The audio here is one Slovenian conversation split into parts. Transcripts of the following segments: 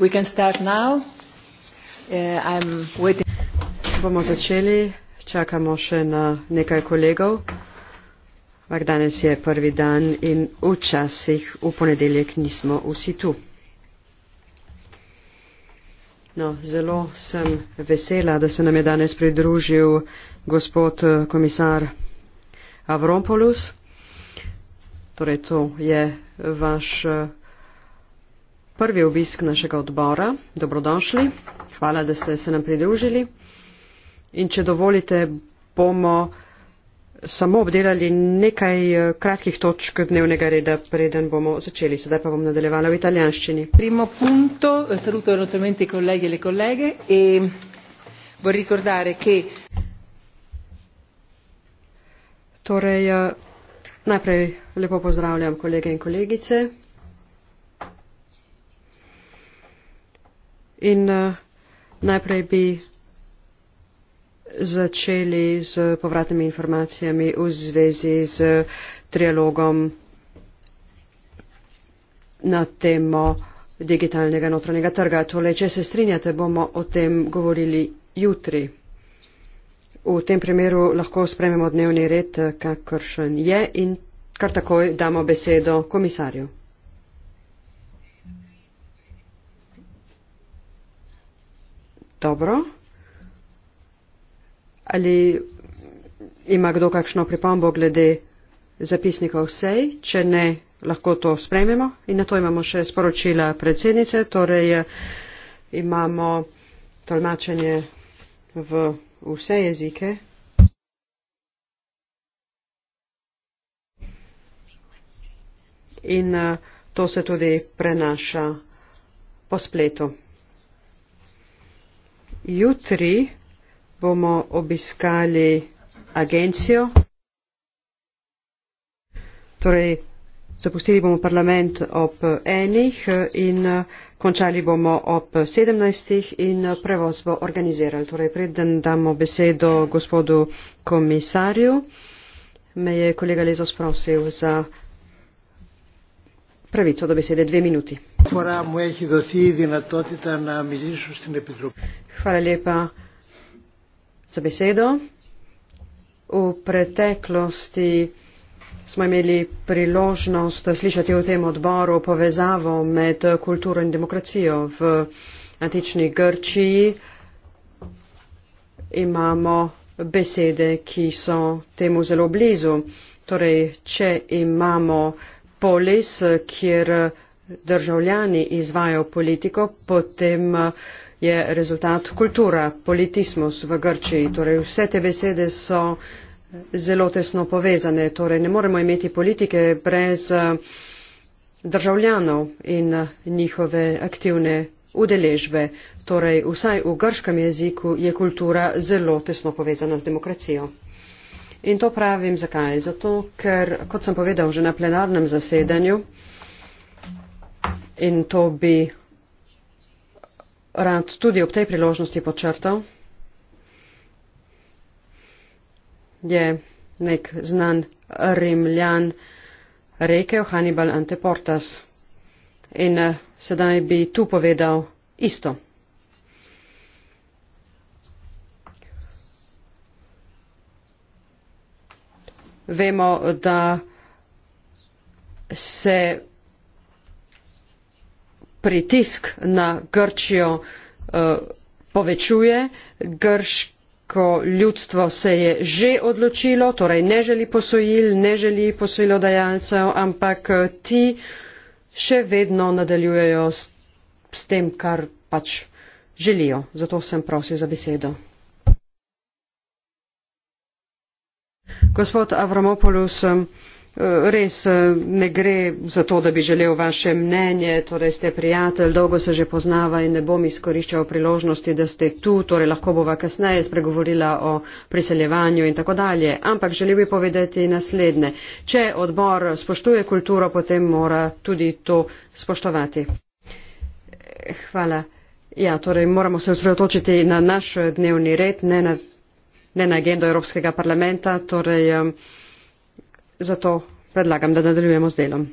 Uh, bomo začeli čakamo še na nekaj kolegov ampak danes je prvi dan in včasih v ponedeljek nismo vsi tu no zelo sem vesela da se nam je danes pridružil gospod eh, komisar Avrompolus torej to je vaš eh, prvi obisk našega odbora. Dobrodošli. Hvala, da ste se nam pridružili. In če dovolite, bomo samo obdelali nekaj eh, kratkih točk dnevnega reda, preden bomo začeli. Sedaj pa bom nadaljevala v italijanščini. Primo punto, eh, saluto notamente kolegi e le kolege e vor ricordare che... Torej, eh, najprej lepo pozdravljam kolege in kolegice. In uh, najprej bi začeli z povratnimi informacijami v zvezi z trialogom na temo digitalnega notranjega trga. Torej, če se strinjate, bomo o tem govorili jutri. V tem primeru lahko spremimo dnevni red, kakršen je in kar takoj damo besedo komisarju. Dobro. Ali ima kdo kakšno pripombo glede zapisnikov sej? Če ne, lahko to sprememo. In na to imamo še sporočila predsednice, torej eh, imamo tolmačenje v vse jezike. In eh, to se tudi prenaša po spletu. Jutri bomo obiskali agencijo, torej zapustili bomo parlament ob enih in eh, končali bomo ob sedemnajstih in eh, prevoz bo organizirali. Torej, preden damo besedo gospodu komisarju, me je kolega Lezos prosil za pravico do besede dve minuti φορά μου έχει δοθεί η δυνατότητα να μιλήσω στην Επιτροπή. Hvala lepa za besedo. V preteklosti smo imeli priložnost slišati v tem odboru povezavo med kulturo in demokracijo. V antični Grčiji imamo besede, ki so temu zelo blizu. Torej, če imamo polis, kjer državljani izvajo politiko, potem eh, je rezultat kultura, politismus v Grčiji. Torej vse te besede so eh, zelo tesno povezane. Torej ne moremo imeti politike brez eh, državljanov in njihove aktivne udeležbe. Torej vsaj v grškem jeziku je kultura zelo tesno povezana z demokracijo. In to pravim zakaj? Zato, ker, kot sem povedal že na plenarnem zasedanju, in to bi rad tudi ob tej priložnosti počrtal, je nek znan rimljan rekel Hannibal Anteportas. In eh, sedaj bi tu povedal isto. Vemo, da se pritisk na Grčijo eh, povečuje. Grško ljudstvo se je že odločilo, torej ne želi posojil, ne želi posojilodajalcev, ampak eh, ti še vedno nadaljujejo s, s tem, kar pač želijo. Zato sem prosil za besedo. Gospod Avramopoulos, eh, res eh, ne gre za to da bi želel vaše mnenje torej ste prijatelj dolgo se že poznava in ne bom izkoriščal priložnosti da ste tu torej lahko bova kasneje spregovorila o priseljevanju in tako dalje ampak želel bi povedati naslednje če odbor spoštuje kulturo potem mora tudi to spoštovati hvala ja torej moramo se osredotočiti na naš dnevni red ne na, ne na agendo evropskega parlamenta torej um, zato predlagam, da nadaljujemo z delom.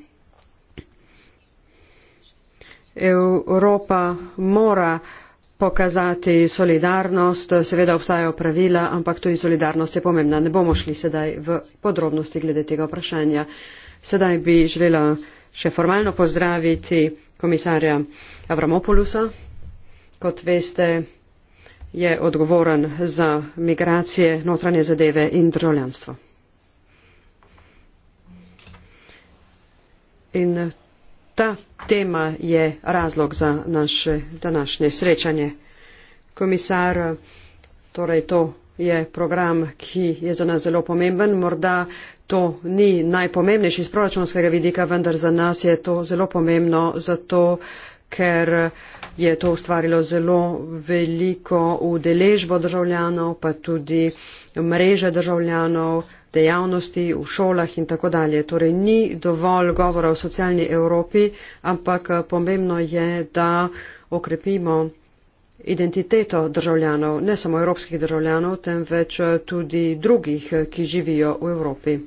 Evropa mora pokazati solidarnost, seveda obstajajo pravila, ampak tudi solidarnost je pomembna. Ne bomo šli sedaj v podrobnosti glede tega vprašanja. Sedaj bi želela še formalno pozdraviti komisarja Avramopolusa. Kot veste, je odgovoren za migracije, notranje zadeve in državljanstvo. In eh, ta tema je razlog za naše današnje srečanje. Komisar, eh, torej to je program, ki je za nas zelo pomemben. Morda to ni najpomembnejši iz proračunskega vidika, vendar za nas je to zelo pomembno, zato ker eh, je to ustvarilo zelo veliko udeležbo državljanov, pa tudi mreže državljanov dejavnosti, v šolah in tako dalje. Torej ni dovolj govora o socialni Evropi, ampak eh, pomembno je, da okrepimo identiteto državljanov, ne samo evropskih državljanov, temveč eh, tudi drugih, eh, ki živijo v Evropi.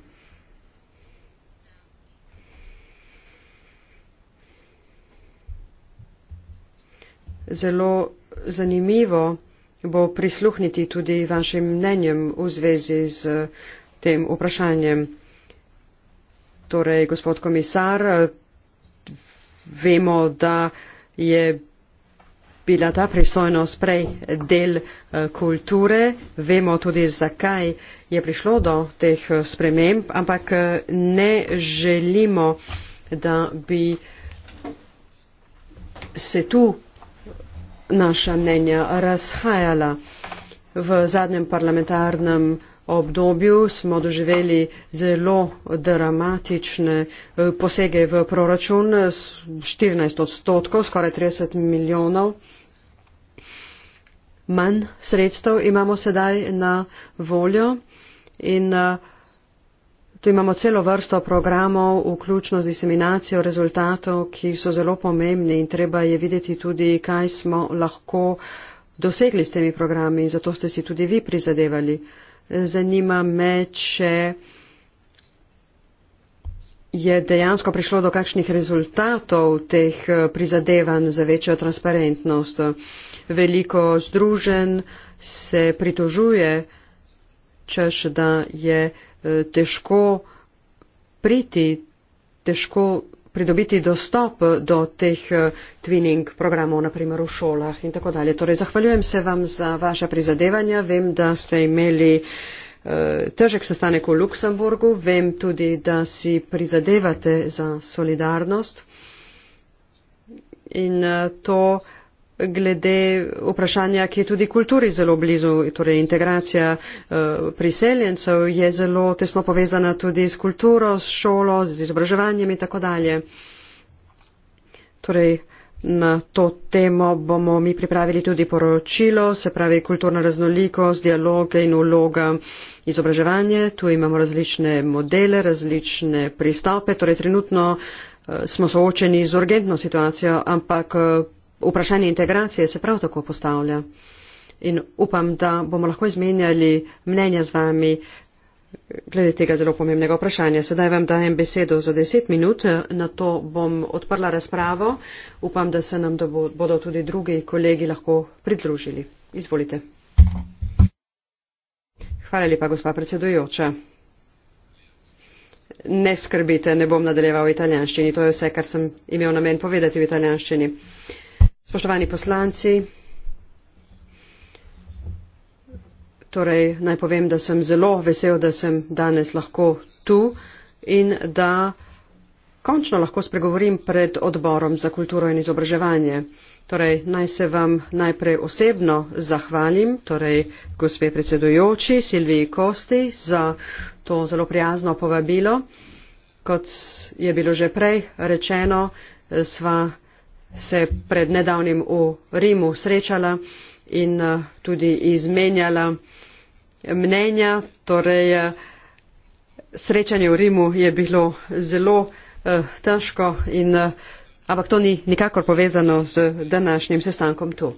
Zelo zanimivo bo prisluhniti tudi vašim mnenjem v zvezi z tem vprašanjem. Torej, gospod komisar, vemo, da je bila ta pristojnost prej del eh, kulture, vemo tudi, zakaj je prišlo do teh eh, sprememb, ampak eh, ne želimo, da bi se tu naša mnenja razhajala. V zadnjem parlamentarnem obdobju smo doživeli zelo dramatične eh, posege v proračun, 14 odstotkov, skoraj 30 milijonov. Manj sredstev imamo sedaj na voljo in eh, tu imamo celo vrsto programov, vključno z diseminacijo rezultatov, ki so zelo pomembni in treba je videti tudi, kaj smo lahko dosegli s temi programi in zato ste si tudi vi prizadevali. Uh, zanima me, če je dejansko prišlo do kakšnih rezultatov teh eh, prizadevanj za večjo transparentnost. Veliko združen se pritožuje, češ da je eh, težko priti, težko pridobiti dostop do teh eh, twinning programov, naprimer v šolah in tako dalje. Torej, zahvaljujem se vam za vaše prizadevanja. Vem, da ste imeli eh, težek sestanek v Luksemburgu. Vem tudi, da si prizadevate za solidarnost. In eh, to uh, glede vprašanja, ki je tudi kulturi zelo blizu, torej integracija eh, priseljencev je zelo tesno povezana tudi s kulturo, s šolo, z izobraževanjem in tako dalje. Torej, na to temo bomo mi pripravili tudi poročilo, se pravi kulturna raznolikost, dialoge in vloga izobraževanje. Tu imamo različne modele, različne pristope. Torej, trenutno eh, smo soočeni z urgentno situacijo, ampak eh, vprašanje integracije se prav tako postavlja. In upam, da bomo lahko izmenjali mnenja z vami glede tega zelo pomembnega vprašanja. Sedaj vam dajem besedo za deset minut, na to bom odprla razpravo. Upam, da se nam da bodo tudi drugi kolegi lahko pridružili. Izvolite. Hvala lepa, gospa predsedujoča. Ne skrbite, ne bom nadaljeval v italijanščini. To je vse, kar sem imel namen povedati v italijanščini spoštovani poslanci torej naj povem da sem zelo vesel da sem danes lahko tu in da končno lahko spregovorim pred odborom za kulturo in izobraževanje torej naj se vam najprej osebno zahvalim torej gospe predsedujoči Silviji Kosti za to zelo prijazno povabilo kot je bilo že prej rečeno sva se pred nedavnim v Rimu srečala in eh, tudi izmenjala mnenja. Torej, eh, srečanje v Rimu je bilo zelo eh, težko, in, ampak to ni nikakor povezano z današnjim sestankom tu.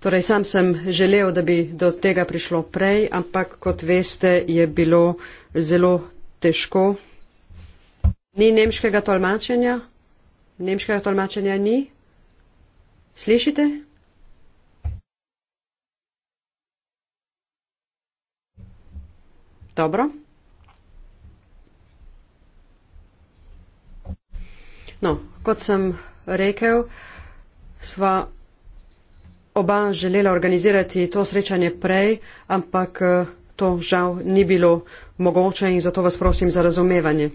Torej, sam sem želel, da bi do tega prišlo prej, ampak kot veste, je bilo zelo težko. Ni nemškega tolmačenja, nemškega tolmačenja ni. Slišite? Dobro. No, kot sem rekel, sva oba želela organizirati to srečanje prej, ampak eh, to žal ni bilo mogoče in zato vas prosim za razumevanje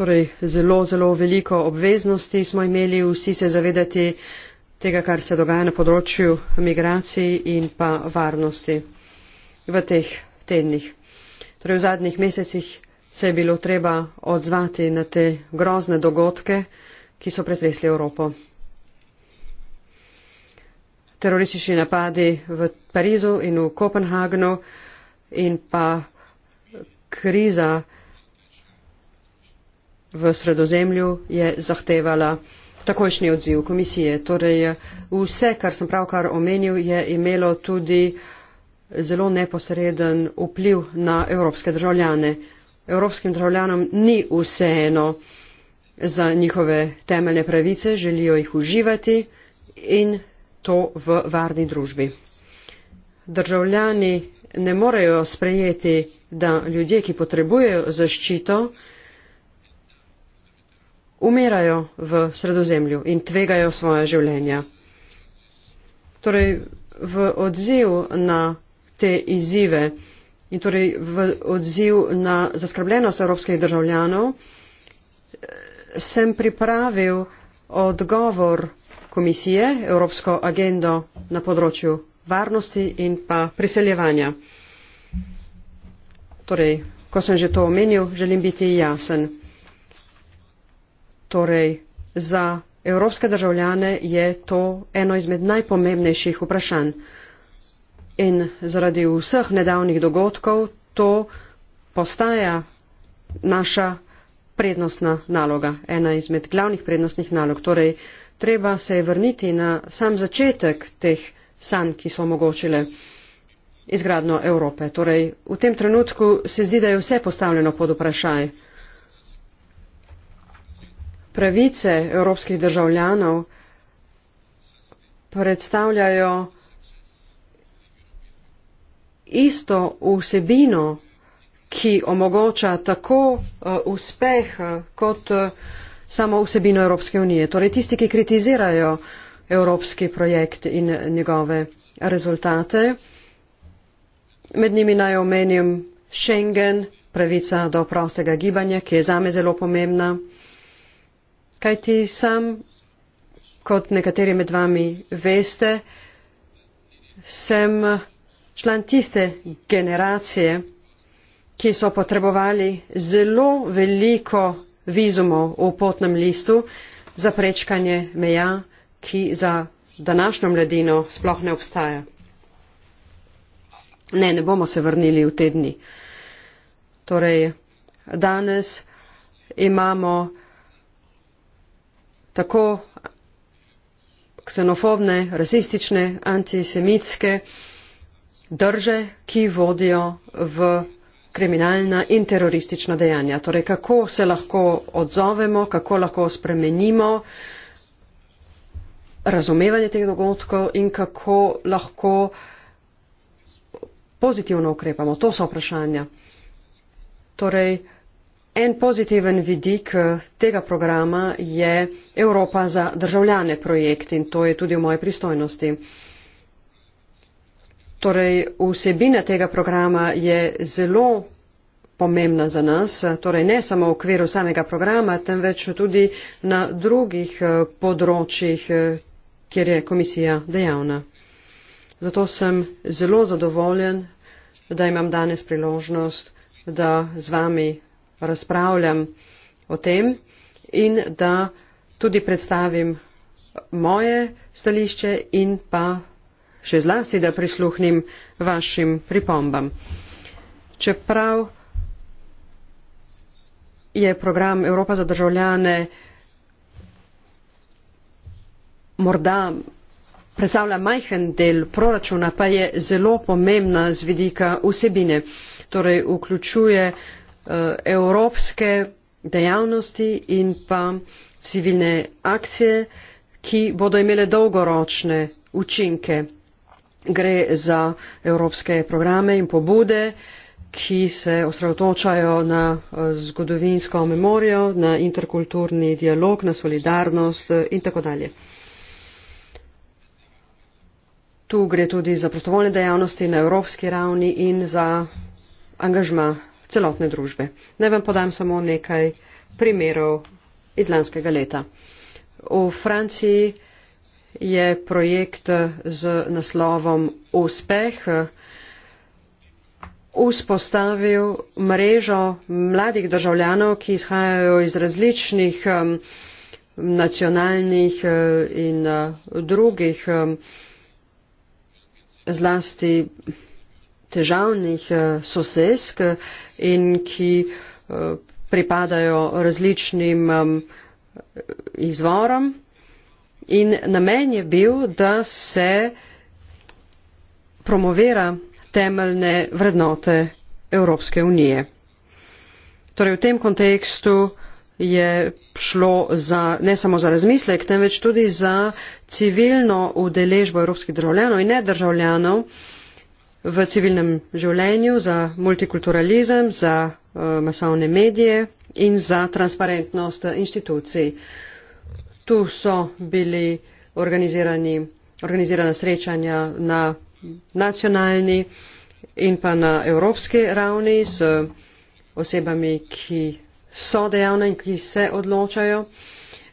torej zelo, zelo veliko obveznosti smo imeli vsi se zavedati tega, kar se dogaja na področju migracij in pa varnosti v teh tednih. Torej v zadnjih mesecih se je bilo treba odzvati na te grozne dogodke, ki so pretresli Evropo. Teroristični napadi v Parizu in v Kopenhagnu in pa kriza, v sredozemlju je zahtevala takojšnji odziv komisije. Torej, vse, kar sem pravkar omenil, je imelo tudi zelo neposreden vpliv na evropske državljane. Evropskim državljanom ni vseeno za njihove temeljne pravice, želijo jih uživati in to v varni družbi. Državljani ne morejo sprejeti, da ljudje, ki potrebujejo zaščito, umirajo v sredozemlju in tvegajo svoje življenja. Torej, v odziv na te izzive in torej v odziv na zaskrbljenost evropskih državljanov sem pripravil odgovor komisije, Evropsko agendo na področju varnosti in pa priseljevanja. Torej, ko sem že to omenil, želim biti jasen torej za evropske državljane je to eno izmed najpomembnejših vprašanj. In zaradi vseh nedavnih dogodkov to postaja naša prednostna naloga, ena izmed glavnih prednostnih nalog. Torej, treba se je vrniti na sam začetek teh sanj, ki so omogočile izgradno Evrope. Torej, v tem trenutku se zdi, da je vse postavljeno pod vprašanje pravice evropskih državljanov predstavljajo isto vsebino, ki omogoča tako uh, uspeh eh, kot uh, samo vsebino Evropske unije. Torej tisti, ki kritizirajo evropski projekt in njegove rezultate. Med njimi naj omenim Schengen, pravica do prostega gibanja, ki je zame zelo pomembna kajti sam, kot nekateri med vami veste, sem član tiste generacije, ki so potrebovali zelo veliko vizumov v potnem listu za prečkanje meja, ki za današnjo mladino sploh ne obstaja. Ne, ne bomo se vrnili v tedni. Torej, danes imamo tako ksenofobne, rasistične, antisemitske drže, ki vodijo v kriminalna in teroristična dejanja. Torej, kako se lahko odzovemo, kako lahko spremenimo razumevanje teh dogodkov in kako lahko pozitivno ukrepamo. To so vprašanja. Torej, En pozitiven vidik eh, tega programa je Evropa za državljane projekt in to je tudi v moje pristojnosti. Torej, vsebina tega programa je zelo pomembna za nas, eh, torej ne samo v okviru samega programa, temveč tudi na drugih eh, področjih, kjer je komisija dejavna. Zato sem zelo zadovoljen, da imam danes priložnost, da z vami razpravljam o tem in da tudi predstavim moje stališče in pa še zlasti, da prisluhnim vašim pripombam. Čeprav je program Evropa za državljane morda predstavlja majhen del proračuna, pa je zelo pomembna z vidika vsebine, torej vključuje uh, Eh, evropske dejavnosti in pa civilne akcije, ki bodo imele dolgoročne učinke. Gre za evropske programe in pobude, ki se osredotočajo na eh, zgodovinsko memorijo, na interkulturni dialog, na solidarnost eh, in tako dalje. Tu gre tudi za prostovoljne dejavnosti na evropski ravni in za angažma celotne družbe. Naj vam podam samo nekaj primerov iz lanskega leta. V Franciji je projekt z naslovom Uspeh vzpostavil mrežo mladih državljanov, ki izhajajo iz različnih um, nacionalnih uh, in uh, drugih um, zlasti težavnih eh, sosesk eh, in ki eh, pripadajo različnim izvorom. In namen je bil, da se promovira temeljne vrednote Evropske unije. Torej v tem kontekstu je šlo za, ne samo za razmislek, temveč tudi za civilno udeležbo evropskih državljanov in ne državljanov, v civilnem življenju, za multikulturalizem, za eh, masovne medije in za transparentnost inštitucij. Tu so bili organizirana srečanja na nacionalni in pa na evropski ravni s osebami, ki so dejavne in ki se odločajo.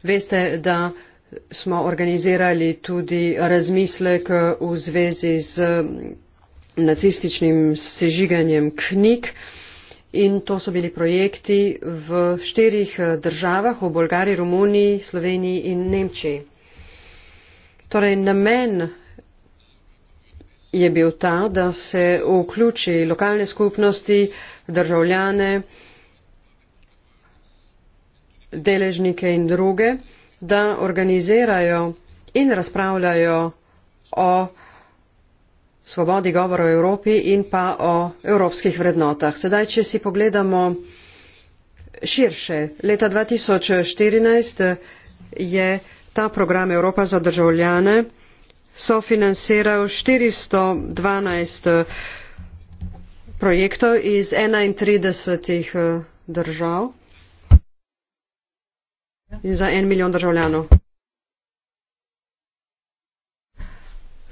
Veste, da smo organizirali tudi razmislek v zvezi z nacističnim sežiganjem knjig. In to so bili projekti v štirih eh, državah, v Bolgariji, Romuniji, Sloveniji in Nemčiji. Torej, namen je bil ta, da se vključi lokalne skupnosti, državljane, deležnike in druge, da organizirajo in razpravljajo o svobodi govora o Evropi in pa o evropskih vrednotah. Sedaj, če si pogledamo širše, leta 2014 je ta program Evropa za državljane sofinanciral 412 eh, projektov iz 31 eh, držav in za en milijon državljanov.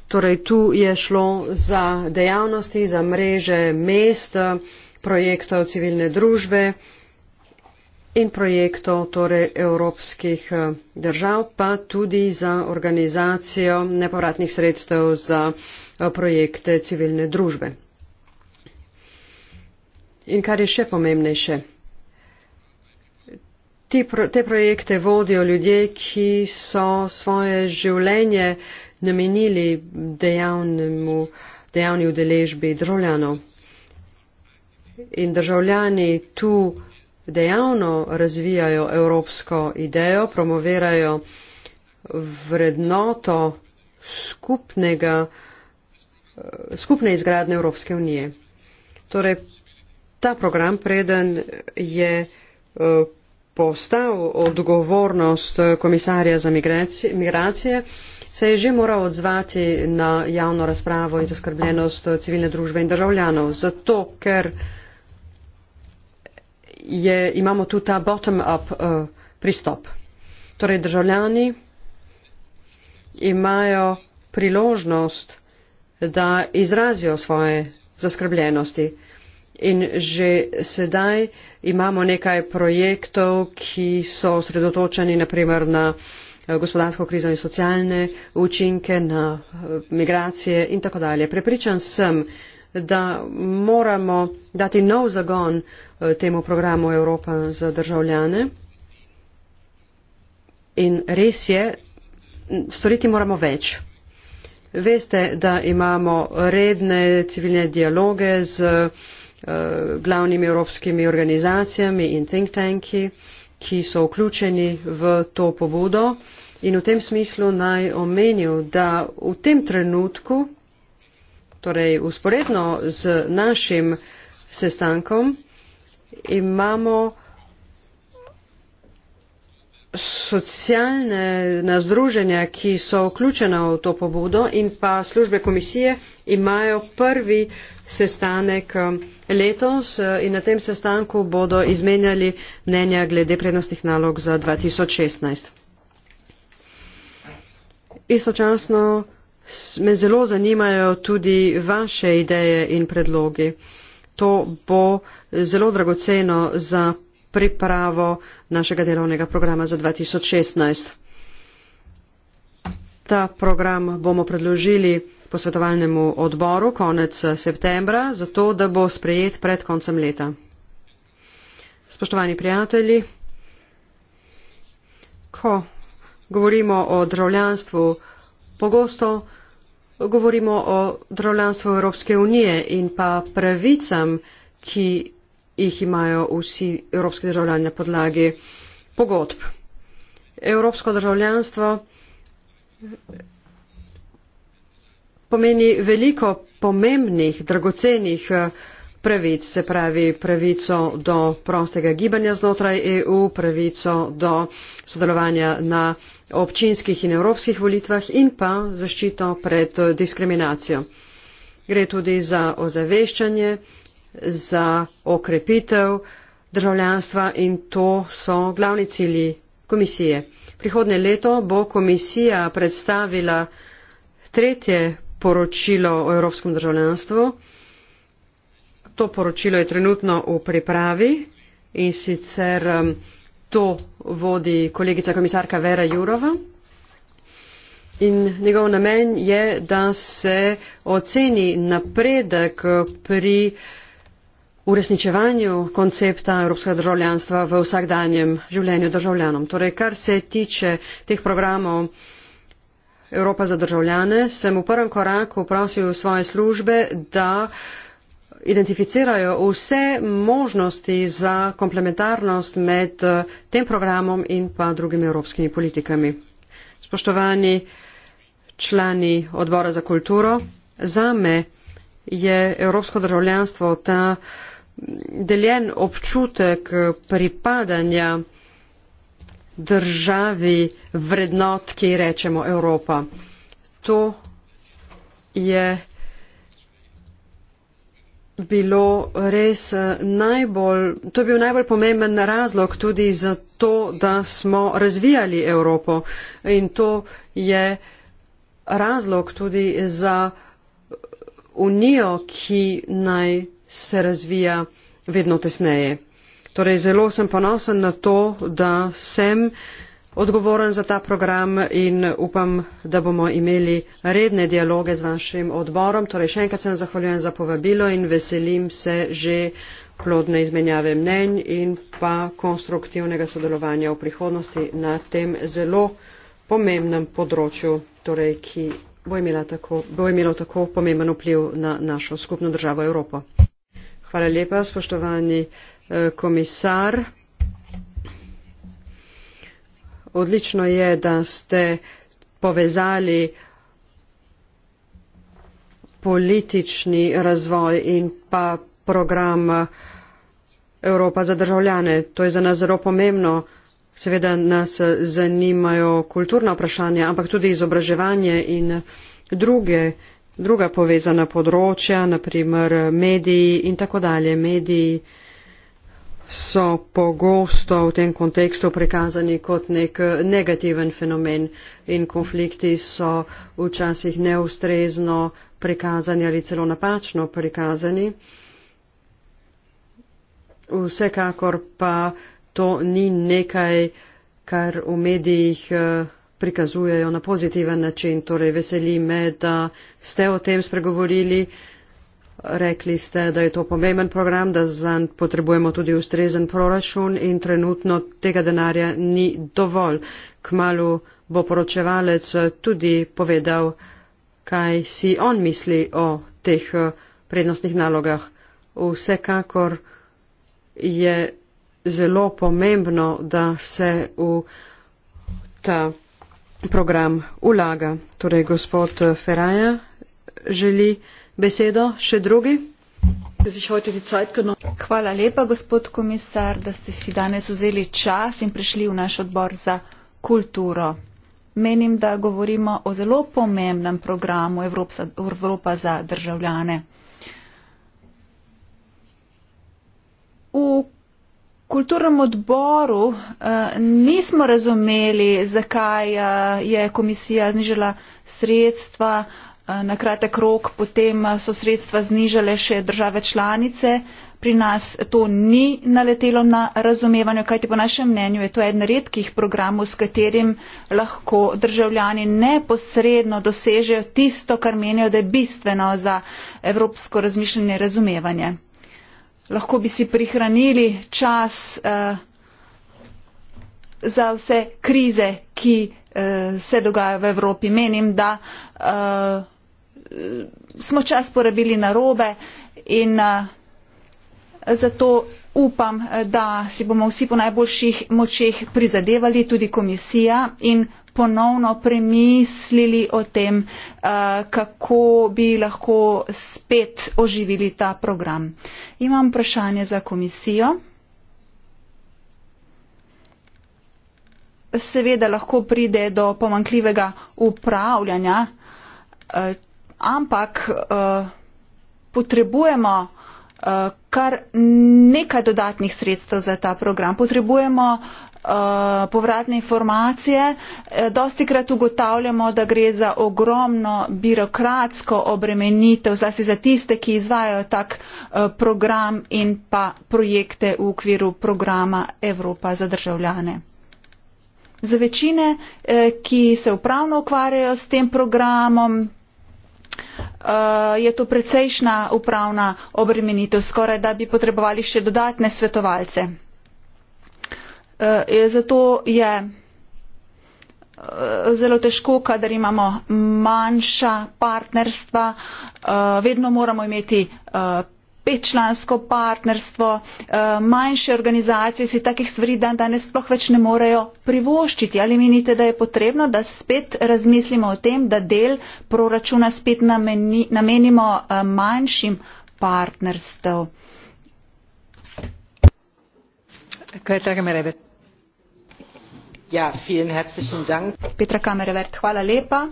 Torej, tu je šlo za dejavnosti, za mreže mest, projektov civilne družbe in projektov torej, evropskih eh, držav, pa tudi za organizacijo nepovratnih sredstev za eh, projekte civilne družbe. In kar je še pomembnejše, te projekte vodijo ljudje, ki so svoje življenje uh, namenili dejavnemu, dejavni udeležbi državljanov. In državljani tu dejavno razvijajo evropsko idejo, promovirajo vrednoto skupnega, skupne izgradne Evropske unije. Torej, ta program preden je eh, postal odgovornost eh, komisarja za migracije. migracije se je že moral odzvati na javno razpravo in zaskrbljenost eh, civilne družbe in državljanov, zato ker je, imamo tu ta bottom-up uh, pristop. Torej državljani imajo priložnost, da izrazijo svoje zaskrbljenosti. In že sedaj imamo nekaj projektov, ki so osredotočeni naprimer na uh, Eh, gospodarsko krizo in socialne učinke na eh, migracije in tako dalje. Prepričan sem, da moramo dati nov zagon eh, temu programu Evropa za državljane. In res je, storiti moramo več. Veste, da imamo redne civilne dialoge z uh, glavnimi evropskimi organizacijami in think tanki. Uh, ki so vključeni v to pobudo. In v tem smislu naj omenil, da v tem trenutku, torej usporedno z našim sestankom, imamo socialna združenja, ki so vključena v to pobudo in pa službe komisije imajo prvi sestanek eh, letos eh, in na tem sestanku bodo izmenjali mnenja glede prednostnih nalog za 2016. Istočasno me zelo zanimajo tudi vaše ideje in predlogi. To bo eh, zelo dragoceno za pripravo našega delovnega programa za 2016. Ta program bomo predložili posvetovalnemu odboru konec septembra, zato da bo sprejet pred koncem leta. Spoštovani prijatelji, ko govorimo o državljanstvu, pogosto govorimo o državljanstvu Evropske unije in pa pravicam, ki jih imajo vsi evropski državljani na podlagi pogodb. Evropsko državljanstvo pomeni veliko pomembnih, dragocenih eh, pravic, se pravi pravico do prostega gibanja znotraj EU, pravico do sodelovanja na občinskih in evropskih volitvah in pa zaščito pred eh, diskriminacijo. Gre tudi za ozaveščanje za okrepitev državljanstva in to so glavni cilji komisije. Prihodne leto bo komisija predstavila tretje poročilo o evropskem državljanstvu. To poročilo je trenutno v pripravi in sicer um, to vodi kolegica komisarka Vera Jurova. In njegov namen je, da se oceni napredek pri uresničevanju koncepta evropskega državljanstva v vsakdanjem življenju državljanom. Torej, kar se tiče teh programov Evropa za državljane, sem v prvem koraku prosil svoje službe, da identificirajo vse možnosti za komplementarnost med eh, tem programom in pa drugimi evropskimi politikami. Spoštovani člani odbora za kulturo, zame je evropsko državljanstvo ta uh, deljen občutek pripadanja državi vrednot, ki rečemo Evropa. To je bilo res eh, najbolj, to je bil najbolj pomemben razlog tudi za to, da smo razvijali Evropo in to je razlog tudi za unijo, ki naj se razvija vedno tesneje. Torej, zelo sem ponosen na to, da sem odgovoren za ta program in upam, da bomo imeli redne dialoge z vašim odborom. Torej, še enkrat se vam zahvaljujem za povabilo in veselim se že plodne izmenjave mnenj in pa konstruktivnega sodelovanja v prihodnosti na tem zelo pomembnem področju, torej, ki bo, tako, bo imelo tako pomemben vpliv na našo skupno državo Evropo. Hvala lepa, spoštovani eh, komisar. Odlično je, da ste povezali politični razvoj in pa program eh, Evropa za državljane. To je za nas zelo pomembno. Seveda nas eh, zanimajo kulturna vprašanja, ampak tudi izobraževanje in druge druga povezana področja, naprimer mediji in tako dalje. Mediji so pogosto v tem kontekstu prikazani kot nek negativen fenomen in konflikti so včasih neustrezno prikazani ali celo napačno prikazani. Vsekakor pa to ni nekaj, kar v medijih. Uh, prikazujejo na pozitiven način. Torej, veseli me, da ste o tem spregovorili. Rekli ste, da je to pomemben program, da zan potrebujemo tudi ustrezen proračun in trenutno tega denarja ni dovolj. Kmalu bo poročevalec tudi povedal, kaj si on misli o teh eh, prednostnih nalogah. Vsekakor je zelo pomembno, da se v ta program ulaga. Torej, gospod Feraja želi besedo, še drugi. Hvala lepa, gospod komisar, da ste si danes vzeli čas in prišli v naš odbor za kulturo. Menim, da govorimo o zelo pomembnem programu Evropa, Evropa za državljane. V kulturnem odboru eh, nismo razumeli, zakaj eh, je komisija znižala sredstva. Eh, na kratek rok potem so sredstva znižale še države članice. Pri nas to ni naletelo na razumevanje, kajti po našem mnenju je to eden redkih programov, s katerim lahko državljani neposredno dosežejo tisto, kar menijo, da je bistveno za evropsko razmišljanje in razumevanje lahko bi si prihranili čas uh, za vse krize, ki uh, se dogajajo v Evropi. Menim, da uh, smo čas porabili na robe in uh, zato upam, da si bomo vsi po najboljših močeh prizadevali, tudi komisija in ponovno premislili o tem, eh, kako bi lahko spet oživili ta program. Imam vprašanje za komisijo. Seveda lahko pride do pomankljivega upravljanja, eh, ampak eh, potrebujemo kar nekaj dodatnih sredstev za ta program. Potrebujemo uh, Eh, povratne informacije. Eh, Dosti krat ugotavljamo, da gre za ogromno birokratsko obremenitev, zlasti za tiste, ki izvajo tak eh, program in pa projekte v okviru programa Evropa za državljane. Za večine, ki se upravno ukvarjajo s tem programom, je to precejšna upravna obremenitev, skoraj da bi potrebovali še dodatne svetovalce. Eh, zato je eh, zelo težko, kadar imamo manjša partnerstva. Eh, vedno moramo imeti petčlansko partnerstvo. Manjše organizacije si takih stvari dan danes sploh več ne morejo privoščiti. Ali menite, da je potrebno, da spet razmislimo o tem, da del proračuna spet nameni, namenimo manjšim partnerstvom? Kaj je tega, mi rebe? Ja, dank. Petra Kamerevert, hvala lepa.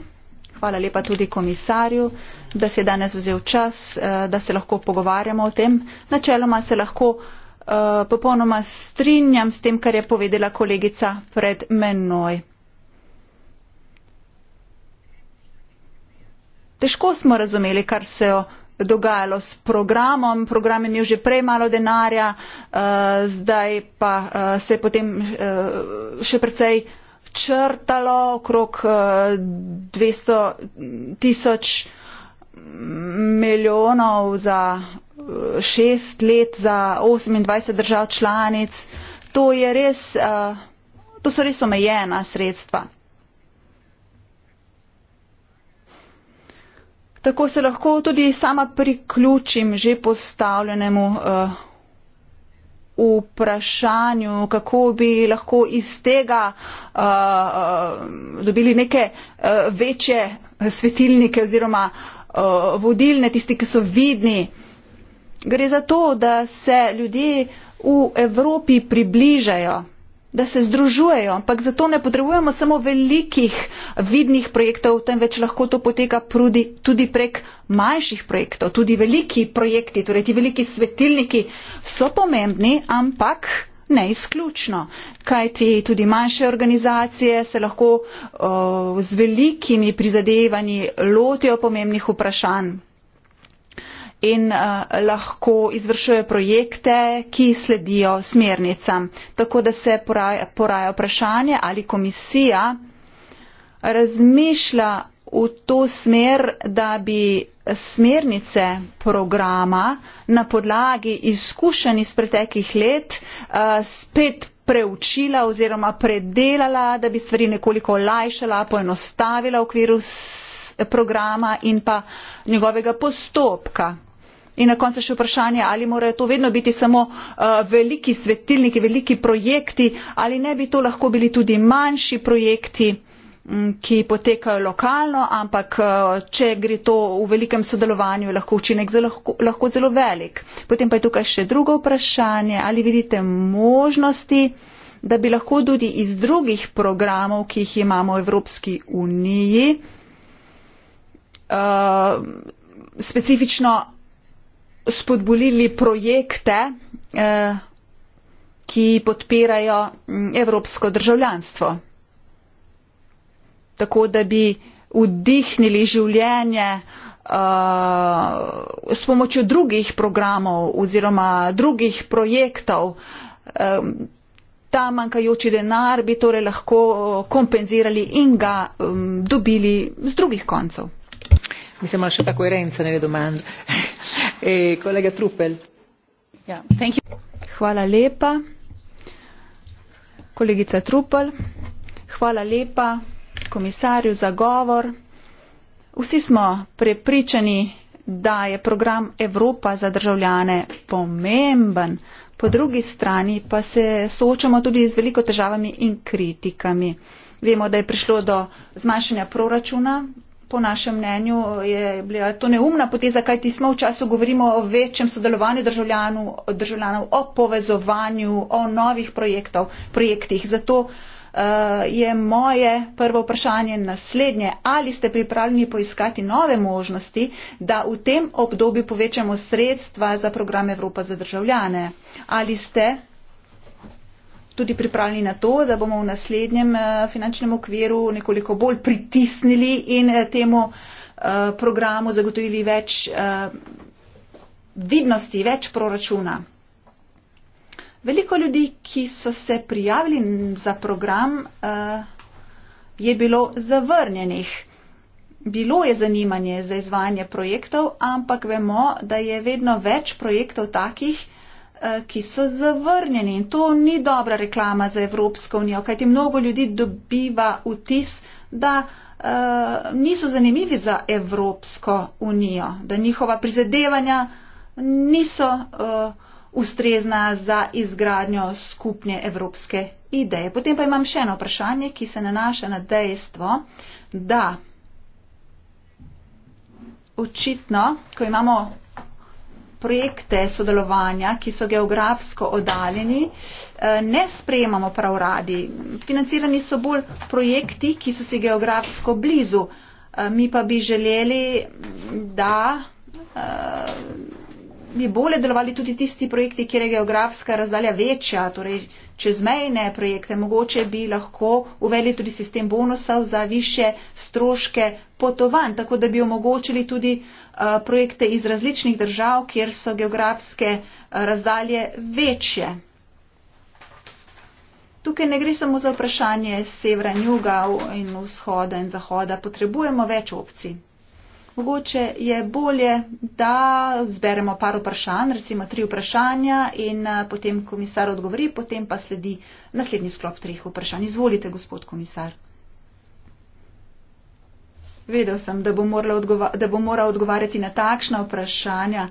Hvala lepa tudi komisarju, da si je danes vzel čas, eh, da se lahko pogovarjamo o tem. Načeloma se lahko eh, popolnoma strinjam s tem, kar je povedala kolegica pred menoj. Težko smo razumeli, kar se je dogajalo s programom. Program je imel že prej malo denarja, uh, zdaj pa uh, se je potem uh, še precej črtalo okrog uh, 200 tisoč milijonov za uh, šest let za 28 držav članic. To, res, uh, to so res omejena sredstva. Tako se lahko tudi sama priključim že postavljenemu uh, vprašanju, kako bi lahko iz tega uh, dobili neke uh, večje svetilnike oziroma uh, vodilne, tisti, ki so vidni. Gre za to, da se ljudje v Evropi približajo da se združujejo, ampak zato ne potrebujemo samo velikih vidnih projektov, temveč lahko to poteka prudi, tudi prek manjših projektov. Tudi veliki projekti, torej ti veliki svetilniki so pomembni, ampak ne izključno. Kaj ti tudi manjše organizacije se lahko o, z velikimi prizadevanji lotijo pomembnih vprašanj in eh, lahko izvršujejo projekte, ki sledijo smernicam. Tako da se poraja, poraja vprašanje, ali komisija razmišlja v to smer, da bi smernice programa na podlagi izkušenj iz preteklih let eh, spet preučila oziroma predelala, da bi stvari nekoliko olajšala, poenostavila v okviru programa in pa njegovega postopka in na koncu še vprašanje ali morajo to vedno biti samo uh, veliki svetilniki veliki projekti ali ne bi to lahko bili tudi manjši projekti ki potekajo lokalno, ampak uh, če gre to v velikem sodelovanju, je lahko učinek zelo, lahko zelo velik. Potem pa je tukaj še drugo vprašanje, ali vidite možnosti, da bi lahko tudi iz drugih programov, ki jih imamo v Evropski uniji, uh, specifično spodbolili projekte, eh, ki podpirajo mm, evropsko državljanstvo. Tako da bi vdihnili življenje eh, s pomočjo drugih programov oziroma drugih projektov. Eh, ta manjkajoči denar bi torej lahko kompenzirali in ga mm, dobili z drugih koncev. Mislim, da še tako je rejnica, ne vedo manj. Eh, kolega Trupel. Ja, hvala lepa. Kolegica Trupel, hvala lepa komisarju za govor. Vsi smo prepričani, da je program Evropa za državljane pomemben, po drugi strani pa se soočamo tudi z veliko težavami in kritikami. Vemo, da je prišlo do zmanjšanja proračuna po našem mnenju eh, je bila to neumna poteza, kaj ti smo včasih govorimo o večjem sodelovanju državljanov, o povezovanju, o novih projektov, projektih. Zato uh, je moje prvo vprašanje naslednje, ali ste pripravljeni poiskati nove možnosti, da v tem obdobju povečamo sredstva za program Evropa za državljane. Ali ste tudi pripravljeni na to, da bomo v naslednjem eh, finančnem okviru nekoliko bolj pritisnili in eh, temu eh, programu zagotovili več vidnosti, več proračuna. Veliko ljudi, ki so se prijavili za program, je bilo zavrnjenih. Bilo je zanimanje za izvajanje projektov, ampak vemo, da je vedno več projektov takih, Eh, ki so zavrnjeni. In to ni dobra reklama za Evropsko unijo, kajti mnogo ljudi dobiva vtis, da eh, niso zanimivi za Evropsko unijo, da njihova prizadevanja niso eh, ustrezna za izgradnjo skupne evropske ideje. Potem pa imam še eno vprašanje, ki se nanaša na dejstvo, da očitno, ko imamo projekte sodelovanja, ki so geografsko oddaljeni, eh, ne sprejemamo prav radi. Financirani so bolj projekti, ki so si geografsko blizu. Eh, mi pa bi želeli, da eh, bi bolje delovali tudi tisti projekti, kjer je geografska razdalja večja, torej čezmejne projekte. Mogoče bi lahko uveli tudi sistem bonusov za više stroške potovanj, tako da bi omogočili tudi eh, projekte iz različnih držav, kjer so geografske eh, razdalje večje. Tukaj ne gre samo za vprašanje severa in juga in vzhoda in zahoda, potrebujemo več opcij. Mogoče je bolje, da zberemo par vprašanj, recimo tri vprašanja in eh, potem komisar odgovori, potem pa sledi naslednji sklop treh vprašanj. Izvolite, gospod komisar. Vedel sem, da bo, odgova da bo moral odgovarjati na takšna vprašanja.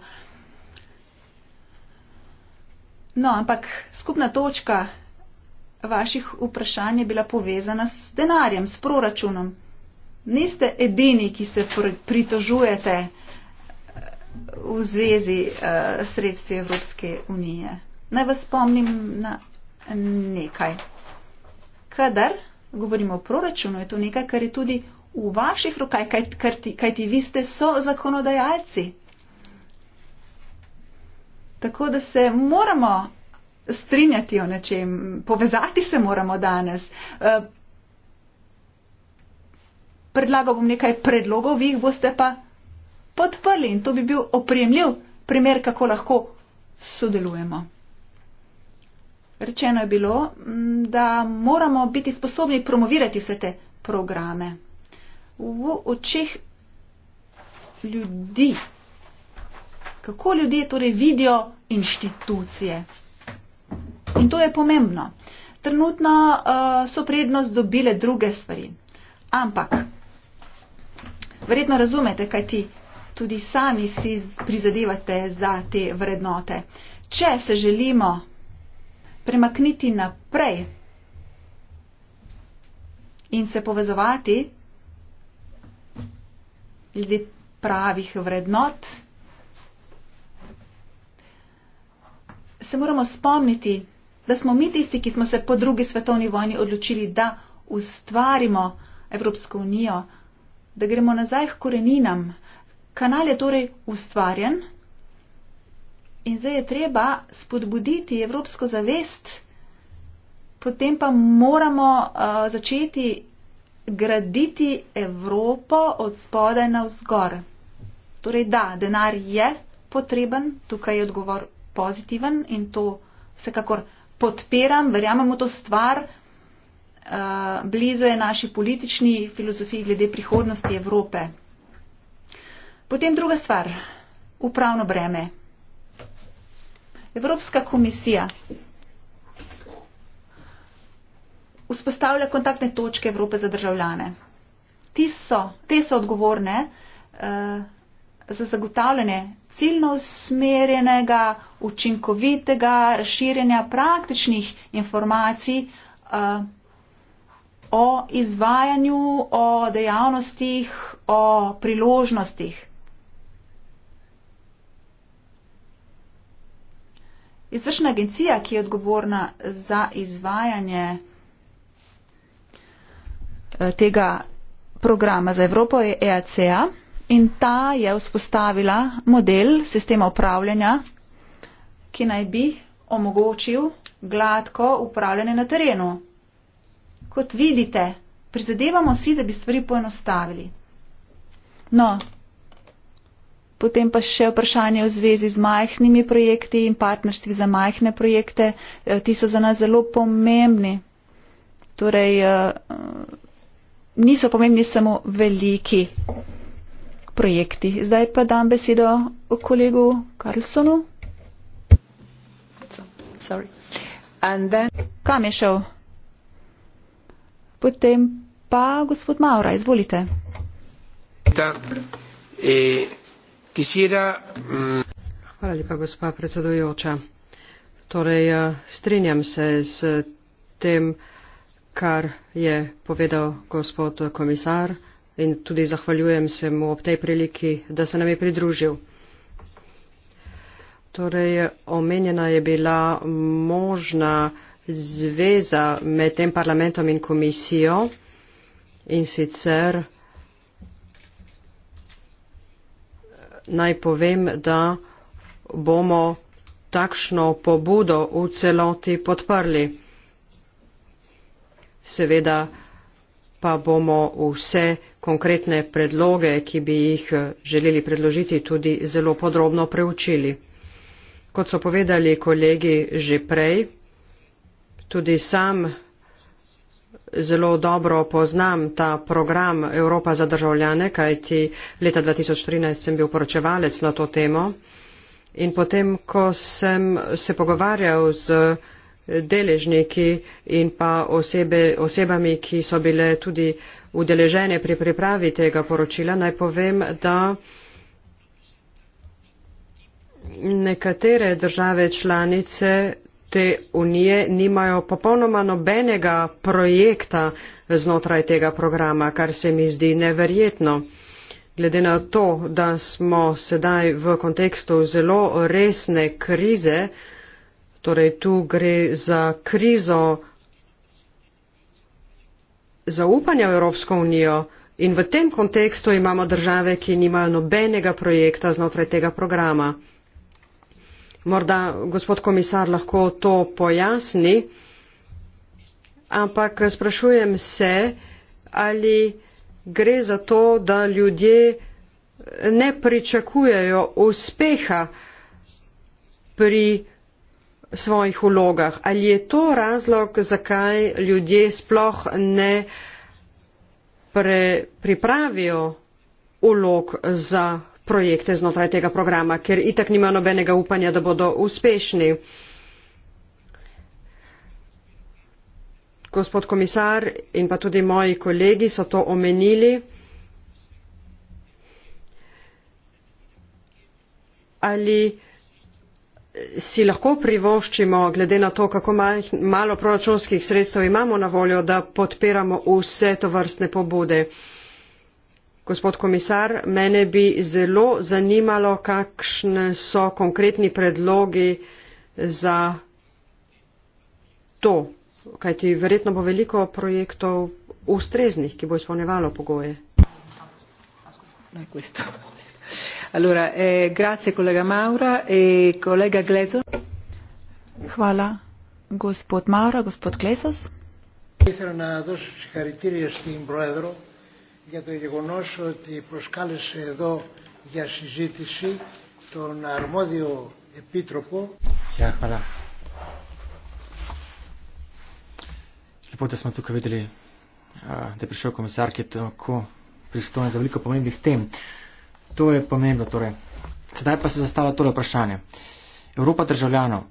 No, ampak skupna točka vaših vprašanj je bila povezana s denarjem, s proračunom. Niste edini, ki se pritožujete v zvezi eh, s uh, sredstvi Evropske unije. Naj vas spomnim na nekaj. Kadar govorimo o proračunu, je to nekaj, kar je tudi v vaših rokah, kajti vi ste so zakonodajalci. Tako da se moramo strinjati o nečem, povezati se moramo danes. E, predlagal bom nekaj predlogov, vi jih boste pa podprli in to bi bil opremljiv primer, kako lahko sodelujemo. Rečeno je bilo, da moramo biti sposobni promovirati vse te programe v očeh ljudi. Kako ljudje torej vidijo inštitucije. In to je pomembno. Trenutno uh, so prednost dobile druge stvari. Ampak, verjetno razumete, kaj ti tudi sami si prizadevate za te vrednote. Če se želimo premakniti naprej in se povezovati, glede pravih vrednot. Se moramo spomniti, da smo mi tisti, ki smo se po drugi svetovni vojni odločili, da ustvarimo Evropsko unijo, da gremo nazaj k koreninam. Kanal je torej ustvarjen in zdaj je treba spodbuditi evropsko zavest, potem pa moramo uh, začeti graditi Evropo od spodaj navzgor. Torej, da, denar je potreben, tukaj je odgovor pozitiven in to vsekakor podpiram, verjamemo to stvar, uh, blizu je naši politični filozofiji glede prihodnosti Evrope. Potem druga stvar, upravno breme. Evropska komisija vzpostavlja kontaktne točke Evrope za državljane. So, te so odgovorne eh, za zagotavljanje ciljno usmerjenega, učinkovitega razširjanja praktičnih informacij eh, o izvajanju, o dejavnostih, o priložnostih. Izvršna agencija, ki je odgovorna za izvajanje Eh, tega programa za Evropo je EACA in ta je vzpostavila model sistema upravljanja, ki naj bi omogočil gladko upravljanje na terenu. Kot vidite, prizadevamo si, da bi stvari poenostavili. No, potem pa še vprašanje v zvezi z majhnimi projekti in partnerstvi za majhne projekte. Eh, ti so za nas zelo pomembni. Torej, eh, niso pomembni samo veliki projekti. Zdaj pa dam besedo kolegu Karlsonu. Then... Kam je šel? Potem pa gospod Maura, izvolite. Eh, mm, Hvala lepa, gospa predsedujoča. Torej, eh, strinjam se z tem, kar je povedal gospod komisar in tudi zahvaljujem se mu ob tej priliki, da se nam je pridružil. Torej, omenjena je bila možna zveza med tem parlamentom in komisijo in sicer naj povem, da bomo takšno pobudo v celoti podprli seveda pa bomo vse konkretne predloge, ki bi jih eh, želeli predložiti, tudi zelo podrobno preučili. Kot so povedali kolegi že prej, tudi sam zelo dobro poznam ta program Evropa za državljane, kajti leta 2013 sem bil poročevalec na to temo. In potem, ko sem se pogovarjal z deležniki in pa osebe, osebami, ki so bile tudi udeležene pri pripravi tega poročila, naj povem, da nekatere države članice te unije nimajo popolnoma nobenega projekta znotraj tega programa, kar se mi zdi neverjetno. Glede na to, da smo sedaj v kontekstu zelo resne krize, Torej, tu gre za krizo zaupanja v Evropsko unijo in v tem kontekstu imamo države, ki nimajo nobenega projekta znotraj tega programa. Morda gospod komisar lahko to pojasni, ampak sprašujem se, ali gre za to, da ljudje ne pričakujejo uspeha pri svojih vlogah. Ali je to razlog, zakaj ljudje sploh ne pre, pripravijo vlog za projekte znotraj tega programa, ker itak nima nobenega upanja, da bodo uspešni. Gospod komisar in pa tudi moji kolegi so to omenili. Ali si lahko privoščimo glede na to, kako malo proračunskih sredstev imamo na voljo, da podpiramo vse to vrstne pobude. Gospod komisar, mene bi zelo zanimalo, kakšne so konkretni predlogi za to, kajti verjetno bo veliko projektov ustreznih, ki bo izpolnevalo pogoje. Grazie. No, Allora, eh, grazie collega Maura e collega Gleso. Hvala, gospod Maura, gospod Glesos. Ja, hvala. Lepo, da smo tukaj videli, eh, da je prišel komisar, ki je tako pristojen za veliko pomembnih tem. Uh, To je pomembno. Torej. Sedaj pa se zastavlja tole vprašanje. Evropa državljanov.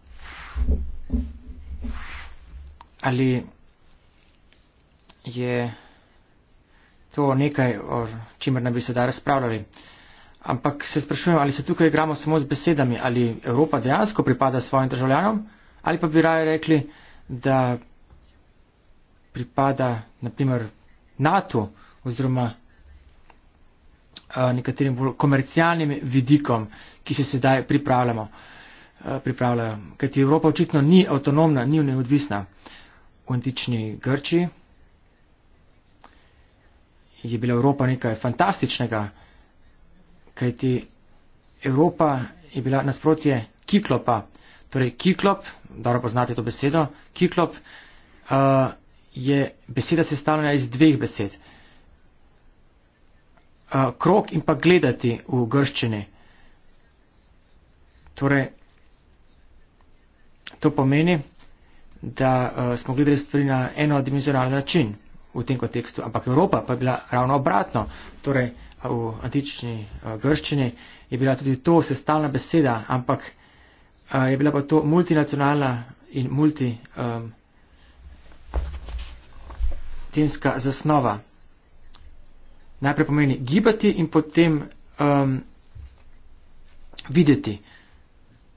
Ali je to nekaj, o čimer ne bi se da razpravljali? Ampak se sprašujem, ali se tukaj igramo samo z besedami, ali Evropa dejansko pripada svojim državljanom, ali pa bi raje rekli, da pripada naprimer NATO oziroma Eh, nekaterim bolj komercialnim vidikom, ki se sedaj pripravljamo. Eh, pripravljajo. Kajti Evropa očitno ni avtonomna, ni neodvisna. V antični Grči je bila Evropa nekaj fantastičnega, kajti Evropa je bila nasprotje Kiklopa. Torej, Kiklop, dobro poznate to besedo, Kiklop uh, je beseda sestavljena iz dveh besed. Uh, krok in pa gledati v grščini. Torej, to pomeni, da uh, smo gledali stvari na enodimenzionalni način v tem kontekstu, ampak Evropa pa je bila ravno obratno. Torej, v antični uh, grščini je bila tudi to sestavna beseda, ampak uh, je bila pa to multinacionalna in multitenska um, zasnova najprej pomeni gibati in potem um, videti.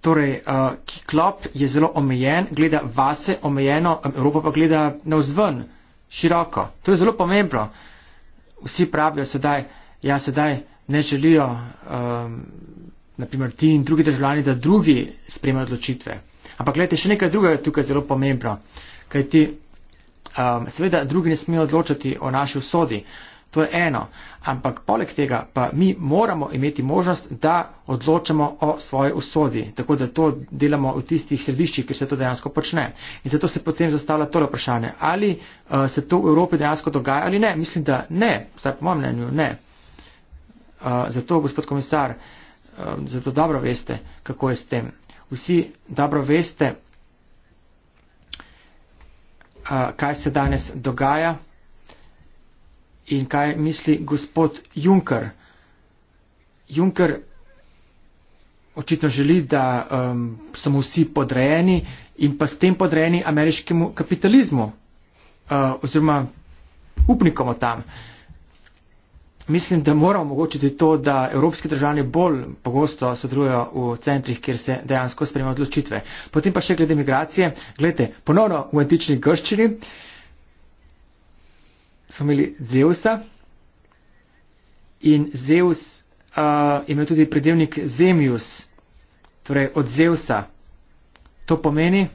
Torej, uh, kiklop je zelo omejen, gleda vase omejeno, Evropa pa gleda navzven, široko. To je zelo pomembno. Vsi pravijo sedaj, ja sedaj ne želijo, um, naprimer ti in drugi državljani, da drugi spremajo odločitve. Ampak gledajte, še nekaj drugega je tukaj zelo pomembno, kajti um, seveda drugi ne smejo odločati o naši usodi. Uh, To je eno. Ampak poleg tega pa mi moramo imeti možnost, da odločamo o svoji usodi. Tako da to delamo v tistih središčih, kjer se to dejansko počne. In zato se potem zastavlja tole vprašanje. Ali uh, se to v Evropi dejansko dogaja ali ne? Mislim, da ne. Vsaj po mojem mnenju ne. Uh, zato, gospod komisar, uh, zato dobro veste, kako je s tem. Vsi dobro veste, uh, kaj se danes dogaja in kaj misli gospod Juncker. Juncker očitno želi, da um, so mu vsi podrejeni in pa s tem podrejeni ameriškemu kapitalizmu uh, oziroma upnikom tam. Mislim, da moramo omogočiti to, da evropski državljani bolj pogosto sodelujo v centrih, kjer se dejansko sprejema odločitve. Potem pa še glede migracije. Gledajte, ponovno v antični grščini. Uh, smo imeli Zeusa in Zeus uh, ima tudi predelnik Zemius, torej od Zeusa. To pomeni,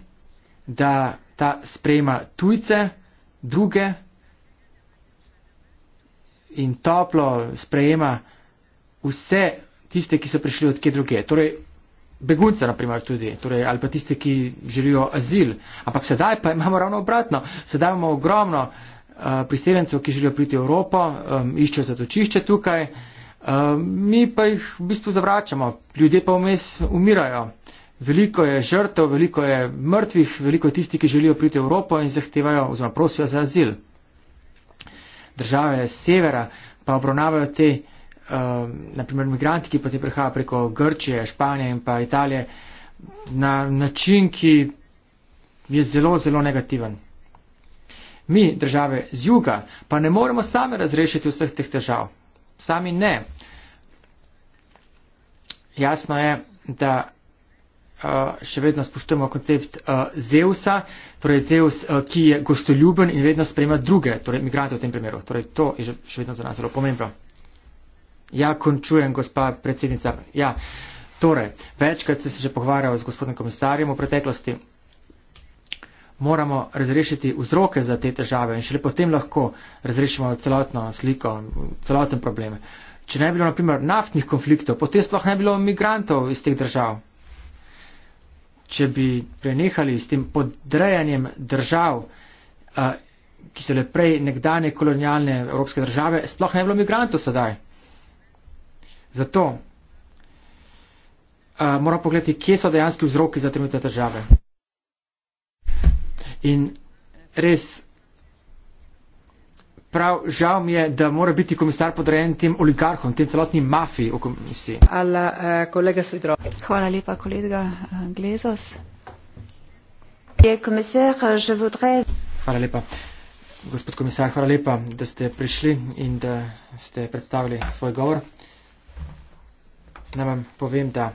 da ta sprejema tujce, druge in toplo sprejema vse tiste, ki so prišli odkje druge. Torej, Begunca, naprimer, tudi, torej, ali pa tiste, ki želijo azil. Ampak sedaj pa imamo ravno obratno. Sedaj imamo ogromno uh, Eh, priseljencev, ki želijo priti v Evropo, um, iščejo zatočišče tukaj, um, mi pa jih v bistvu zavračamo. Ljudje pa vmes umirajo. Veliko je žrtev, veliko je mrtvih, veliko je tistih, ki želijo priti v Evropo in zahtevajo oziroma prosijo za azil. Države z severa pa obravnavajo te, um, naprimer, migranti, ki potem prehajajo preko Grčije, Španije in pa Italije na način, ki je zelo, zelo negativen. Mi, države z juga, pa ne moremo sami razrešiti vseh teh težav. Sami ne. Jasno je, da eh, še vedno spoštujemo koncept eh, Zeusa, torej Zeus, eh, ki je gostoljuben in vedno sprejema druge, torej migrante v tem primeru. Torej to je še vedno za nas zelo pomembno. Ja, končujem, gospa predsednica. Ja, torej, večkrat ste se že pogovarjali z gospodom komisarjem v preteklosti moramo razrešiti vzroke za te težave in šele potem lahko razrešimo celotno sliko, celoten problem. Če ne bi bilo, na primer, naftnih konfliktov, potem sploh ne bi bilo imigrantov iz teh držav. Če bi prenehali s tem podrejanjem držav, eh, ki so le prej nekdane kolonialne evropske države, sploh ne bi bilo imigrantov sedaj. Zato eh, moramo pogledati, kje so dejanski vzroki za trenutne težave. In res. Prav žal mi je, da mora biti komisar podrejen tem oligarhom, tem celotnim mafiji v komisiji. Hvala, eh, kolega Svidro. Hvala lepa, kolega eh, Glezos. Eh, eh, hvala lepa, gospod komisar, hvala lepa, da ste prišli in da ste predstavili svoj govor. Naj vam povem, da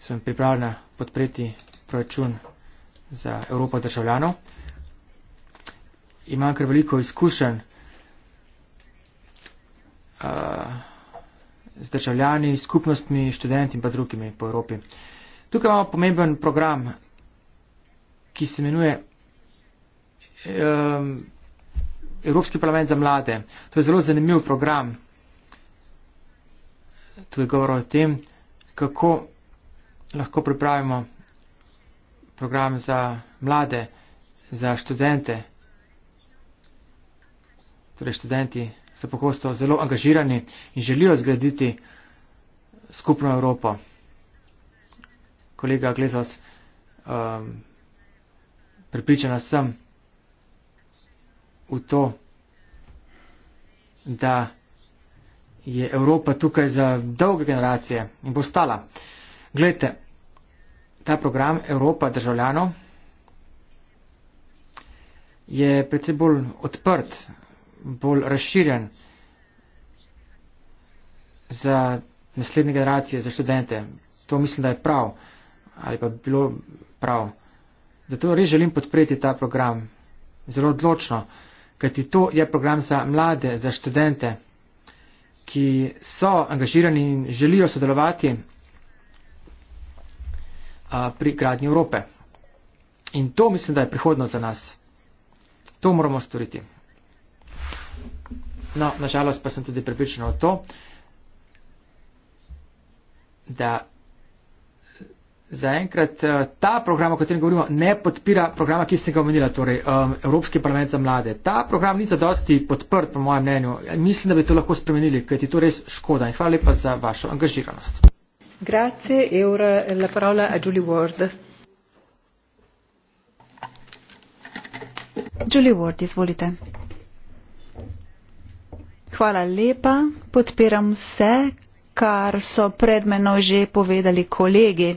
sem pripravljena podpreti proračun za Evropo državljanov. Imam kar veliko izkušenj uh, z državljani, skupnostmi, študenti in pa drugimi po Evropi. Tukaj imamo pomemben program, ki se imenuje um, Evropski parlament za mlade. To je zelo zanimiv program. Tu je govor o tem, kako lahko pripravimo program za mlade, za študente. Torej, študenti so pogosto zelo angažirani in želijo zgraditi skupno Evropo. Kolega Glezos, um, pripričana sem v to, da je Evropa tukaj za dolge generacije in bo stala. Glejte, ta program Evropa državljanov je predvsem bolj odprt, bolj razširjen za naslednje generacije, za študente. To mislim, da je prav ali pa bilo prav. Zato res želim podpreti ta program zelo odločno, kajti to je program za mlade, za študente, ki so angažirani in želijo sodelovati pri gradnji Evrope. In to mislim, da je prihodno za nas. To moramo storiti. No, nažalost pa sem tudi pripričana o to, da zaenkrat eh, ta program, o katerem govorimo, ne podpira programa, ki sem ga omenila, torej um, Evropski parlament za mlade. Ta program ni zadosti podprt, po mojem mnenju. Mislim, da bi to lahko spremenili, kajti to je res škoda. In hvala lepa za vašo angažiranost. Grazie e ora la parola a Julie Ward. Julie Ward, izvolite. Hvala lepa. Podpiram vse, kar so pred menoj že povedali kolegi.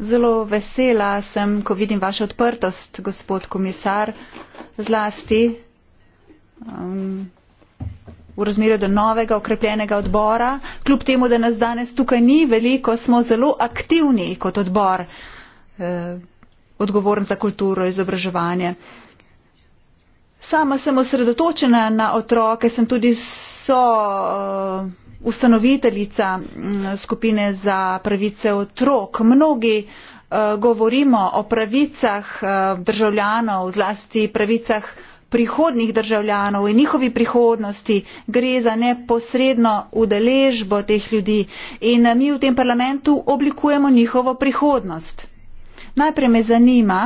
Zelo vesela sem, ko vidim vašo odprtost, gospod komisar, zlasti. Um, v razmerju do novega okrepljenega odbora. Kljub temu, da nas danes tukaj ni veliko, smo zelo aktivni kot odbor eh, odgovoren za kulturo in izobraževanje. Sama sem osredotočena na otroke, sem tudi so uh, ustanoviteljica mm, skupine za pravice otrok. Mnogi uh, govorimo o pravicah uh, državljanov, zlasti pravicah prihodnih državljanov in njihovi prihodnosti, gre za neposredno udeležbo teh ljudi in eh, mi v tem parlamentu oblikujemo njihovo prihodnost. Najprej me zanima,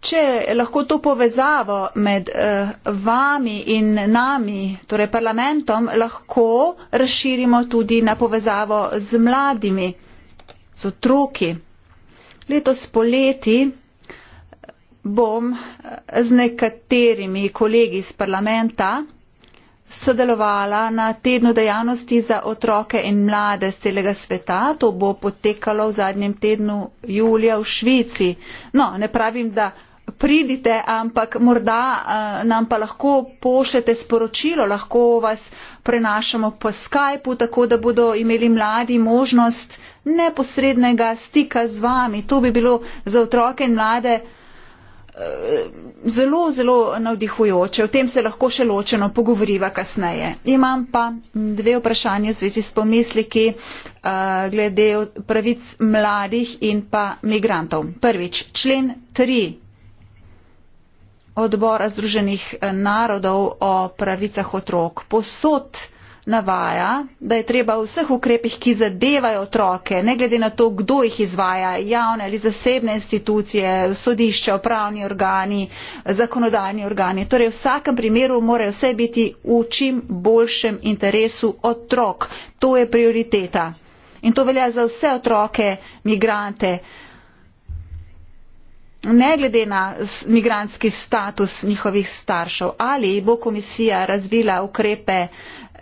če lahko to povezavo med eh, vami in nami, torej parlamentom, lahko razširimo tudi na povezavo z mladimi, z otroki. Letos poleti bom eh, z nekaterimi kolegi iz parlamenta sodelovala na tednu dejavnosti za otroke in mlade z celega sveta. To bo potekalo v zadnjem tednu julija v Švici. No, ne pravim, da pridite, ampak morda uh, nam pa lahko pošljete sporočilo, lahko vas prenašamo po Skypu, tako da bodo imeli mladi možnost neposrednega stika z vami. To bi bilo za otroke in mlade uh, Eh, zelo, zelo navdihujoče. O tem se lahko še ločeno pogovoriva kasneje. Imam pa dve vprašanje v zvezi s pomisliki eh, glede pravic mladih in pa migrantov. Prvič, člen 3 odbora Združenih eh, narodov o pravicah otrok. Posod navaja, da je treba v vseh ukrepih, ki zadevajo otroke, ne glede na to, kdo jih izvaja, javne ali zasebne institucije, sodišče, upravni organi, zakonodajni organi, torej v vsakem primeru morajo vse biti v čim boljšem interesu otrok. To je prioriteta. In to velja za vse otroke, migrante, ne glede na migranski status njihovih staršev. Ali bo komisija razvila ukrepe,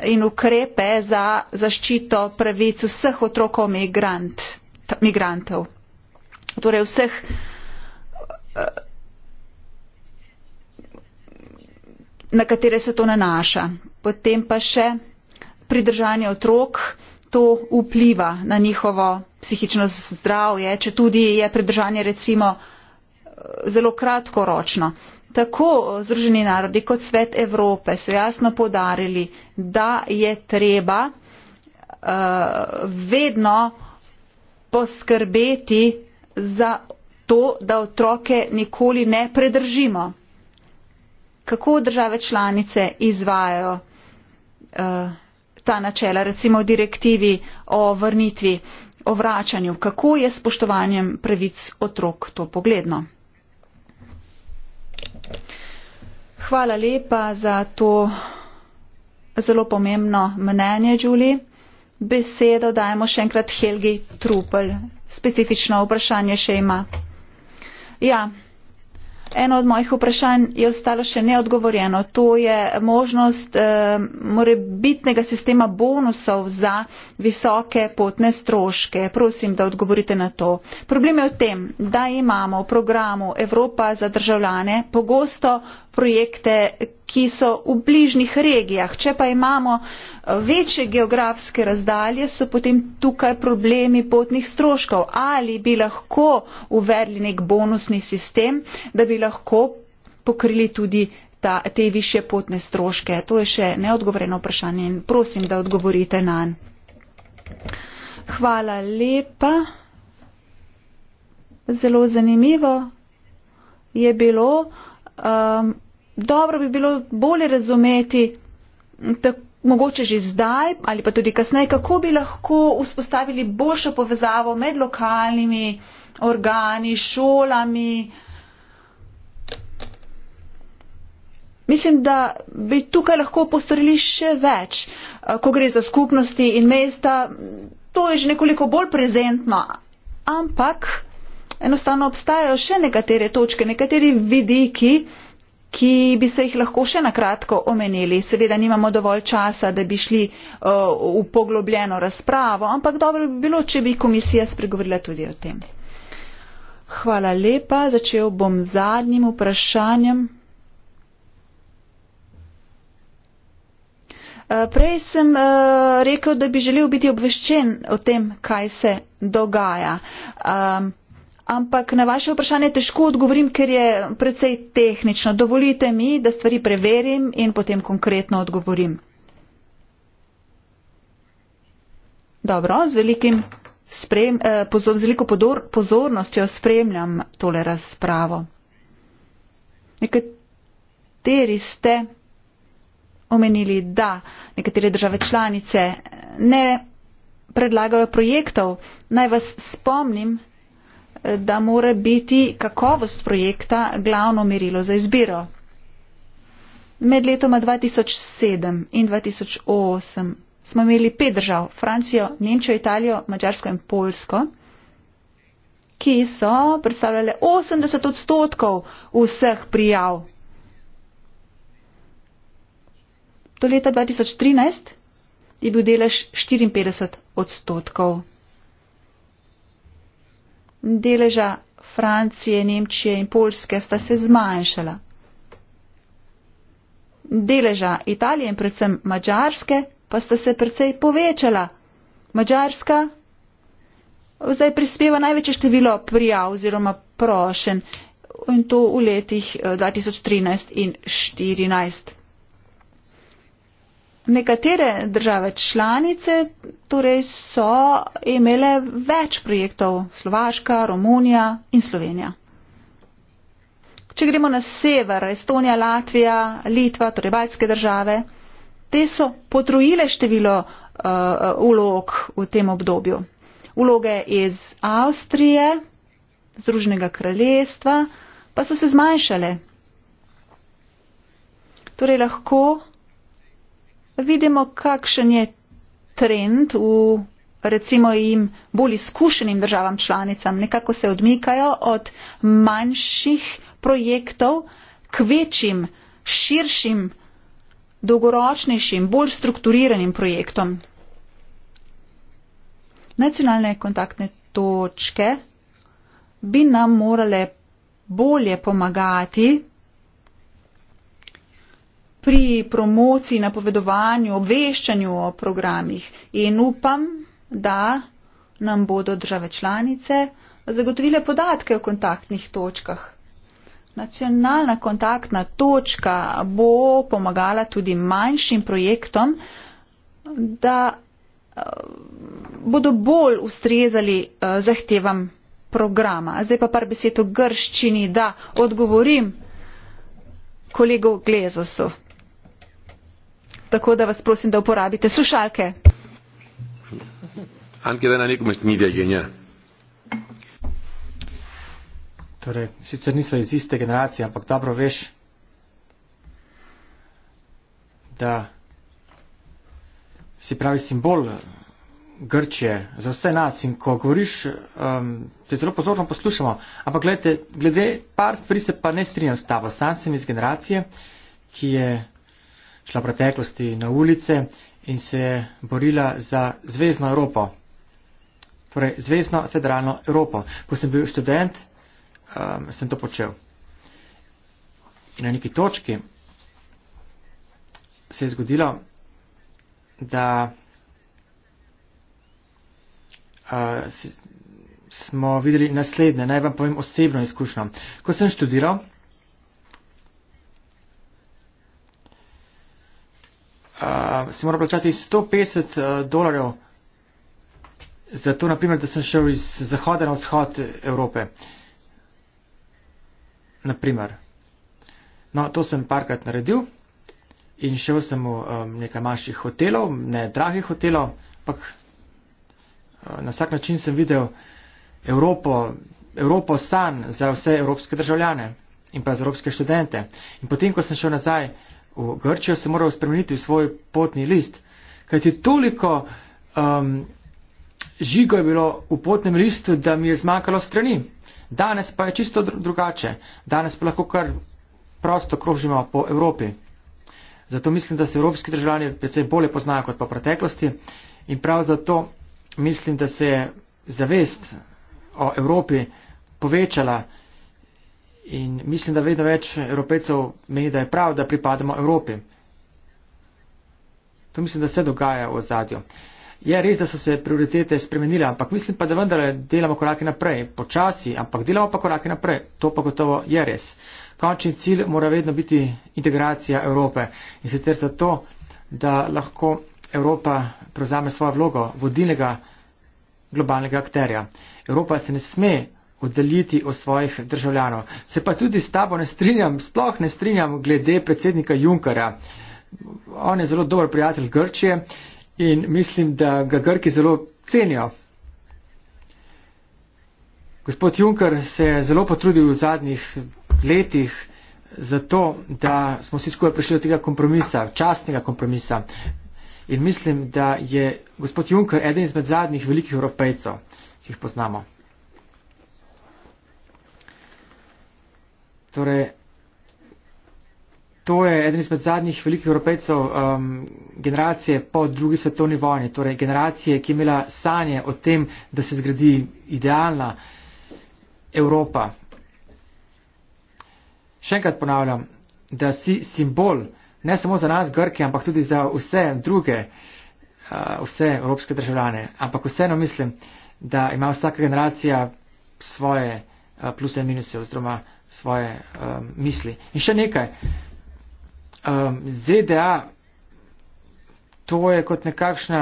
in ukrepe za zaščito pravic vseh otrokov migrant, migrantov. Torej vseh eh, na katere se to nanaša. Potem pa še pridržanje otrok, to vpliva na njihovo psihično zdravje, če tudi je pridržanje recimo zelo kratkoročno tako eh, Združeni narodi kot Svet Evrope so jasno podarili, da je treba eh, vedno poskrbeti za to, da otroke nikoli ne predržimo. Kako države članice izvajajo eh, ta načela, recimo direktivi o vrnitvi, o vračanju, kako je spoštovanjem pravic otrok to pogledno? Hvala lepa za to zelo pomembno mnenje, Đuli. Besedo dajemo še enkrat Helgi Trupel. Specifično vprašanje še ima. Ja, Eno od mojih vprašanj je ostalo še neodgovorjeno. To je možnost eh, morebitnega sistema bonusov za visoke potne stroške. Prosim, da odgovorite na to. Problem je v tem, da imamo v programu Evropa za državljane pogosto projekte, ki so v bližnjih regijah. Če pa imamo eh, večje geografske razdalje so potem tukaj problemi potnih stroškov. Ali bi lahko uvedli nek bonusni sistem, da bi lahko pokrili tudi ta, te više potne stroške? To je še neodgovoreno vprašanje in prosim, da odgovorite na nj. Hvala lepa. Zelo zanimivo je bilo. Um, dobro bi bilo bolje razumeti tako mogoče že zdaj ali pa tudi kasneje, kako bi lahko vzpostavili boljšo povezavo med lokalnimi organi, šolami. Mislim, da bi tukaj lahko postorili še več, ko gre za skupnosti in mesta. To je že nekoliko bolj prezentno, ampak enostavno obstajajo še nekatere točke, nekateri vidiki, ki bi se jih lahko še na kratko omenili. Seveda nimamo dovolj časa, da bi šli uh, v poglobljeno razpravo, ampak dobro bi bilo, če bi komisija spregovorila tudi o tem. Hvala lepa. Začel bom z zadnjim vprašanjem. Uh, prej sem uh, rekel, da bi želel biti obveščen o tem, kaj se dogaja. Um, ampak na vaše vprašanje težko odgovorim, ker je precej tehnično. Dovolite mi, da stvari preverim in potem konkretno odgovorim. Dobro, z, sprem, eh, pozor, z veliko podor, pozornostjo spremljam tole razpravo. Nekateri ste omenili, da nekatere države članice ne predlagajo projektov. Naj vas spomnim, da mora biti kakovost projekta glavno merilo za izbiro. Med letoma 2007 in 2008 smo imeli pet držav, Francijo, Nemčijo, Italijo, Mačarsko in Polsko, ki so predstavljale 80 odstotkov vseh prijav. Do leta 2013 je bil delež 54 odstotkov deleža Francije, Nemčije in Polske sta se zmanjšala. Deleža Italije in predvsem Mačarske pa sta se precej povečala. Mačarska zdaj prispeva največje število prijav oziroma prošen in to v letih 2013 eh, in 2014. Nekatere države članice torej so imele več projektov, Slovaška, Romunija in Slovenija. Če gremo na sever, Estonija, Latvija, Litva, torej baljske države, te so potrojile število uh, eh, ulog v tem obdobju. Uloge iz Avstrije, Združenega kraljestva, pa so se zmanjšale. Torej lahko vidimo, kakšen je trend v recimo jim bolj izkušenim državam članicam. Nekako se odmikajo od manjših projektov k večjim, širšim, dolgoročnejšim, bolj strukturiranim projektom. Nacionalne kontaktne točke bi nam morale bolje pomagati pri promociji, napovedovanju, obveščanju o programih in upam, da nam bodo države članice zagotovile podatke o kontaktnih točkah. Nacionalna kontaktna točka bo pomagala tudi manjšim projektom, da eh, bodo bolj ustrezali eh, zahtevam programa. Zdaj pa par besed o grščini, da odgovorim kolegu Glezosu tako da vas prosim, da uporabite slušalke. Torej, sicer niso iz iste generacije, ampak dobro veš, da si pravi simbol eh, Grčije za vse nas in ko govoriš, um, te zelo pozorno poslušamo, ampak gledajte, glede par stvari se pa ne strinjam s tabo. Sam sem iz generacije, ki je šla preteklosti na ulice in se je borila za zvezdno Evropo. Torej, zvezdno federalno Evropo. Ko sem bil študent, um, sem to počel. In na neki točki se je zgodilo, da uh, si, smo videli naslednje. Naj vam povem osebno izkušnjo. Ko sem študiral, uh, si moral plačati 150 uh, dolarjev za to, naprimer, da sem šel iz zahoda na vzhod Evrope. Naprimer. No, to sem parkrat naredil in šel sem v um, nekaj manjših hotelov, ne dragih hotelov, ampak uh, na vsak način sem videl Evropo, Evropo san za vse evropske državljane in pa za evropske študente. In potem, ko sem šel nazaj, uh, v Grčijo, se moral spremeniti v svoj potni list, kajti toliko um, žigo je bilo v potnem listu, da mi je zmakalo strani. Danes pa je čisto drugače. Danes pa lahko kar prosto krožimo po Evropi. Zato mislim, da se evropski državljani precej bolje poznajo kot pa v preteklosti in prav zato mislim, da se je zavest o Evropi povečala In mislim, da vedno več evropejcev meni, da je prav, da pripademo Evropi. To mislim, da se dogaja v zadju. Je res, da so se prioritete spremenile, ampak mislim pa, da vendar delamo korake naprej, počasi, ampak delamo pa korake naprej. To pa gotovo je res. Končni cilj mora vedno biti integracija Evrope in sicer zato, da lahko Evropa prevzame svojo vlogo vodilnega globalnega akterja. Evropa se ne sme oddaljiti od svojih državljanov. Se pa tudi s tabo ne strinjam, sploh ne strinjam glede predsednika Junkara. On je zelo dober prijatelj Grčije in mislim, da ga Grki zelo cenijo. Gospod Junker se je zelo potrudil v zadnjih letih za to, da smo vsi skupaj prišli do tega kompromisa, častnega kompromisa. In mislim, da je gospod Junker eden izmed zadnjih velikih evropejcev, ki jih poznamo. Torej, to je eden izmed zadnjih velikih evropejcev um, generacije po drugi svetovni vojni, torej generacije, ki je imela sanje o tem, da se zgradi idealna Evropa. Še enkrat ponavljam, da si simbol ne samo za nas, Grke, ampak tudi za vse druge, uh, vse evropske državljane. Ampak vseeno mislim, da ima vsaka generacija svoje plus en minus oziroma svoje um, misli. In še nekaj. Um, ZDA, to je kot nekakšna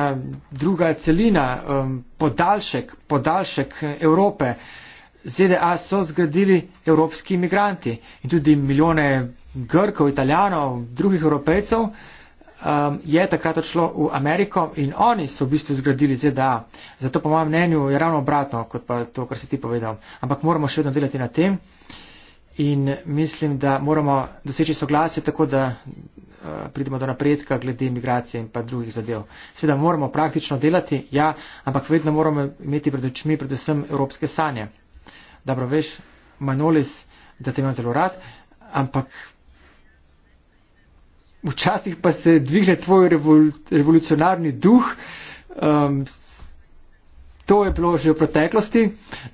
druga celina, um, podaljšek, podaljšek Evrope. ZDA so zgradili evropski imigranti in tudi milijone Grkov, Italijanov, drugih evropejcev. Uh, um, je takrat odšlo v Ameriko in oni so v bistvu zgradili ZDA. Zato po mojem mnenju je ravno obratno, kot pa to, kar si ti povedal. Ampak moramo še vedno delati na tem in mislim, da moramo doseči soglasje tako, da uh, pridemo do napredka glede imigracije in pa drugih zadev. Sveda moramo praktično delati, ja, ampak vedno moramo imeti pred očmi predvsem evropske sanje. Dobro veš, Manolis, da te imam zelo rad, ampak včasih pa se dvigne tvoj revol, revolucionarni duh. Um, to je bilo že v preteklosti.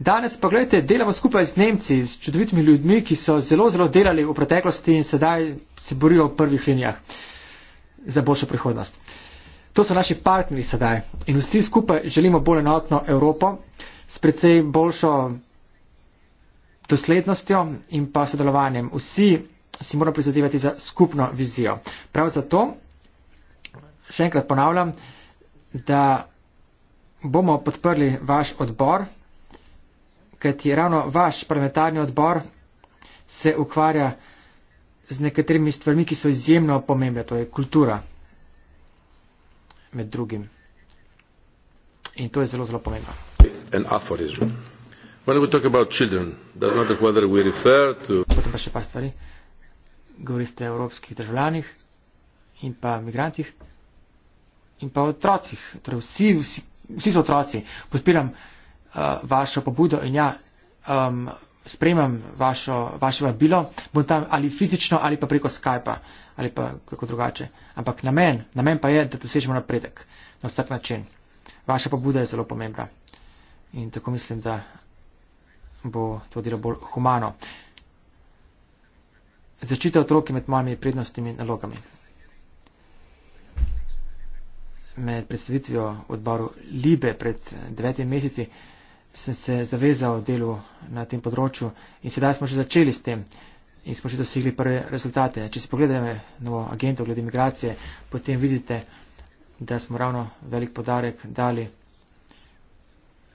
Danes pa gledajte, delamo skupaj z Nemci, s čudovitimi ljudmi, ki so zelo, zelo delali v preteklosti in sedaj se borijo v prvih linijah za boljšo prihodnost. To so naši partnerji sedaj in vsi skupaj želimo bolj enotno Evropo s precej boljšo doslednostjo in pa sodelovanjem. Vsi si moramo prizadevati za skupno vizijo. Prav zato, še enkrat ponavljam, da bomo podprli vaš odbor, kajti ravno vaš parlamentarni odbor se ukvarja z nekaterimi stvarmi, ki so izjemno pomembne, to je kultura med drugim. In to je zelo, zelo pomembno. Potem pa še par stvari govorite o evropskih državljanih in pa migrantih in pa o otrocih. Torej vsi, vsi, vsi so otroci. Podpiram uh, vašo pobudo in ja, um, spremam vašo, vaše vabilo, bom tam ali fizično ali pa preko Skypa ali pa kako drugače. Ampak namen, namen pa je, da dosežemo napredek na vsak način. Vaša pobuda je zelo pomembna in tako mislim, da bo to delo bolj humano. Začite otroke med mojimi prednostnimi nalogami. Med predstavitvijo odboru Libe pred devetimi meseci sem se zavezal delu na tem področju in sedaj smo že začeli s tem in smo že dosegli prve rezultate. Če si pogledajo novo agentov glede migracije, potem vidite, da smo ravno velik podarek dali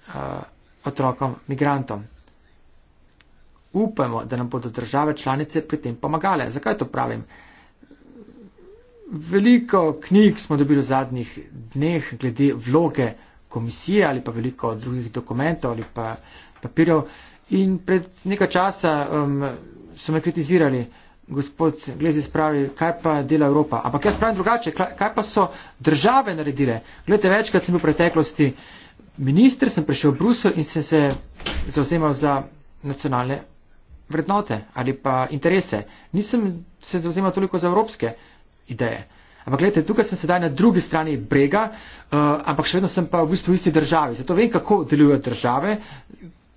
uh, otrokom, migrantom upajmo, da nam bodo države članice pri tem pomagale. Zakaj to pravim? Veliko knjig smo dobili v zadnjih dneh glede vloge komisije ali pa veliko drugih dokumentov ali pa papirjev. In pred nekaj časa um, so me kritizirali, gospod Glezi spravi, kaj pa dela Evropa. Ampak jaz pravim drugače, kaj pa so države naredile. Glede, večkrat sem bil v preteklosti minister, sem prišel v Brusel in sem se zauzemal za nacionalne vrednote ali pa interese. Nisem se zauzemal toliko za evropske ideje. Ampak gledajte, tukaj sem sedaj na drugi strani brega, uh, ampak še vedno sem pa v bistvu v isti državi. Zato vem, kako delujejo države,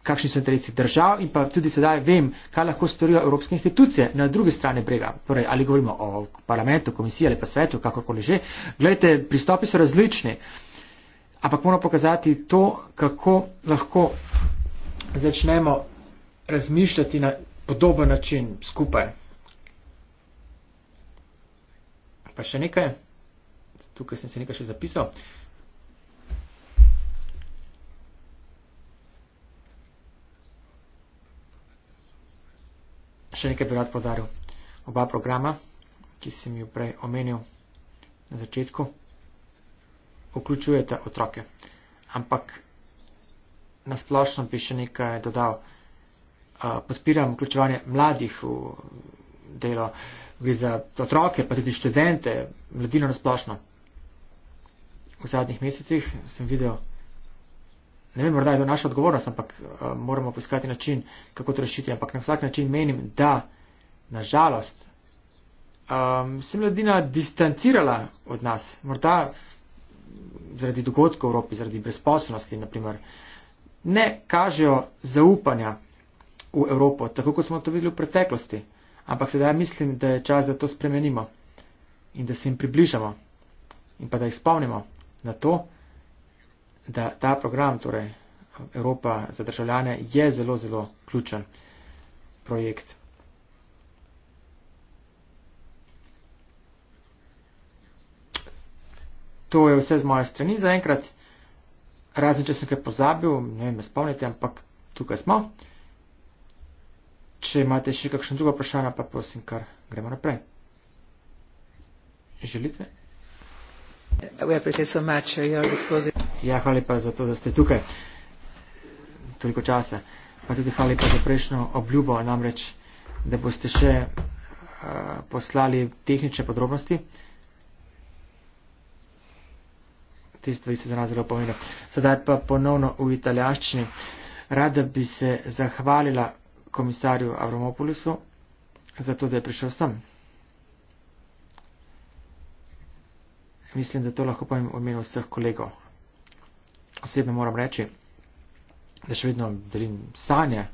kakšni so interesi držav in pa tudi sedaj vem, kaj lahko storijo evropske institucije na drugi strani brega. Torej, ali govorimo o parlamentu, komisiji ali pa svetu, kakorkoli že. Gledajte, pristopi so različni. Ampak moramo pokazati to, kako lahko začnemo razmišljati na podoben način skupaj. Pa še nekaj, tukaj sem se nekaj še zapisal. Še nekaj bi rad podaril. Oba programa, ki sem jih prej omenil na začetku, vključujete otroke. Ampak nasplošno bi še nekaj dodal podpiram vključevanje mladih v delo, gre za otroke, pa tudi študente, mladino nasplošno. V zadnjih mesecih sem videl, ne vem, morda je to naša odgovornost, ampak a, moramo poiskati način, kako to rešiti, ampak na vsak način menim, da nažalost um, se mladina distancirala od nas, morda zaradi dogodkov v Evropi, zaradi brezposobnosti, naprimer, ne kažejo zaupanja v Evropo, tako kot smo to videli v preteklosti. Ampak sedaj mislim, da je čas, da to spremenimo in da se jim približamo in pa da jih spomnimo na to, da ta program, torej Evropa za državljane, je zelo, zelo ključen projekt. To je vse z moje strani za enkrat. Razen, če sem kaj pozabil, ne vem, me spomnite, ampak tukaj smo. Če imate še kakšno drugo vprašanje, pa prosim, kar gremo naprej. Želite? So much, uh, ja, hvala pa za to, da ste tukaj. Toliko časa. Pa tudi hvala pa za prejšnjo obljubo, namreč, da boste še uh, poslali tehnične podrobnosti. Te stvari se za nas zelo pomenijo. Sedaj pa ponovno v italijaščini. Rada bi se zahvalila komisarju Avromopolisu, zato da je prišel sem. Mislim, da to lahko povem v imenu vseh kolegov. Osebno moram reči, da še vedno delim sanje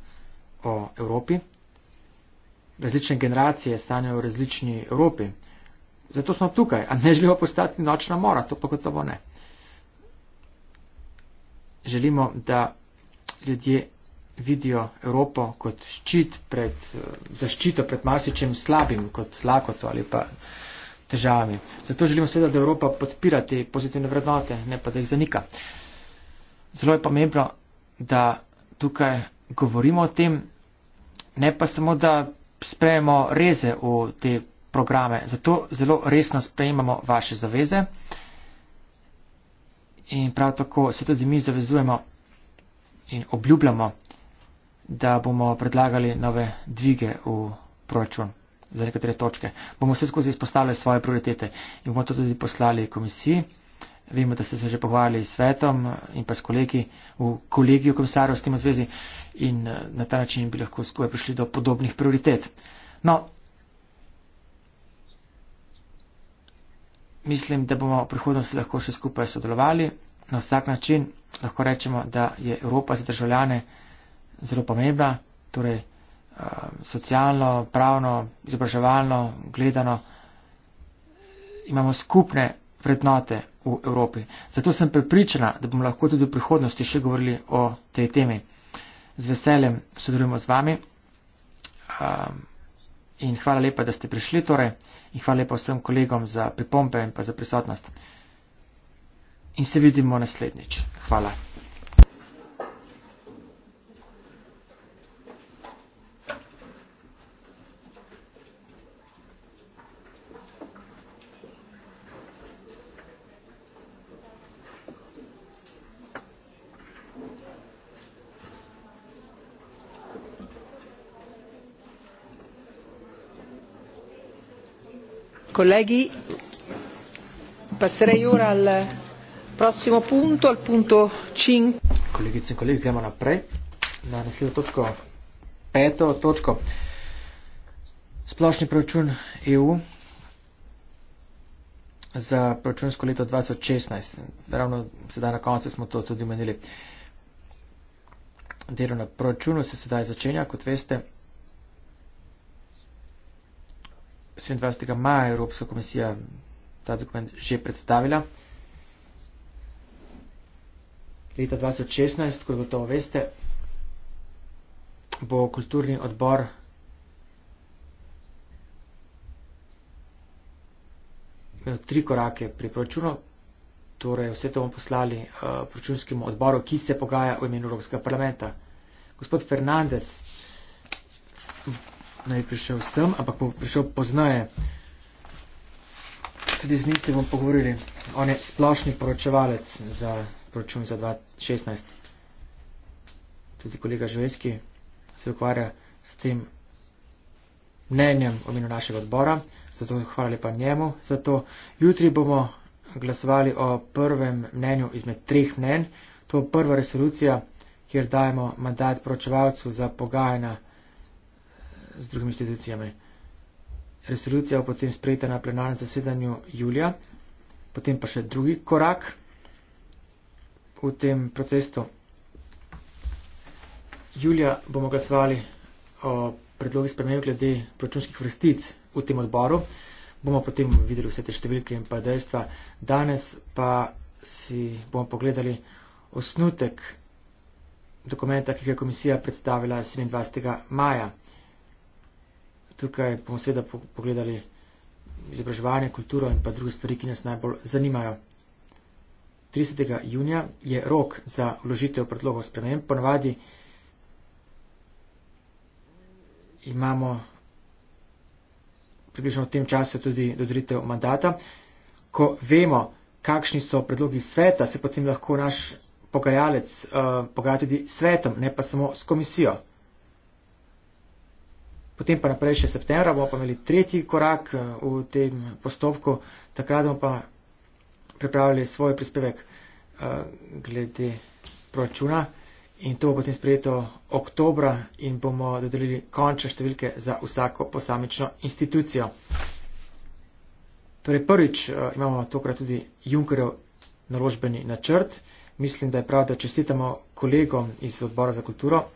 o Evropi. Različne generacije sanjajo v različni Evropi. Zato smo tukaj, a ne želimo postati nočna mora, to pa gotovo ne. Želimo, da ljudje vidijo Evropo kot ščit pred eh, zaščito, pred marsičem slabim, kot lakoto ali pa težavami. Zato želimo seveda, da Evropa podpira te pozitivne vrednote, ne pa da jih zanika. Zelo je pomembno, da tukaj govorimo o tem, ne pa samo, da sprejemo reze v te programe. Zato zelo resno sprejemamo vaše zaveze in prav tako se tudi mi zavezujemo in obljubljamo da bomo predlagali nove dvige v proračun za nekatere točke. Bomo vse skozi izpostavljali svoje prioritete in bomo to tudi poslali komisiji. Vemo, da ste se že pohvalili s svetom in pa s kolegi v kolegiju komisarjev s tem v zvezi in eh, na ta način bi lahko skupaj prišli do podobnih prioritet. No, mislim, da bomo v prihodnosti lahko še skupaj sodelovali. Na vsak način lahko rečemo, da je Evropa za državljane zelo pomembna, torej eh, socialno, pravno, izobraževalno gledano, imamo skupne vrednote v Evropi. Zato sem prepričana, da bomo lahko tudi v prihodnosti še govorili o tej temi. Z veseljem sodelujemo z vami ehm, in hvala lepa, da ste prišli torej in hvala lepa vsem kolegom za pripombe in pa za prisotnost. In se vidimo naslednjič. Hvala. colleghi passerei ora al prossimo punto al punto 5 kolegice in kolegi gremo naprej na naslednjo točko peto točko splošni proračun EU za proračunsko leto 2016 ravno sedaj na koncu smo to tudi omenili delo na proračunu se sedaj začenja kot veste 27. maja Evropska komisija ta dokument že predstavila. Leta 2016, kot gotovo veste, bo kulturni odbor imel tri korake pri proračunu. Torej, vse to bomo poslali uh, proračunskemu odboru, ki se pogaja v imenu Evropskega parlamenta. Gospod Fernandez, naj bi prišel sem, ampak bo prišel poznaje. Tudi z njim se bomo pogovorili. On je splošni poročevalec za proračun za 2016. Tudi kolega Žveski se ukvarja s tem mnenjem o imenu našega odbora, zato hvala lepa njemu za to. Jutri bomo glasovali o prvem mnenju izmed treh mnen. To je prva resolucija, kjer dajemo mandat poročevalcu za pogajanja z drugimi institucijami. Resolucija bo potem sprejeta na plenarnem zasedanju julija, potem pa še drugi korak v tem procesu. Julija bomo glasovali o predlogi spremenju glede proračunskih vrstic v tem odboru. Bomo potem videli vse te številke in pa dejstva. Danes pa si bomo pogledali osnutek dokumenta, ki ga je komisija predstavila 27. maja tukaj bomo seveda pogledali izobraževanje, kulturo in pa druge stvari, ki nas najbolj zanimajo. 30. junija je rok za vložitev predlogov sprememb. Ponovadi imamo približno v tem času tudi dodelitev mandata. Ko vemo, kakšni so predlogi sveta, se potem lahko naš pogajalec uh, pogaja tudi svetom, ne pa samo s komisijo. Potem pa naprej še septembra bomo pa imeli tretji korak eh, v tem postopku, takrat bomo pa pripravili svoj prispevek eh, glede proračuna in to bo potem sprejeto oktobra in bomo dodelili končne številke za vsako posamično institucijo. Torej prvič eh, imamo tokrat tudi Junkerjev naložbeni načrt. Mislim, da je prav, da čestitamo kolegom iz odbora za kulturo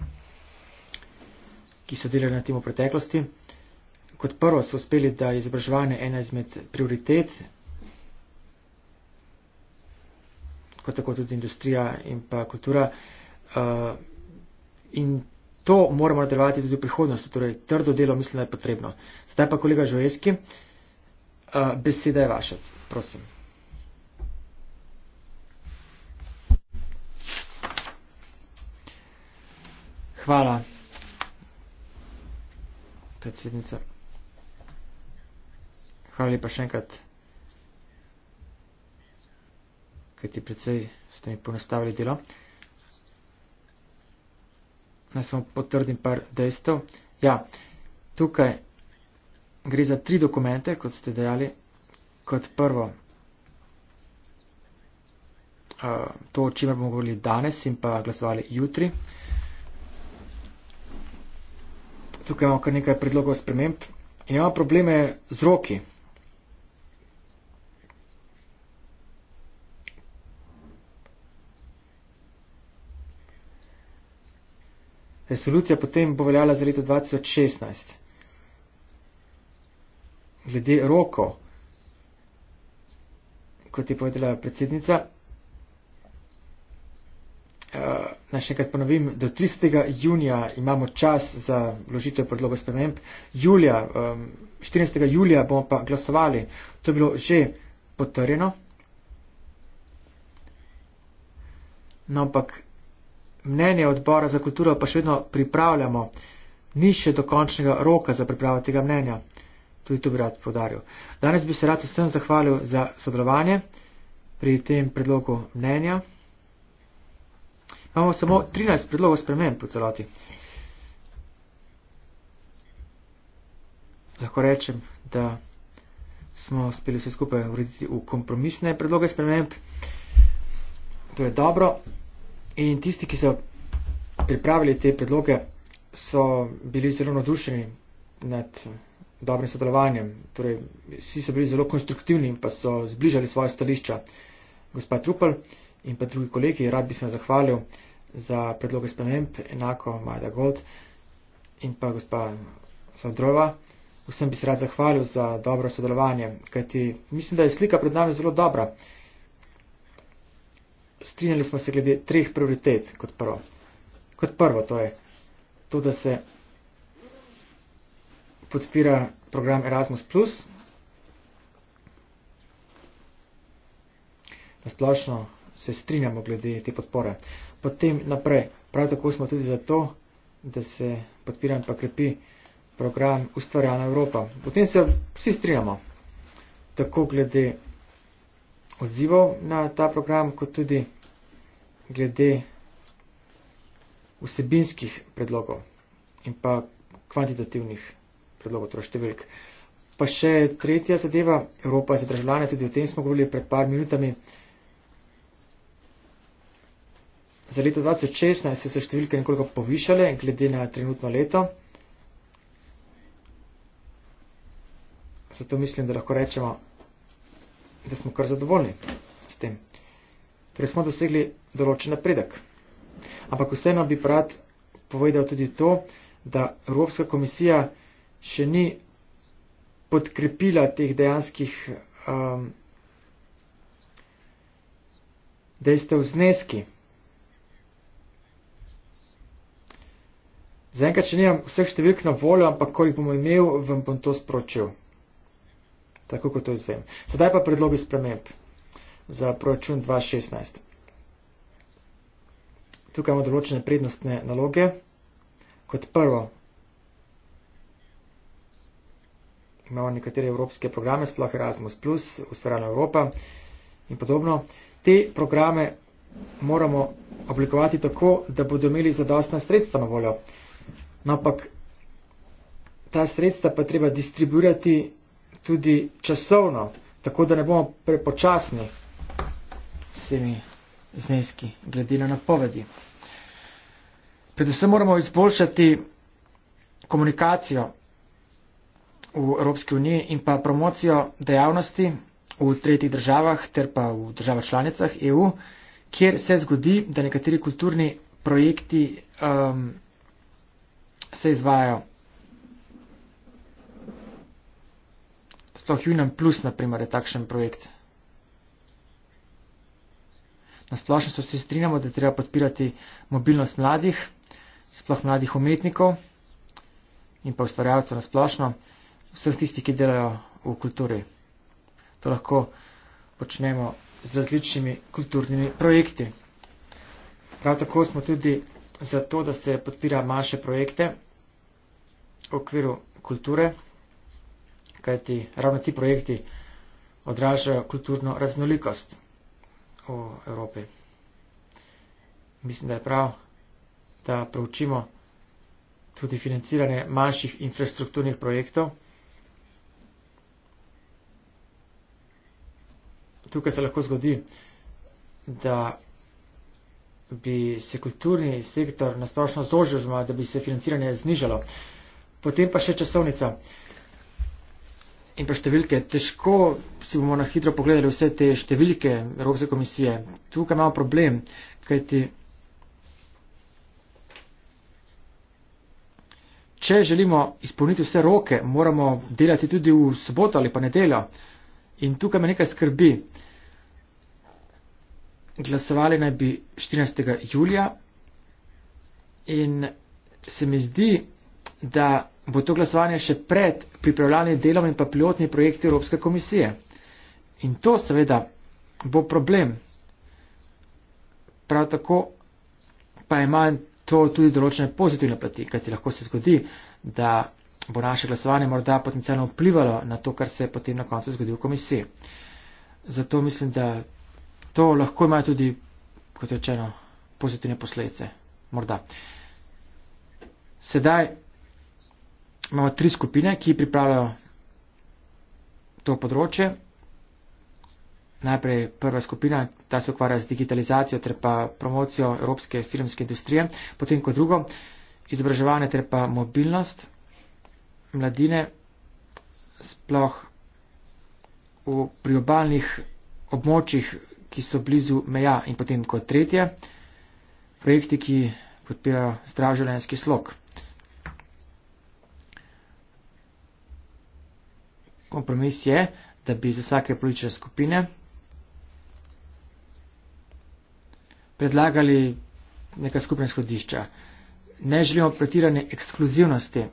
ki so delali na tem v preteklosti. Kot prvo so uspeli, da je izobraževanje ena izmed prioritet, kot tako tudi industrija in pa kultura. Uh, in to moramo nadaljevati tudi v prihodnosti, torej trdo delo mislim, da je potrebno. Zdaj pa kolega Žojeski, uh, beseda je vaša, prosim. Hvala predsednica. Hvala lepa še enkrat, ker ti predvsej ste mi ponastavili delo. Naj samo potrdim par dejstev. Ja, tukaj gre za tri dokumente, kot ste dejali. Kot prvo, uh, to, o čemer bomo govorili danes in pa glasovali jutri. Uh, tukaj imamo kar nekaj predlogov sprememb. Imamo ja, probleme z roki. Resolucija potem bo veljala za leto 2016. Glede rokov, kot je povedala predsednica, uh, Naj še enkrat ponovim, do 30. junija imamo čas za vložitev predloga sprememb. Julija, 14. Um, julija bomo pa glasovali. To je bilo že potrjeno. No, ampak mnenje odbora za kulturo pa še vedno pripravljamo. Ni še dokončnega roka za pripravo tega mnenja. Tudi to bi rad podaril. Danes bi se rad vsem zahvalil za sodelovanje pri tem predlogu mnenja. Imamo samo 13 predlogov spremem po celoti. Lahko rečem, da smo uspeli vse skupaj urediti v kompromisne predloge sprememb. To je dobro. In tisti, ki so pripravili te predloge, so bili zelo nadušeni nad dobrim sodelovanjem. Torej, vsi so bili zelo konstruktivni in pa so zbližali svoje stališča. Gospa Trupel, uh, in pa drugi kolegi. Rad bi se vam zahvalil za predloge sprememb, enako Majda Gold in pa gospa Sandrova. Vsem bi se rad zahvalil za dobro sodelovanje, kajti mislim, da je slika pred nami zelo dobra. Strinjali smo se glede treh prioritet kot prvo. Kot prvo torej, to, da se podpira program Erasmus, na splošno se strinjamo glede te podpore. Potem naprej, prav tako smo tudi zato, da se podpira in pa krepi program Ustvarjalna Evropa. Potem se vsi strinjamo, tako glede odzivov na ta program, kot tudi glede vsebinskih predlogov in pa kvantitativnih predlogov, torej številk. Pa še tretja zadeva, Evropa za državljane, tudi o tem smo govorili pred par minutami, uh, Za leto 2016 so se številke nekoliko povišale glede na trenutno leto. Zato mislim, da lahko rečemo, da smo kar zadovoljni s tem. Torej smo dosegli določen napredek. Ampak vseeno bi rad povedal tudi to, da Evropska komisija še ni podkrepila teh dejanskih um, dejstev zneski. Zaenkrat še nimam vseh številk na voljo, ampak ko jih bom imel, vam bom to sporočil. Tako kot to izvem. Sedaj pa predlogi sprememb za proračun 2016. Tukaj imamo določene prednostne naloge. Kot prvo imamo nekatere evropske programe, sploh Erasmus, Ustvarjena Evropa in podobno. Te programe moramo oblikovati tako, da bodo imeli zadostna sredstva na voljo. No, ampak ta sredstva pa treba distribuirati tudi časovno, tako da ne bomo prepočasni vsemi zneski glede na napovedi. Predvsem moramo izboljšati komunikacijo v Evropski uniji in pa promocijo dejavnosti v tretjih državah ter pa v državah članicah EU, kjer se zgodi, da nekateri kulturni projekti um, se izvajajo. Sploh Union Plus, naprimer, je takšen projekt. Nasplošno se vsi strinjamo, da je treba podpirati mobilnost mladih, sploh mladih umetnikov in pa ustvarjalcev nasplošno, vseh tistih, ki delajo v kulturi. To lahko počnemo z različnimi kulturnimi projekti. Prav tako smo tudi za to, da se podpira manjše projekte v okviru kulture, kajti ravno ti projekti odražajo kulturno raznolikost v Evropi. Mislim, da je prav, da preučimo tudi financiranje manjših infrastrukturnih projektov. Tukaj se lahko zgodi, da bi se kulturni sektor nasplošno zožil, da bi se financiranje znižalo. Potem pa še časovnica in pa številke. Težko si bomo na hitro pogledali vse te številke Evropske komisije. Tukaj imamo problem, kajti če želimo izpolniti vse roke, moramo delati tudi v soboto ali pa nedeljo. In tukaj me nekaj skrbi glasovali naj bi 14. julija in se mi zdi, da bo to glasovanje še pred pripravljanjem delom in pa pilotni projekti Evropske komisije. In to seveda bo problem. Prav tako pa ima to tudi določene pozitivne plati, kajti lahko se zgodi, da bo naše glasovanje morda potencialno vplivalo na to, kar se je potem na koncu zgodilo v komisiji. Zato mislim, da to lahko ima tudi, kot rečeno, pozitivne posledice. Morda. Sedaj imamo tri skupine, ki pripravljajo to področje. Najprej prva skupina, ta se ukvarja z digitalizacijo ter pa promocijo evropske filmske industrije, potem kot drugo, izobraževanje ter pa mobilnost mladine, sploh v priobalnih območjih ki so blizu meja in potem kot tretje, projekti, ki podpirajo zdrav življenjski slog. Kompromis je, da bi za vsake politične skupine predlagali neka skupna izhodišča. Ne želimo pretirane ekskluzivnosti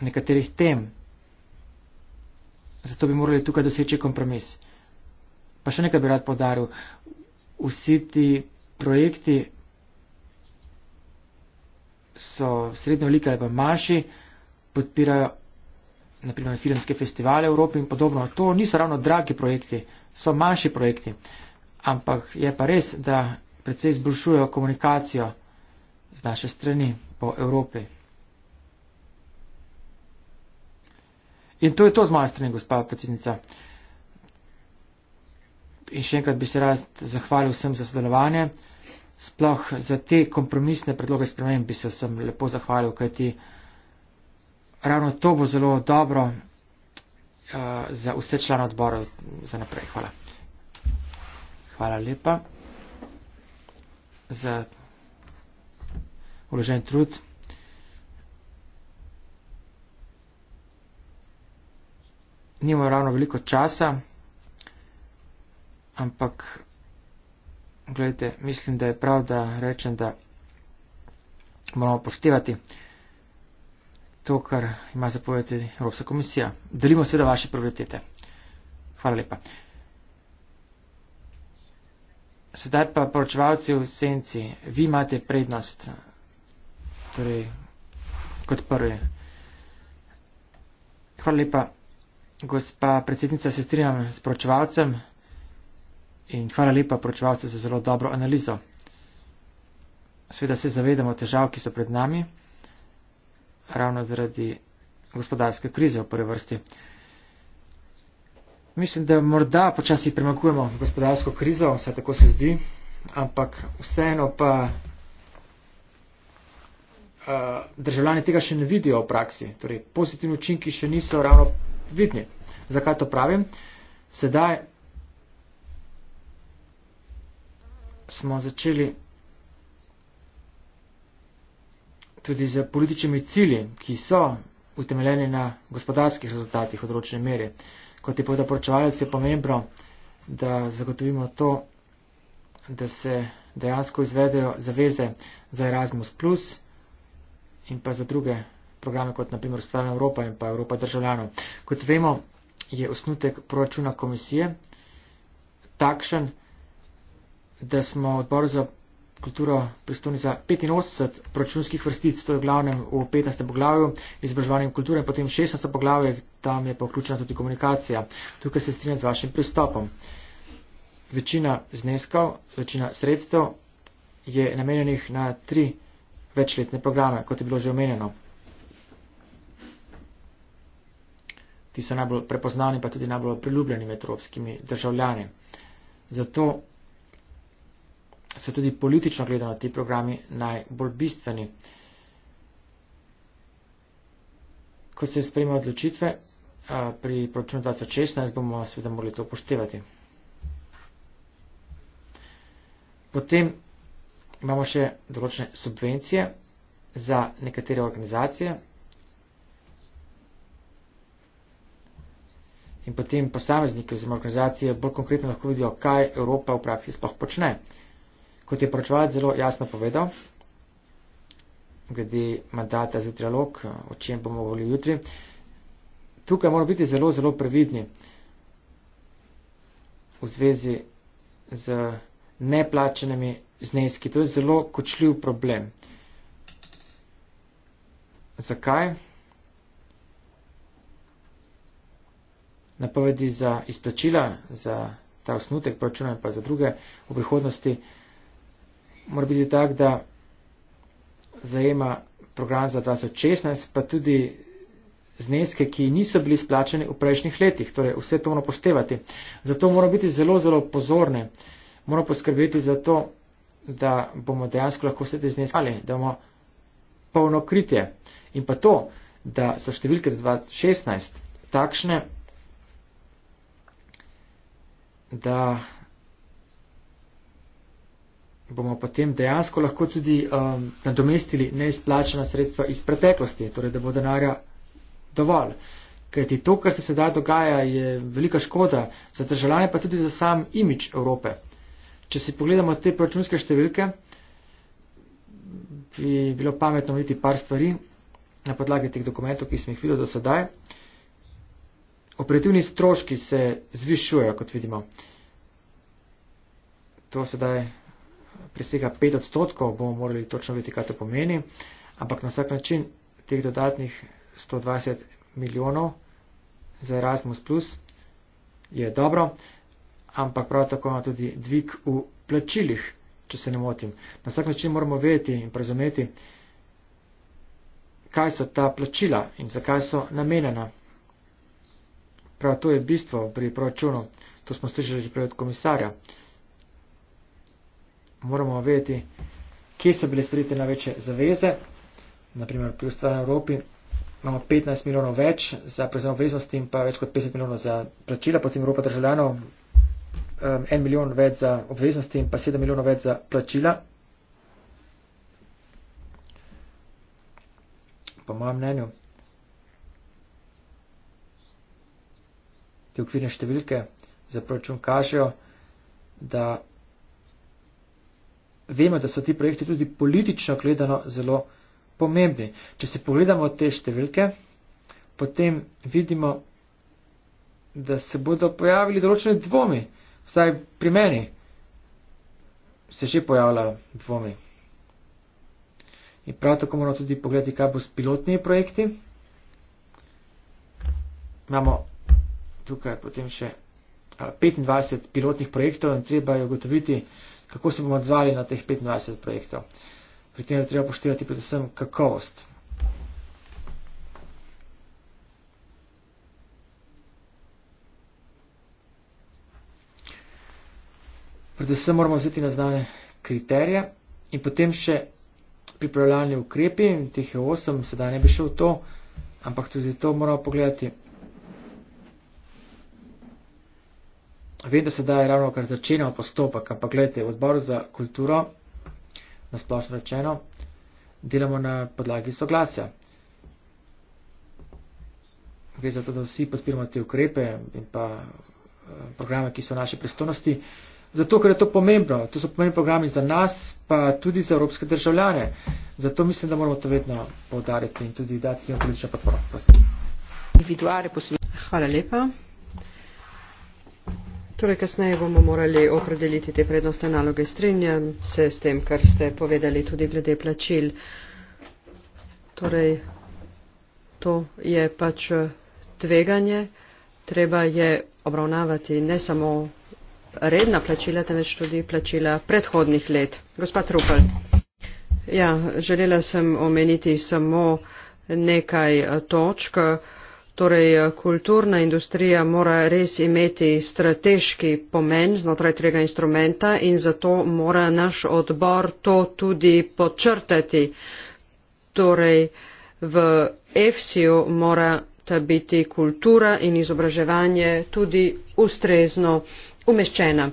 nekaterih tem. Zato bi morali tukaj doseči kompromis. Pa še nekaj bi rad podaril. Vsi ti projekti so v srednjo liko ali pa manjši, podpirajo naprimer filmske festivale v Evropi in podobno. To niso ravno dragi projekti, so manjši projekti. Ampak je pa res, da predvsej izboljšujejo komunikacijo z naše strani po Evropi. In to je to z moje strani, gospa predsednica in še enkrat bi se rad zahvalil vsem za sodelovanje. Sploh za te kompromisne predloge sprememb bi se sem lepo zahvalil, kajti ravno to bo zelo dobro uh, za vse člane odbora za naprej. Hvala. Hvala lepa za uložen trud. Nimamo ravno veliko časa ampak gledajte, mislim, da je prav, da rečem, da moramo poštevati to, kar ima zapovedati Evropska komisija. Delimo seveda vaše prioritete. Hvala lepa. Sedaj pa poročevalci v senci, vi imate prednost, torej kot prvi. Hvala lepa, gospa predsednica, se strinjam s poročevalcem in hvala lepa pročevalce za zelo dobro analizo. Sveda se zavedamo težav, ki so pred nami, ravno zaradi gospodarske krize v prvi vrsti. Mislim, da morda počasi premakujemo gospodarsko krizo, vse tako se zdi, ampak vseeno pa uh, državljani tega še ne vidijo v praksi. Torej, pozitivni učinki še niso ravno vidni. Zakaj to pravim? Sedaj smo začeli tudi z političnimi cilji, ki so utemeljeni na gospodarskih rezultatih v določene meri. Kot je povedal poročevalec, je pomembno, da zagotovimo to, da se dejansko izvedejo zaveze za Erasmus Plus in pa za druge programe, kot naprimer Stvarna Evropa in pa Evropa državljanov. Kot vemo, je osnutek proračuna komisije takšen, da smo odbor za kulturo pristojni za 85 proračunskih vrstic, to je v glavnem v 15. poglavju, izobraževanje in kulture, potem 16. poglavje, tam je pa vključena tudi komunikacija. Tukaj se strinjam z vašim pristopom. Večina zneskov, večina sredstev je namenjenih na tri večletne programe, kot je bilo že omenjeno. Ti so najbolj prepoznani, pa tudi najbolj priljubljeni med evropskimi državljani. Zato so tudi politično gledano ti programi najbolj bistveni. Ko se sprejme odločitve eh, pri proračunu 2016, bomo seveda morali to upoštevati. Potem imamo še določene subvencije za nekatere organizacije in potem posamezniki oziroma organizacije bolj konkretno lahko vidijo, kaj Evropa v praksi sploh počne. Kot je poročevalec zelo jasno povedal, glede mandata za trialog, o čem bomo govorili jutri, tukaj moramo biti zelo, zelo previdni v zvezi z neplačenimi zneski. To je zelo kočljiv problem. Zakaj? Napovedi za izplačila, za ta osnutek proračuna in pa za druge v prihodnosti mora biti tak, da zajema program za 2016, pa tudi zneske, ki niso bili splačeni v prejšnjih letih. Torej, vse to moramo poštevati. Zato moramo biti zelo, zelo pozorne. Moramo poskrbeti za to, da bomo dejansko lahko vse te zneske ali da bomo polno kritje. In pa to, da so številke za 2016 takšne, da bomo potem dejansko lahko tudi um, nadomestili neizplačena sredstva iz preteklosti, torej da bo denarja dovolj. Kajti to, kar se sedaj dogaja, je velika škoda za državljane, pa tudi za sam imič Evrope. Če si pogledamo te proračunske številke, bi bilo pametno videti par stvari na podlagi teh dokumentov, ki smo jih videli do sedaj. Operativni stroški se zvišujejo, kot vidimo. To sedaj presega 5 odstotkov, bomo morali točno vedeti, kaj to pomeni, ampak na vsak način teh dodatnih 120 milijonov za Erasmus Plus je dobro, ampak prav tako ima tudi dvig v plačilih, če se ne motim. Na vsak način moramo vedeti in razumeti, kaj so ta plačila in zakaj so namenjena. Prav to je bistvo pri proračunu, to smo slišali že prej od komisarja moramo vedeti, kje so bile sprejete največje zaveze, naprimer pri ostalih Evropi. Imamo 15 milijonov več za prezem obveznosti in pa več kot 50 milijonov za plačila, potem Evropa državljanov, um, 1 milijon več za obveznosti in pa 7 milijonov več za plačila. Po mojem mnenju, te okvirne številke za proračun kažejo, da vemo, da so ti projekti tudi politično gledano zelo pomembni. Če si pogledamo te številke, potem vidimo, da se bodo pojavili določene dvomi. Vsaj pri meni se že pojavljajo dvomi. In prav tako moramo tudi pogledati, kaj bo s pilotnimi projekti. Imamo tukaj potem še 25 eh, pilotnih projektov in treba je ugotoviti, kako se bomo odzvali na teh 25 projektov. Pri tem je treba poštevati predvsem kakovost. Predvsem moramo vzeti na znanje kriterije in potem še pripravljalni ukrepi, teh je 8, sedaj ne bi šel v to, ampak tudi to moramo pogledati. Vem, da se da je ravno kar začenjal postopek, ampak gledajte, odbor za kulturo, nasplošno rečeno, delamo na podlagi soglasja. Gre za to, da vsi podpiramo te ukrepe in pa eh, programe, ki so v naši pristojnosti. Zato, ker je to pomembno. To so pomembni programi za nas, pa tudi za evropske državljane. Zato mislim, da moramo to vedno povdarjati in tudi dati jim politično podporo. Hvala lepa. Torej, kasneje bomo morali opredeliti te prednostne naloge. Strinjam se s tem, kar ste povedali tudi glede plačil. Torej, to je pač eh, tveganje. Treba je obravnavati ne samo redna plačila, temveč tudi plačila predhodnih let. Gospa Trupel. Ja, želela sem omeniti samo nekaj eh, točk. Torej, kulturna industrija mora res imeti strateški pomen znotraj tega instrumenta in zato mora naš odbor to tudi počrtati. Torej, v EFSI-ju mora ta biti kultura in izobraževanje tudi ustrezno umeščena.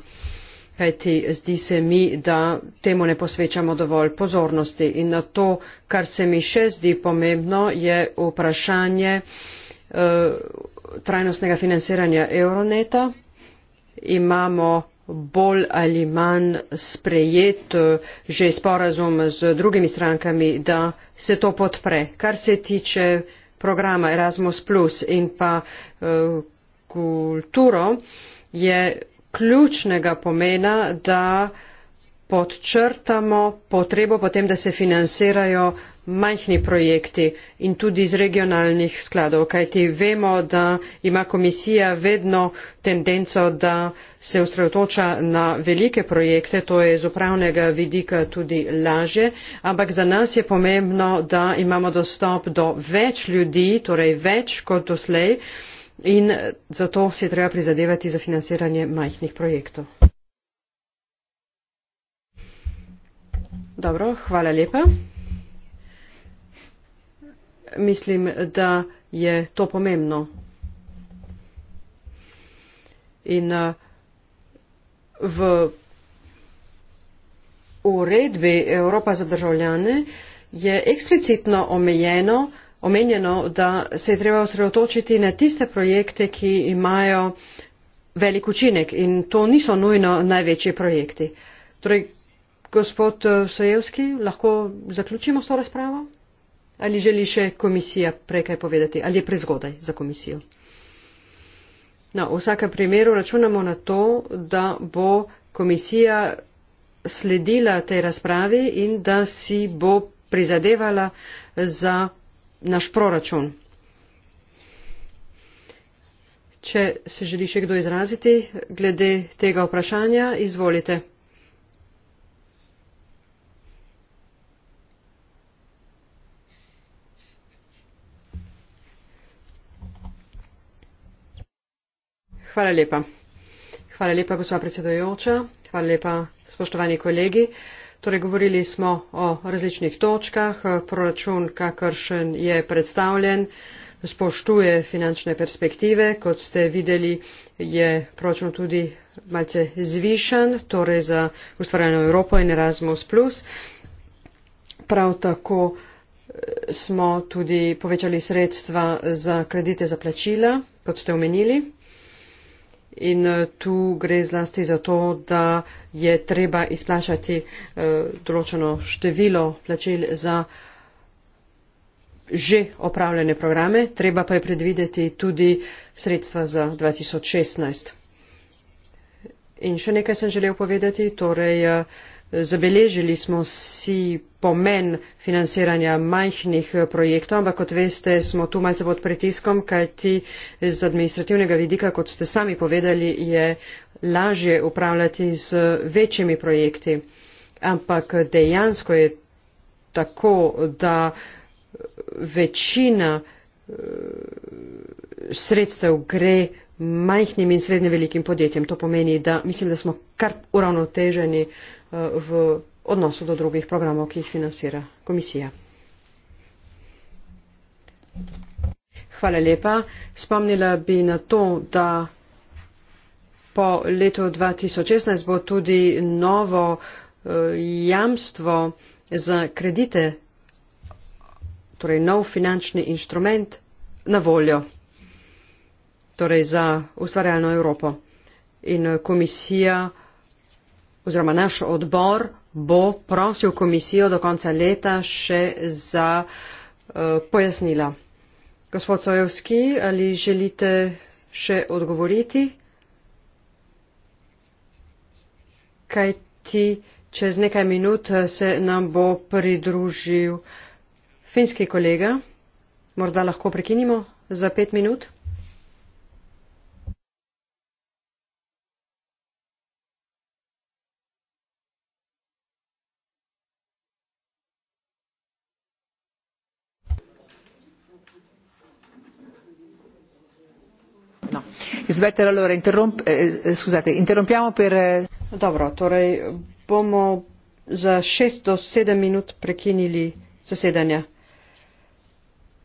Kajti zdi se mi, da temu ne posvečamo dovolj pozornosti. In na to, kar se mi še zdi pomembno, je vprašanje, Eh, trajnostnega financiranja Euroneta. Imamo bolj ali manj sprejet eh, že sporazum z drugimi strankami, da se to podpre. Kar se tiče programa Erasmus Plus in pa eh, kulturo, je ključnega pomena, da podčrtamo potrebo potem, da se financirajo majhni projekti in tudi iz regionalnih skladov, kajti vemo, da ima komisija vedno tendenco, da se osredotoča na velike projekte, to je z upravnega vidika tudi laže, ampak za nas je pomembno, da imamo dostop do več ljudi, torej več kot doslej in zato se je treba prizadevati za financiranje majhnih projektov. Dobro, hvala lepa. Mislim, da je to pomembno. In eh, v uredbi Evropa za državljane je eksplicitno omejeno, omenjeno, da se je treba osredotočiti na tiste projekte, ki imajo velik učinek in to niso nujno največji projekti. Torej, Gospod eh, Sajevski, lahko zaključimo s to razpravo? Ali želi še komisija prekaj povedati? Ali je prezgodaj za komisijo? No, v vsakem primeru računamo na to, da bo komisija sledila tej razpravi in da si bo prizadevala za naš proračun. Če se želi še kdo izraziti glede tega vprašanja, izvolite. Hvala lepa. Hvala lepa, gospa predsedojoča. Hvala lepa, spoštovani kolegi. Torej, govorili smo o različnih točkah. Proračun, kakršen je predstavljen, spoštuje finančne perspektive. Kot ste videli, je proračun tudi malce zvišen, torej za ustvarjeno Evropo in Erasmus. Prav tako eh, smo tudi povečali sredstva za kredite za plačila, kot ste omenili. In eh, tu gre zlasti za to, da je treba izplačati eh, določeno število plačil za že opravljene programe, treba pa je predvideti tudi sredstva za 2016. In še nekaj sem želel povedati, torej eh, Zabeležili smo si pomen financiranja majhnih projektov, ampak kot veste, smo tu malce pod pritiskom, kajti z administrativnega vidika, kot ste sami povedali, je lažje upravljati z večjimi projekti. Ampak dejansko je tako, da večina eh, sredstev gre majhnim in srednje velikim podjetjem. To pomeni, da mislim, da smo kar uravnoteženi. Eh, v odnosu do drugih programov, ki jih financira komisija. Hvala lepa. Spomnila bi na to, da po letu 2016 bo tudi novo eh, jamstvo za kredite, torej nov finančni inštrument na voljo, torej za ustvarjalno Evropo. In eh, komisija oziroma naš odbor bo prosil komisijo do konca leta še za eh, pojasnila. Gospod Sojevski, ali želite še odgovoriti? Kaj ti čez nekaj minut eh, se nam bo pridružil finski kolega? Morda lahko prekinimo za pet minut? Eh, eh, eh, torej bomo za šest do sedem minut prekinili zasedanje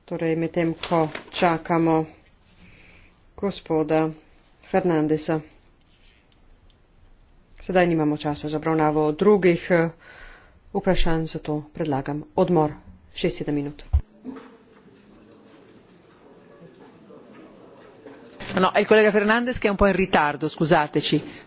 torej medtem ko čakamo gospoda fernandesa sedaj nimamo časa za obravnavo drugih vprašanj zato predlagam odmor šest sedem minut No, il collega fernandes che è un po' in ritardo scusateci.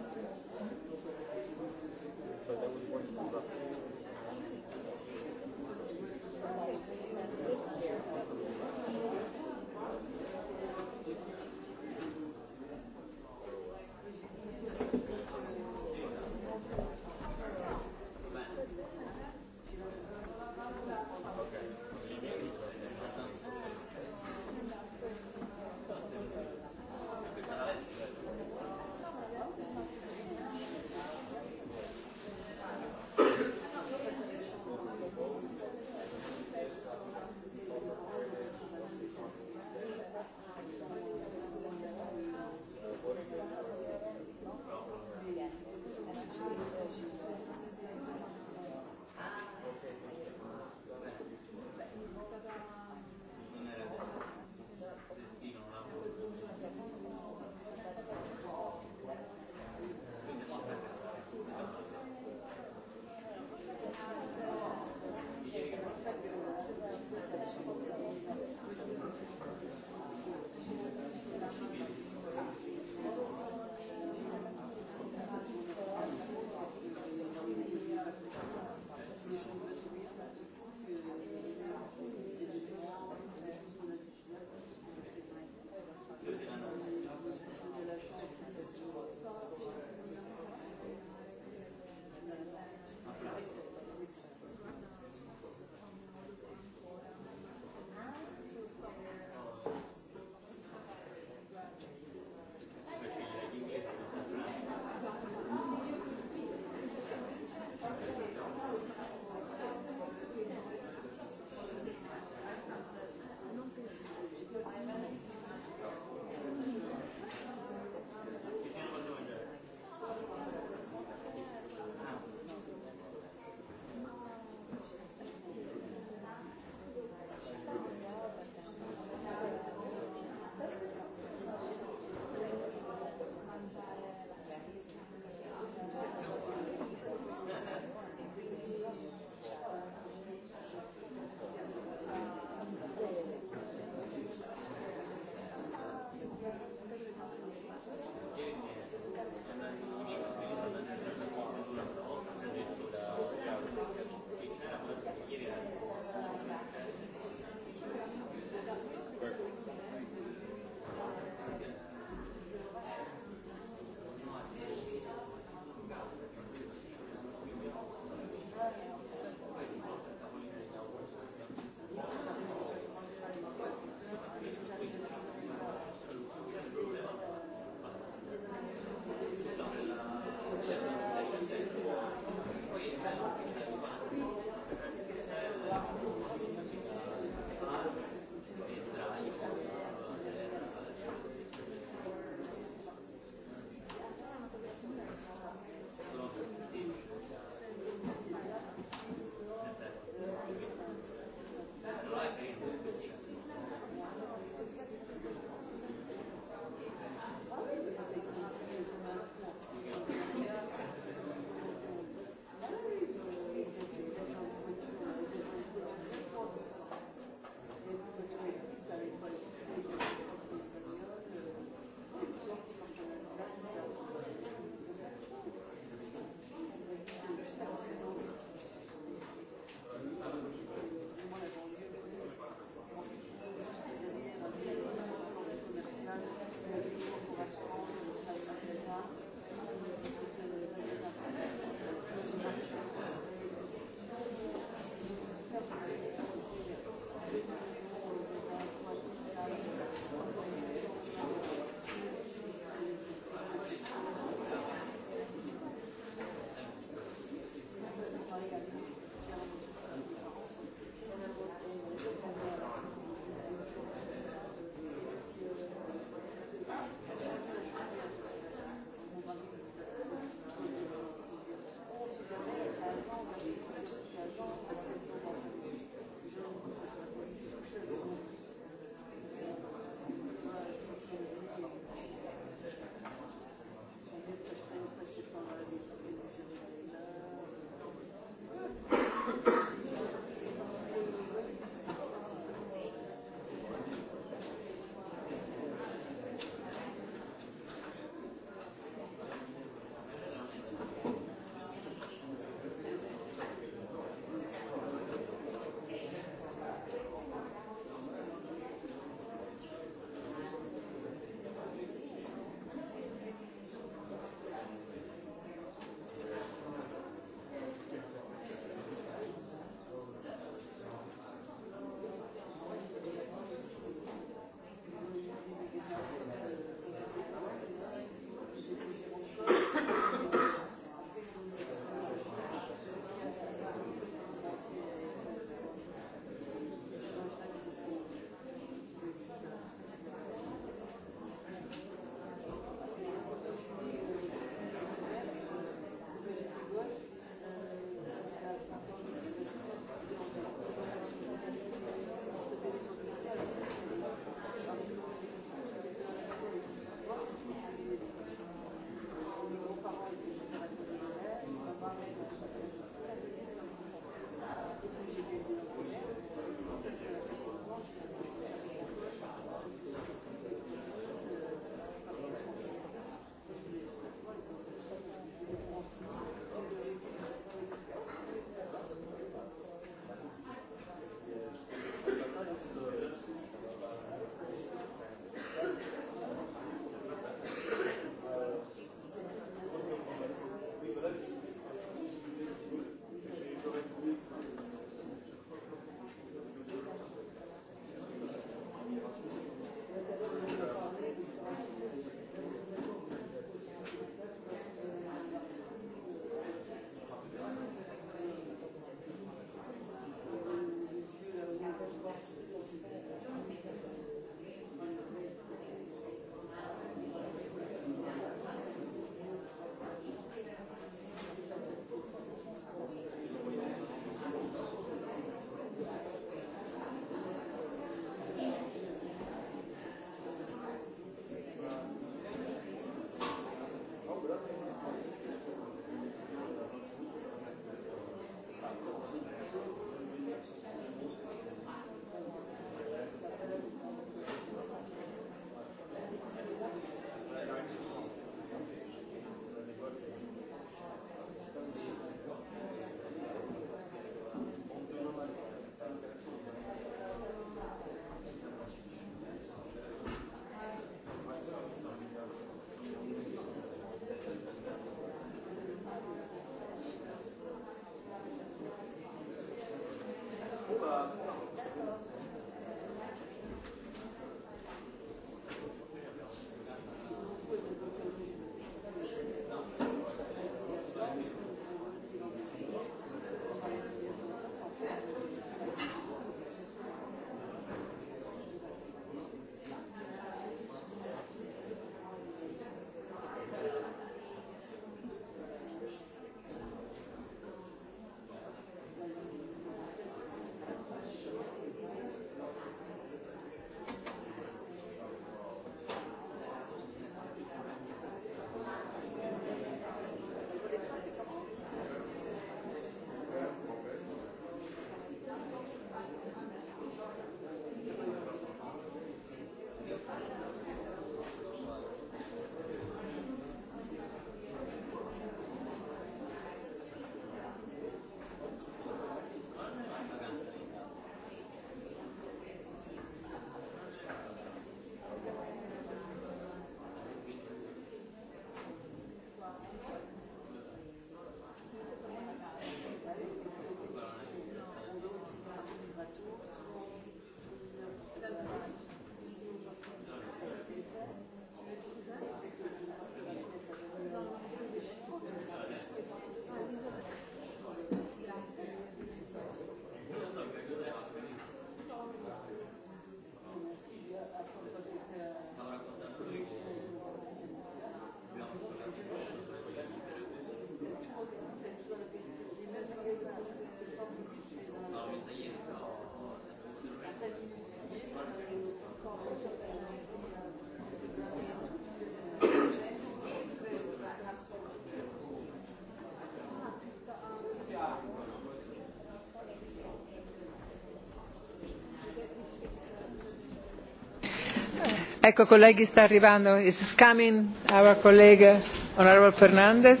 colleghi sta arrivando is coming our colleague honourable fernandes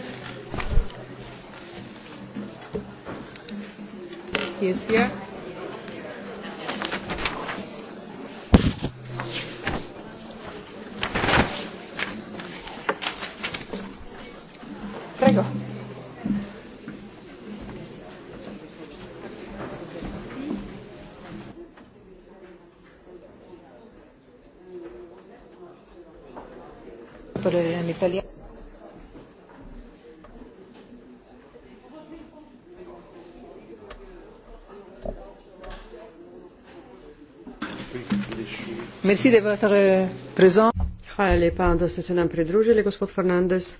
he is here. Hvala lepa, da ste se nam pridružili, gospod Fernandez.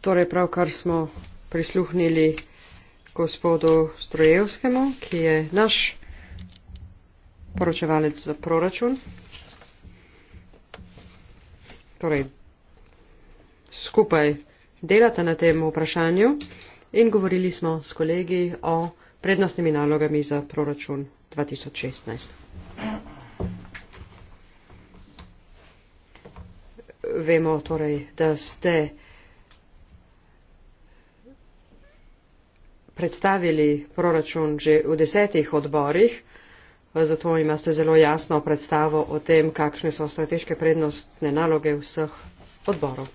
Torej, pravkar smo prisluhnili gospodu Strojevskemu, ki je naš poročevalec za proračun. Torej, skupaj delate na tem vprašanju in govorili smo s kolegi o prednostnimi nalogami za proračun 2016. Vemo torej, da ste predstavili proračun že v desetih odborih, zato imate zelo jasno predstavo o tem, kakšne so strateške prednostne naloge vseh odborov.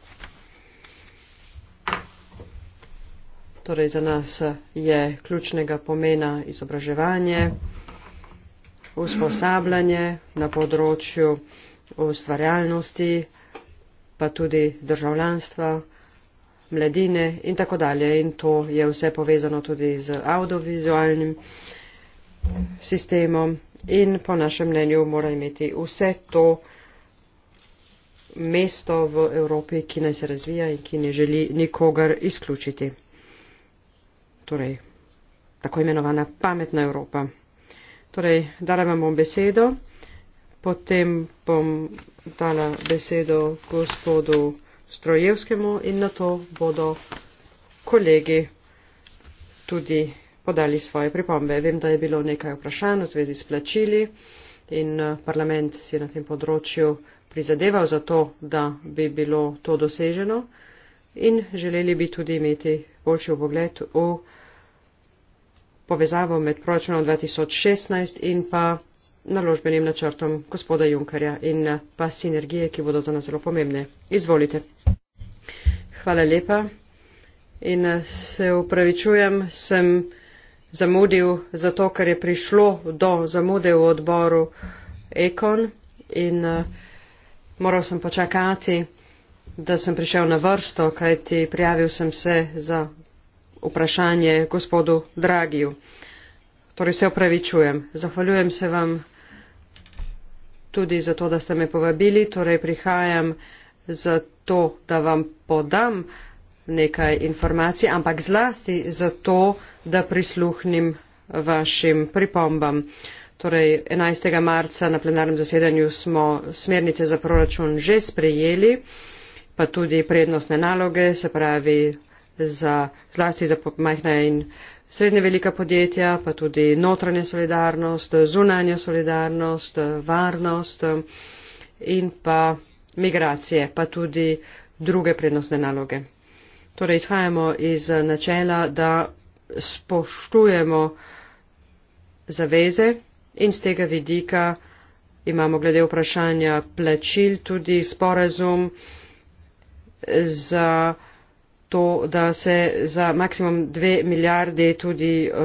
Torej za nas je ključnega pomena izobraževanje, usposabljanje na področju ustvarjalnosti, pa tudi državljanstva, mladine in tako dalje. In to je vse povezano tudi z audiovizualnim sistemom in po našem mnenju mora imeti vse to mesto v Evropi, ki naj se razvija in ki ne želi nikogar izključiti torej tako imenovana pametna Evropa. Torej, dala vam bom besedo, potem bom dala besedo gospodu Strojevskemu in na to bodo kolegi tudi podali svoje pripombe. Vem, da je bilo nekaj vprašanj v zvezi s plačili in eh, parlament si je na tem področju prizadeval za to, da bi bilo to doseženo in želeli bi tudi imeti boljši obogled v povezavo med proračunom 2016 in pa naložbenim načrtom gospoda Junkarja in eh, pa sinergije, ki bodo za nas zelo pomembne. Izvolite. Hvala lepa in eh, se upravičujem, sem zamudil zato, ker je prišlo do zamude v odboru Ekon in eh, moral sem počakati, da sem prišel na vrsto, kajti prijavil sem se za vprašanje gospodu Dragiju. Torej se opravičujem. Zahvaljujem se vam tudi za to, da ste me povabili. Torej prihajam za to, da vam podam nekaj informacij, ampak zlasti za to, da prisluhnim vašim pripombam. Torej 11. marca na plenarnem zasedanju smo smernice za proračun že sprejeli, pa tudi prednostne naloge, se pravi za, zlasti za majhna in srednje velika podjetja, pa tudi notranja solidarnost, zunanja solidarnost, varnost in pa migracije, pa tudi druge prednostne naloge. Torej izhajamo iz načela, da spoštujemo zaveze in z tega vidika imamo glede vprašanja plačil tudi sporazum za to, da se za maksimum dve milijarde tudi uh,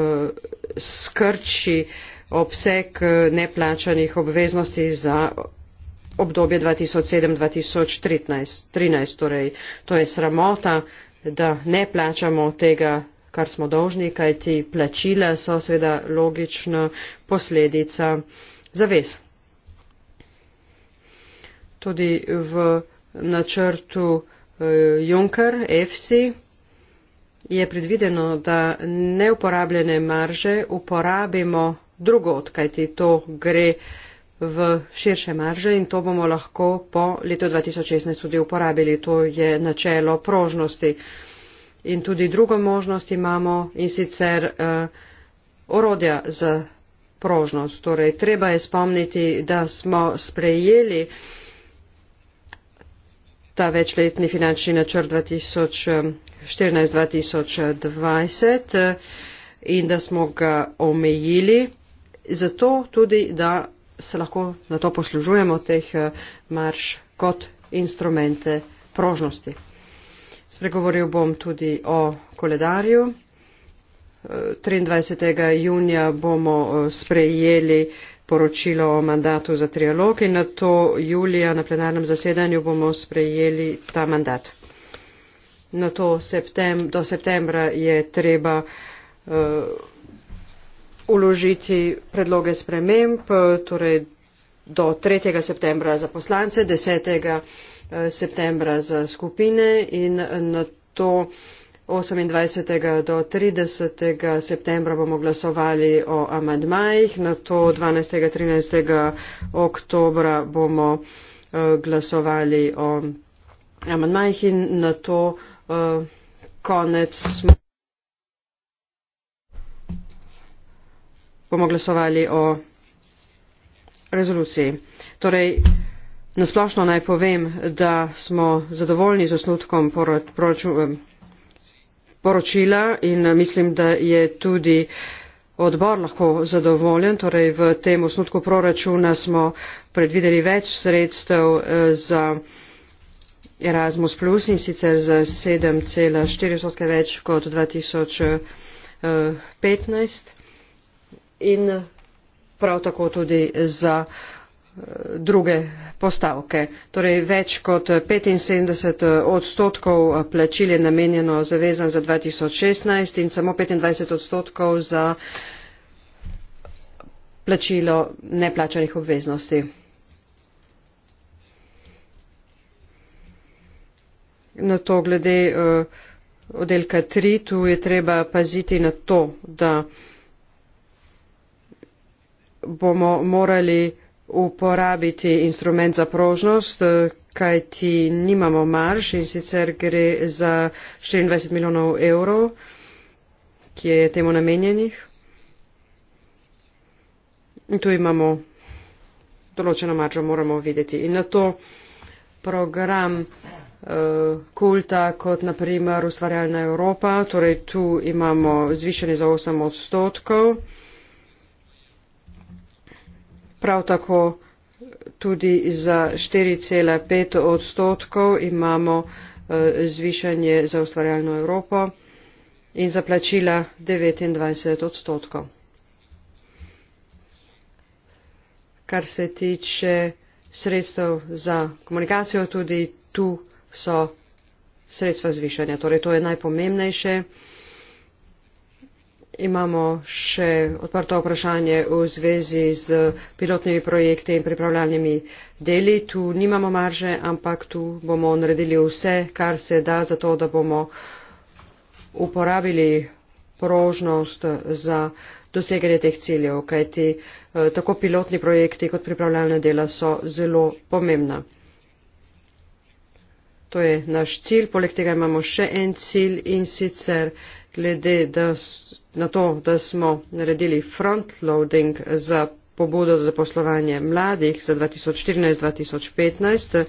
skrči obseg eh, neplačanih obveznosti za obdobje 2007-2013. Torej, to je sramota, da ne plačamo tega, kar smo dolžni, kajti plačila so seveda logična posledica zavez. Tudi v načrtu uh, Eh, Juncker, EFSI, je predvideno, da neuporabljene marže uporabimo drugot, kajti to gre v širše marže in to bomo lahko po letu 2016 tudi uporabili. To je načelo prožnosti. In tudi drugo možnost imamo in sicer uh, orodja za prožnost. Torej, treba je spomniti, da smo sprejeli uh, ta večletni finančni načrt 2014-2020 eh, eh, in da smo ga omejili, zato tudi, da se lahko na to poslužujemo teh eh, marš kot instrumente prožnosti. Spregovoril bom tudi o koledarju. 23. junija bomo sprejeli poročilo o mandatu za trialog in na to julija na plenarnem zasedanju bomo sprejeli ta mandat. Na to septem, do septembra je treba uh, uložiti predloge sprememb, torej do 3. septembra za poslance, 10. Eh, septembra za skupine in na to. Uh, 28. do 30. septembra bomo glasovali o amadmajih, na to 12. 13. oktobra bomo eh, glasovali o amadmajih in na to eh, konec bomo glasovali o rezoluciji. Torej, nasplošno naj povem, da smo zadovoljni z osnutkom proračuna. Poraču poročila in eh, mislim, da je tudi odbor lahko zadovoljen. Torej v tem osnutku proračuna smo predvideli več sredstev eh, za Erasmus Plus in sicer za 7,4% več kot 2015 eh, in prav tako tudi za druge postavke. Torej več kot 75 eh, odstotkov eh, plačil je namenjeno zavezan za 2016 in samo 25 odstotkov za plačilo neplačanih obveznosti. Na to glede eh, oddelka 3, tu je treba paziti na to, da bomo morali uporabiti instrument za prožnost, eh, kaj ti nimamo marš in sicer gre za 24 milijonov evrov, ki je temu namenjenih. In tu imamo določeno maržo, moramo videti. In na to program uh, kulta, kot naprimer ustvarjalna Evropa, torej tu imamo zvišanje za 8 odstotkov prav tako tudi za 4,5 odstotkov imamo eh, zvišanje za ustvarjalno Evropo in za plačila 29 odstotkov. Kar se tiče sredstev za komunikacijo, tudi tu so sredstva zvišanja. Torej, to je najpomembnejše imamo še odprto vprašanje v zvezi z pilotnimi projekti in pripravljalnimi deli. Tu nimamo marže, ampak tu bomo naredili vse, kar se da, zato da bomo uporabili prožnost za doseganje teh ciljev, kajti eh, tako pilotni projekti kot pripravljalna dela so zelo pomembna. To je naš cilj, poleg tega imamo še en cilj in sicer glede, da na to, da smo naredili frontloading za pobudo za poslovanje mladih za 2014-2015,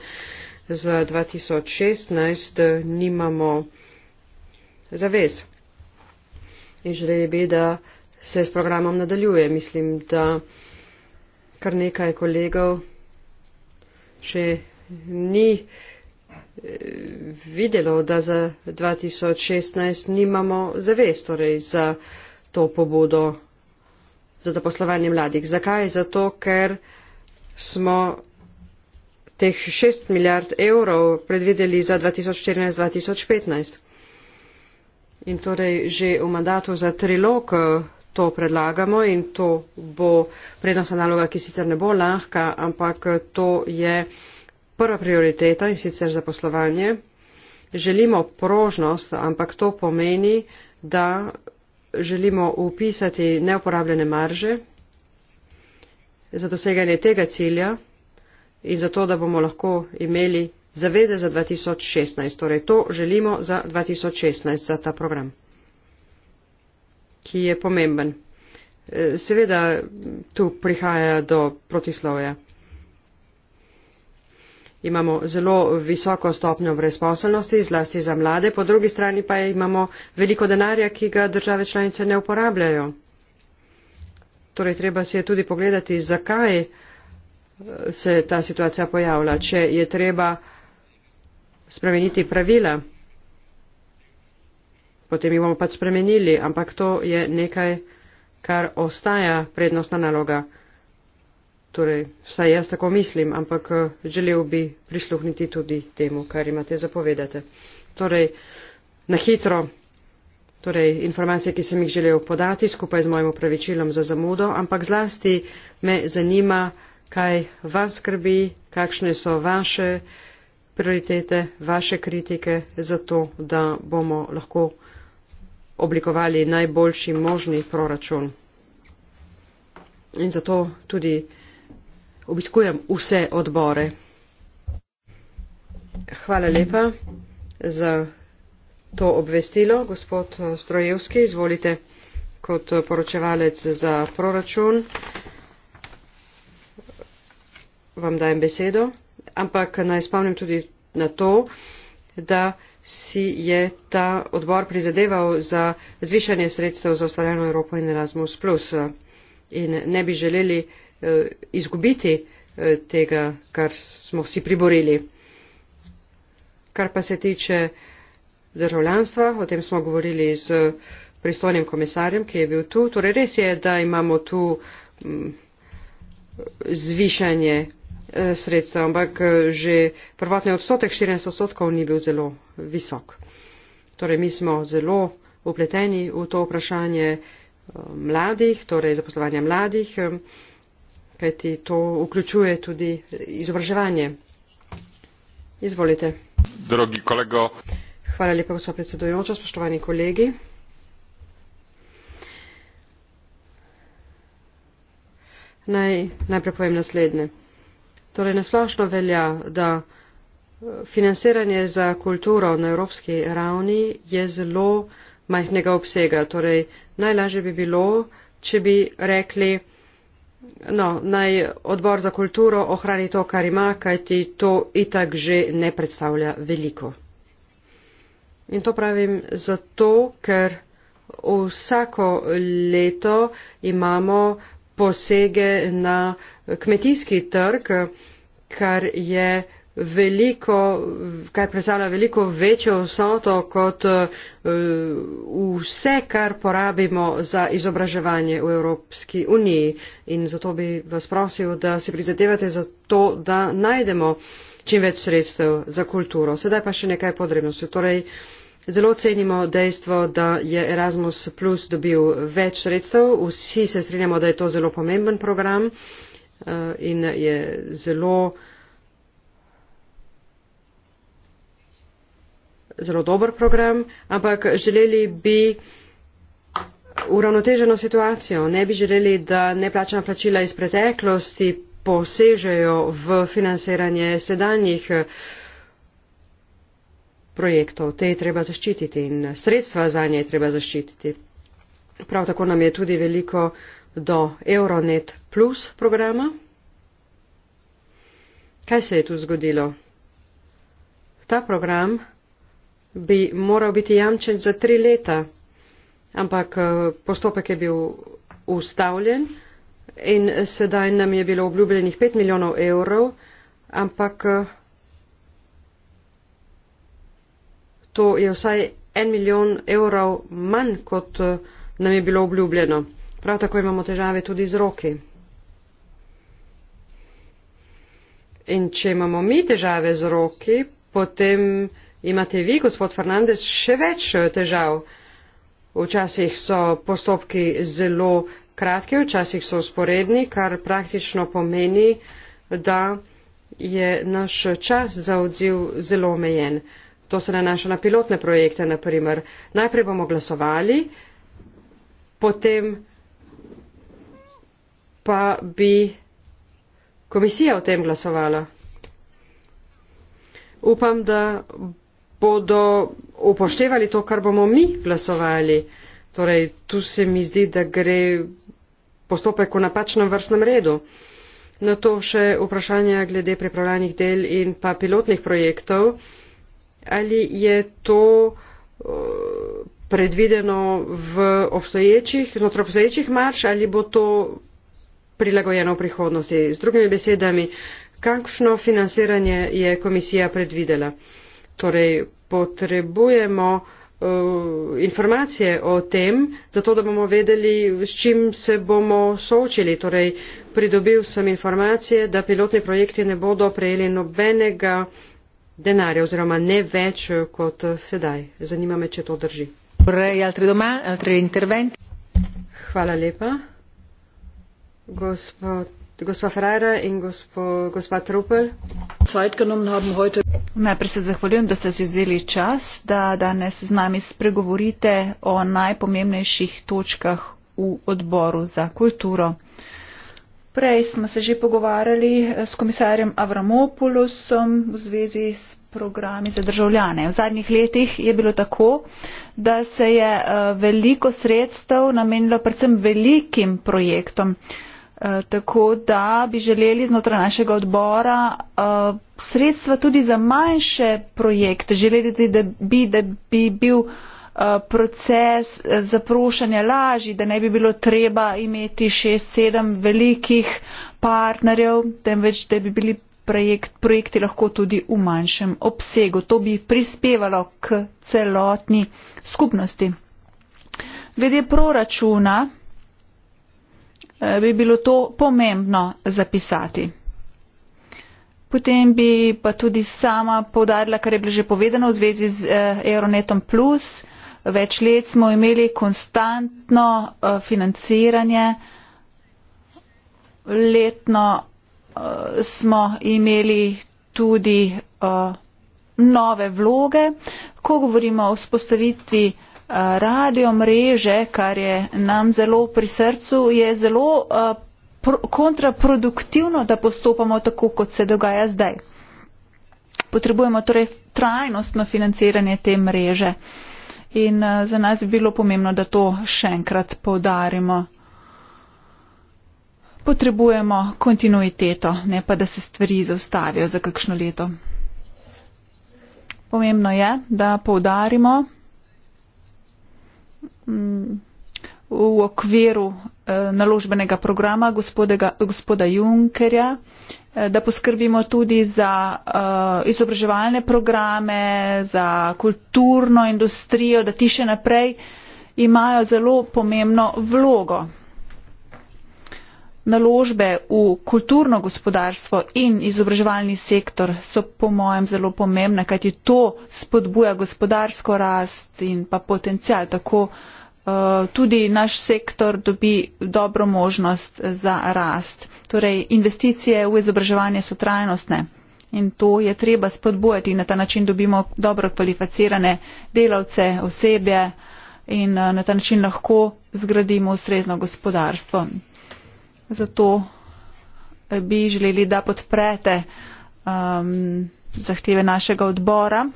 za 2016 nimamo zavez. In želeli bi, da se s programom nadaljuje. Mislim, da kar nekaj kolegov še ni videlo, da za 2016 nimamo zavez torej, za to pobudo za zaposlovanje mladih. Zakaj? Zato, ker smo teh 6 milijard evrov predvideli za 2014-2015. In torej že v mandatu za trilog eh, to predlagamo in to bo prednostna naloga, ki sicer ne bo lahka, ampak eh, to je prva prioriteta in sicer zaposlovanje. Želimo prožnost, ampak to pomeni, da želimo upisati neuporabljene marže za doseganje tega cilja in zato, da bomo lahko imeli zaveze za 2016. Torej, to želimo za 2016, za ta program, ki je pomemben. Eh, seveda, tu prihaja do protislovja imamo zelo visoko stopnjo brezposelnosti, zlasti za mlade, po drugi strani pa imamo veliko denarja, ki ga države članice ne uporabljajo. Torej, treba si je tudi pogledati, zakaj eh, se ta situacija pojavlja, če je treba spremeniti pravila. Potem jih bomo pač spremenili, ampak to je nekaj, kar ostaja prednostna naloga. Torej, vsaj jaz tako mislim, ampak eh, želel bi prisluhniti tudi temu, kar imate zapovedati. Torej, na hitro, torej, informacije, ki sem jih želel podati, skupaj z mojim upravičilom za zamudo, ampak zlasti me zanima, kaj vas skrbi, kakšne so vaše prioritete, vaše kritike za to, da bomo lahko oblikovali najboljši možni proračun. In zato tudi obiskujem vse odbore. Hvala lepa za to obvestilo. Gospod Strojevski, izvolite kot poročevalec za proračun. Vam dajem besedo, ampak naj spomnim tudi na to, da si je ta odbor prizadeval za zvišanje sredstev za ustvarjalno Evropo in Erasmus. In ne bi želeli Eh, izgubiti eh, tega, kar smo si priborili. Kar pa se tiče državljanstva, o tem smo govorili z pristojnim komisarjem, ki je bil tu. Torej res je, da imamo tu mm, zvišanje eh, sredstva, ampak že prvotni odstotek, 14 odstotkov, ni bil zelo visok. Torej mi smo zelo upleteni v to vprašanje mladih, torej zaposlovanja mladih kajti to vključuje tudi izobraževanje. Izvolite. Drugi kolego. Hvala lepa, gospod predsedujoča, spoštovani kolegi. Naj najprej povem naslednje. Torej, nasplošno velja, da eh, financiranje za kulturo na evropski ravni je zelo majhnega obsega. Torej, najlažje bi bilo, če bi rekli, No, naj odbor za kulturo ohrani to, kar ima, kajti to itak že ne predstavlja veliko. In to pravim zato, ker vsako leto imamo posege na kmetijski trg, kar je veliko, kar predstavlja veliko večjo vsoto kot eh, vse, kar porabimo za izobraževanje v Evropski uniji. In zato bi vas prosil, da si prizadevate za to, da najdemo čim več sredstev za kulturo. Sedaj pa še nekaj podrebnosti. Torej, zelo cenimo dejstvo, da je Erasmus Plus dobil več sredstev. Vsi se strinjamo, da je to zelo pomemben program eh, in je zelo zelo dober program, ampak želeli bi uravnoteženo situacijo. Ne bi želeli, da neplačana plačila iz preteklosti posežejo v financiranje sedanjih eh, projektov. Te je treba zaščititi in sredstva za nje je treba zaščititi. Prav tako nam je tudi veliko do Euronet Plus programa. Kaj se je tu zgodilo? Ta program bi moral biti jamčen za tri leta, ampak eh, postopek je bil ustavljen in sedaj nam je bilo obljubljenih pet milijonov evrov, ampak eh, to je vsaj en milijon evrov manj, kot eh, nam je bilo obljubljeno. Prav tako imamo težave tudi z roki. In če imamo mi težave z roki, potem imate vi gospod fernandez še več eh, težav včasih so postopki zelo kratki včasih so usporedni kar praktično pomeni da je naš čas za odziv zelo omejen to se nanaša na pilotne projekte na primer najprej bomo glasovali potem pa bi komisija o tem glasovala upam da bodo upoštevali to, kar bomo mi glasovali. Torej, tu se mi zdi, da gre postopek v napačnem vrstnem redu. Na to še vprašanje glede pripravljanih del in pa pilotnih projektov. Ali je to eh, predvideno v obstoječih, znotraj obstoječih marš ali bo to prilagojeno v prihodnosti? Z drugimi besedami, kakšno financiranje je komisija predvidela? Torej, potrebujemo eh, informacije o tem, zato da bomo vedeli, s čim se bomo soočili. Torej, pridobil sem informacije, da pilotni projekti ne bodo prejeli nobenega denarja oziroma ne več eh, kot eh, sedaj. Zanima me, če to drži. Hvala lepa. Gospod gospa Freire in gospa Trupel. Najprej se zahvaljujem, da ste si vzeli čas, da danes z nami spregovorite o najpomembnejših točkah v odboru za kulturo. Prej smo se že pogovarjali eh, s komisarjem Avramopoulosom v zvezi s programi za državljane. V zadnjih letih je bilo tako, da se je eh, veliko sredstev namenilo predvsem velikim projektom. Eh, tako da bi želeli znotraj našega odbora eh, sredstva tudi za manjše projekte, želeli bi, da bi, da bi bil eh, proces zaprošanja lažji, da ne bi bilo treba imeti šest, sedem velikih partnerjev, temveč da bi bili projekt, projekti lahko tudi v manjšem obsegu. To bi prispevalo k celotni skupnosti. Glede proračuna, Eh, bi bilo to pomembno zapisati. Potem bi pa tudi sama povdarila, kar je bilo že povedano v zvezi z eh, Euronetom Plus. Več let smo imeli konstantno eh, financiranje. Letno smo imeli tudi nove vloge. Ko govorimo o spostavitvi Eh, radio mreže, kar je nam zelo pri srcu, je zelo eh, kontraproduktivno, da postopamo tako, kot se dogaja zdaj. Potrebujemo torej trajnostno financiranje te mreže in eh, za nas bi bilo pomembno, da to še enkrat povdarimo. Potrebujemo kontinuiteto, ne pa, da se stvari zaustavijo za kakšno leto. Pomembno je, da poudarimo, Mm, v okviru eh, naložbenega programa gospodega, gospoda Junkerja, eh, da poskrbimo tudi za eh, izobraževalne programe, za kulturno industrijo, da ti še naprej imajo zelo pomembno vlogo naložbe v kulturno gospodarstvo in izobraževalni sektor so po mojem zelo pomembne, kajti to spodbuja gospodarsko rast in pa potencial. Tako uh, tudi naš sektor dobi dobro možnost za rast. Torej, investicije v izobraževanje so trajnostne in to je treba spodbujati. Na ta način dobimo dobro kvalificirane delavce, osebje in uh, na ta način lahko zgradimo ustrezno gospodarstvo zato eh, bi želeli, da podprete um, zahteve našega odbora.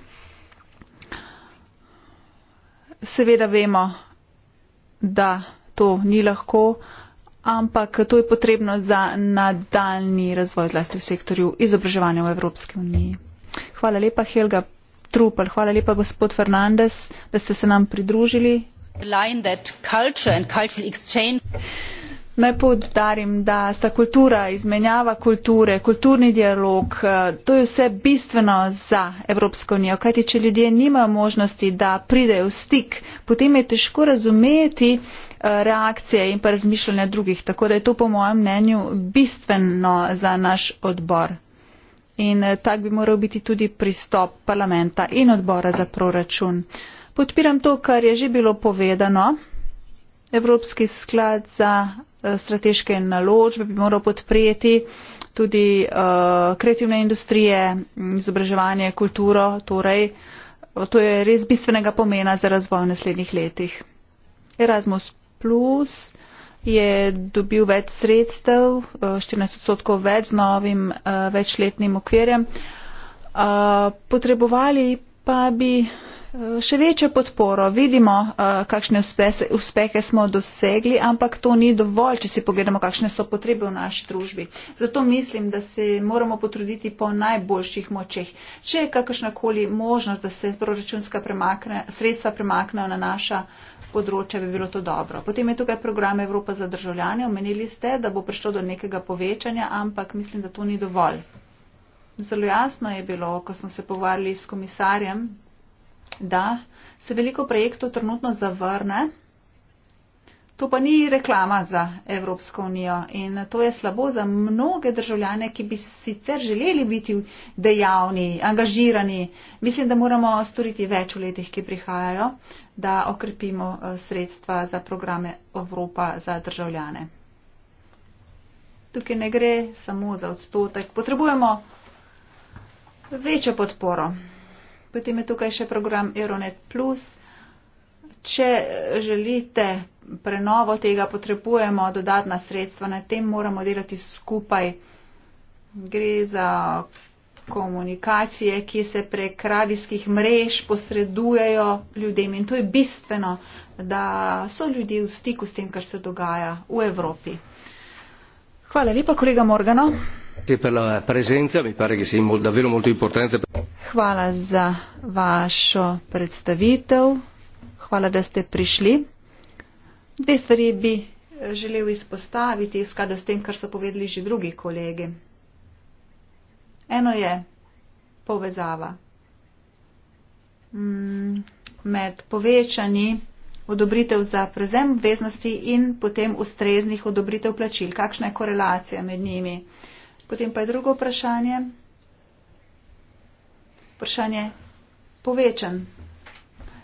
Seveda vemo, da to ni lahko, ampak to je potrebno za nadaljni razvoj zlasti v sektorju izobraževanja v Evropski uniji. Hvala lepa, Helga Trupel, hvala lepa, gospod Fernandez, da ste se nam pridružili. Blinded culture and cultural exchange. Naj poudarim, da sta kultura, izmenjava kulture, kulturni dialog, eh, to je vse bistveno za Evropsko unijo, kajti če ljudje nimajo možnosti, da pridejo v stik, potem je težko razumeti eh, reakcije in pa razmišljanja drugih. Tako da je to po mojem mnenju bistveno za naš odbor. In eh, tak bi moral biti tudi pristop parlamenta in odbora za proračun. Podpiram to, kar je že bilo povedano. Evropski sklad za Eh, strateške naložbe, bi moral podprijeti tudi uh, kreativne industrije, izobraževanje, kulturo. Torej, eh, to je res bistvenega pomena za razvoj v naslednjih letih. Erasmus Plus je dobil več sredstev, 14 odstotkov več z novim večletnim okvirjem. Potrebovali pa bi Eh, še večjo podporo. Vidimo, eh, kakšne uspehe smo dosegli, ampak to ni dovolj, če si pogledamo, kakšne so potrebe v naši družbi. Zato mislim, da se moramo potruditi po najboljših močeh. Če je kakršnakoli možnost, da se proračunska premakne, sredstva premaknejo na naša področja, bi bilo to dobro. Potem je tukaj program Evropa za državljane. Omenili ste, da bo prišlo do nekega povečanja, ampak mislim, da to ni dovolj. Zelo jasno je bilo, ko smo se pogovarjali s komisarjem da se veliko projektov trenutno zavrne. To pa ni reklama za Evropsko unijo in to je slabo za mnoge državljane, ki bi sicer želeli biti dejavni, angažirani. Mislim, da moramo storiti več v letih, ki prihajajo, da okrepimo eh, sredstva za programe Evropa za državljane. Tukaj ne gre samo za odstotek, potrebujemo večjo podporo. Potem je tukaj še program Euronet Plus. Če želite prenovo tega, potrebujemo dodatna sredstva, na tem moramo delati skupaj. Gre za komunikacije, ki se prek radijskih mrež posredujejo ljudem in to je bistveno, da so ljudje v stiku s tem, kar se dogaja v Evropi. Hvala lepa, kolega Morgano. Hvala za vašo predstavitev. Hvala, da ste prišli. Dve stvari bi eh, želel izpostaviti v skladu s tem, kar so povedali že drugi kolege. Eno je povezava mm, med povečanji odobritev za prezem obveznosti in potem ustreznih odobritev plačil. Kakšna je korelacija med njimi? Potem pa je drugo vprašanje. Vprašanje povečan.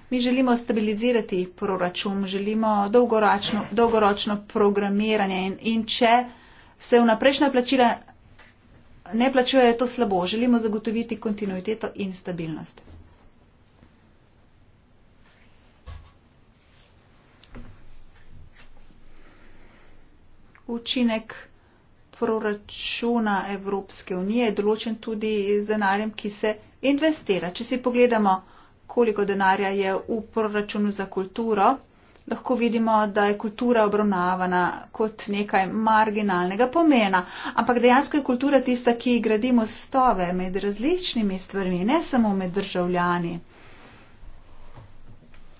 Mi želimo stabilizirati proračun, želimo dolgoročno, dolgoročno programiranje in, in če se vnaprejšnja plačila ne plačuje, je to slabo. Želimo zagotoviti kontinuiteto in stabilnost. Učinek proračuna Evropske unije je določen tudi z denarjem, ki se investira. Če si pogledamo, koliko denarja je v proračunu za kulturo, lahko vidimo, da je kultura obravnavana kot nekaj marginalnega pomena. Ampak dejansko je kultura tista, ki gradi mostove med različnimi stvarmi, ne samo med državljani.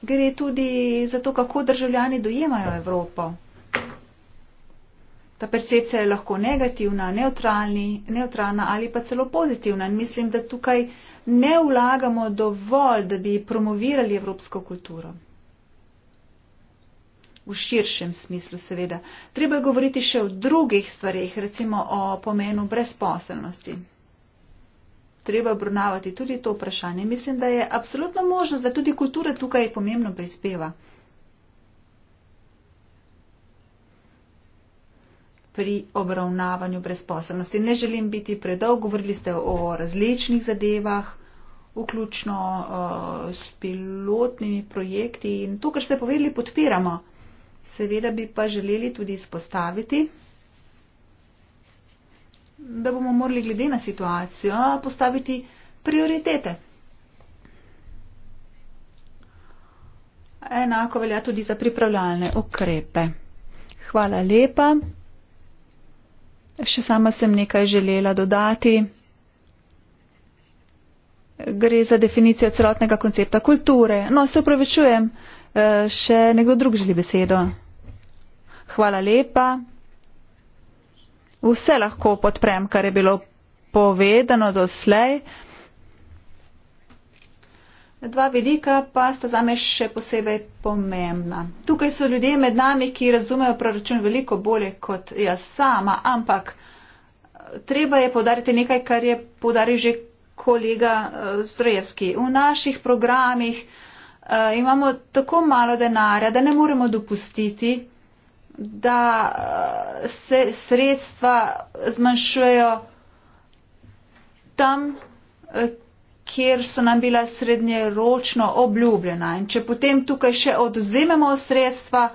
Gre tudi za to, kako državljani dojemajo Evropo. Ta percepcija je lahko negativna, neutralna ali pa celo pozitivna. In mislim, da tukaj ne vlagamo dovolj, da bi promovirali evropsko kulturo. V širšem smislu, seveda. Treba je govoriti še o drugih stvarih, recimo o pomenu brezposelnosti. Treba je obravnavati tudi to vprašanje. Mislim, da je absolutno možnost, da tudi kultura tukaj pomembno prispeva. pri obravnavanju brezposobnosti. Ne želim biti predolg, govorili ste o različnih zadevah, vključno uh, s pilotnimi projekti in to, kar ste povedali, podpiramo. Seveda bi pa želeli tudi izpostaviti, da bomo morali glede na situacijo postaviti prioritete. Enako velja tudi za pripravljalne ukrepe. Hvala lepa še sama sem nekaj želela dodati. Gre za definicijo celotnega koncepta kulture. No, se upravičujem, eh, še nekdo drug želi besedo. Hvala lepa. Vse lahko podprem, kar je bilo povedano doslej. Dva vidika pa sta za me še posebej pomembna. Tukaj so ljudje med nami, ki razumejo proračun veliko bolje kot jaz sama, ampak eh, treba je podariti nekaj, kar je podaril že kolega eh, Zdrojevski. V naših programih eh, imamo tako malo denarja, da ne moremo dopustiti, da se sredstva zmanjšujejo tam, kjer so nam bila srednjeročno obljubljena. In če potem tukaj še odzememo sredstva,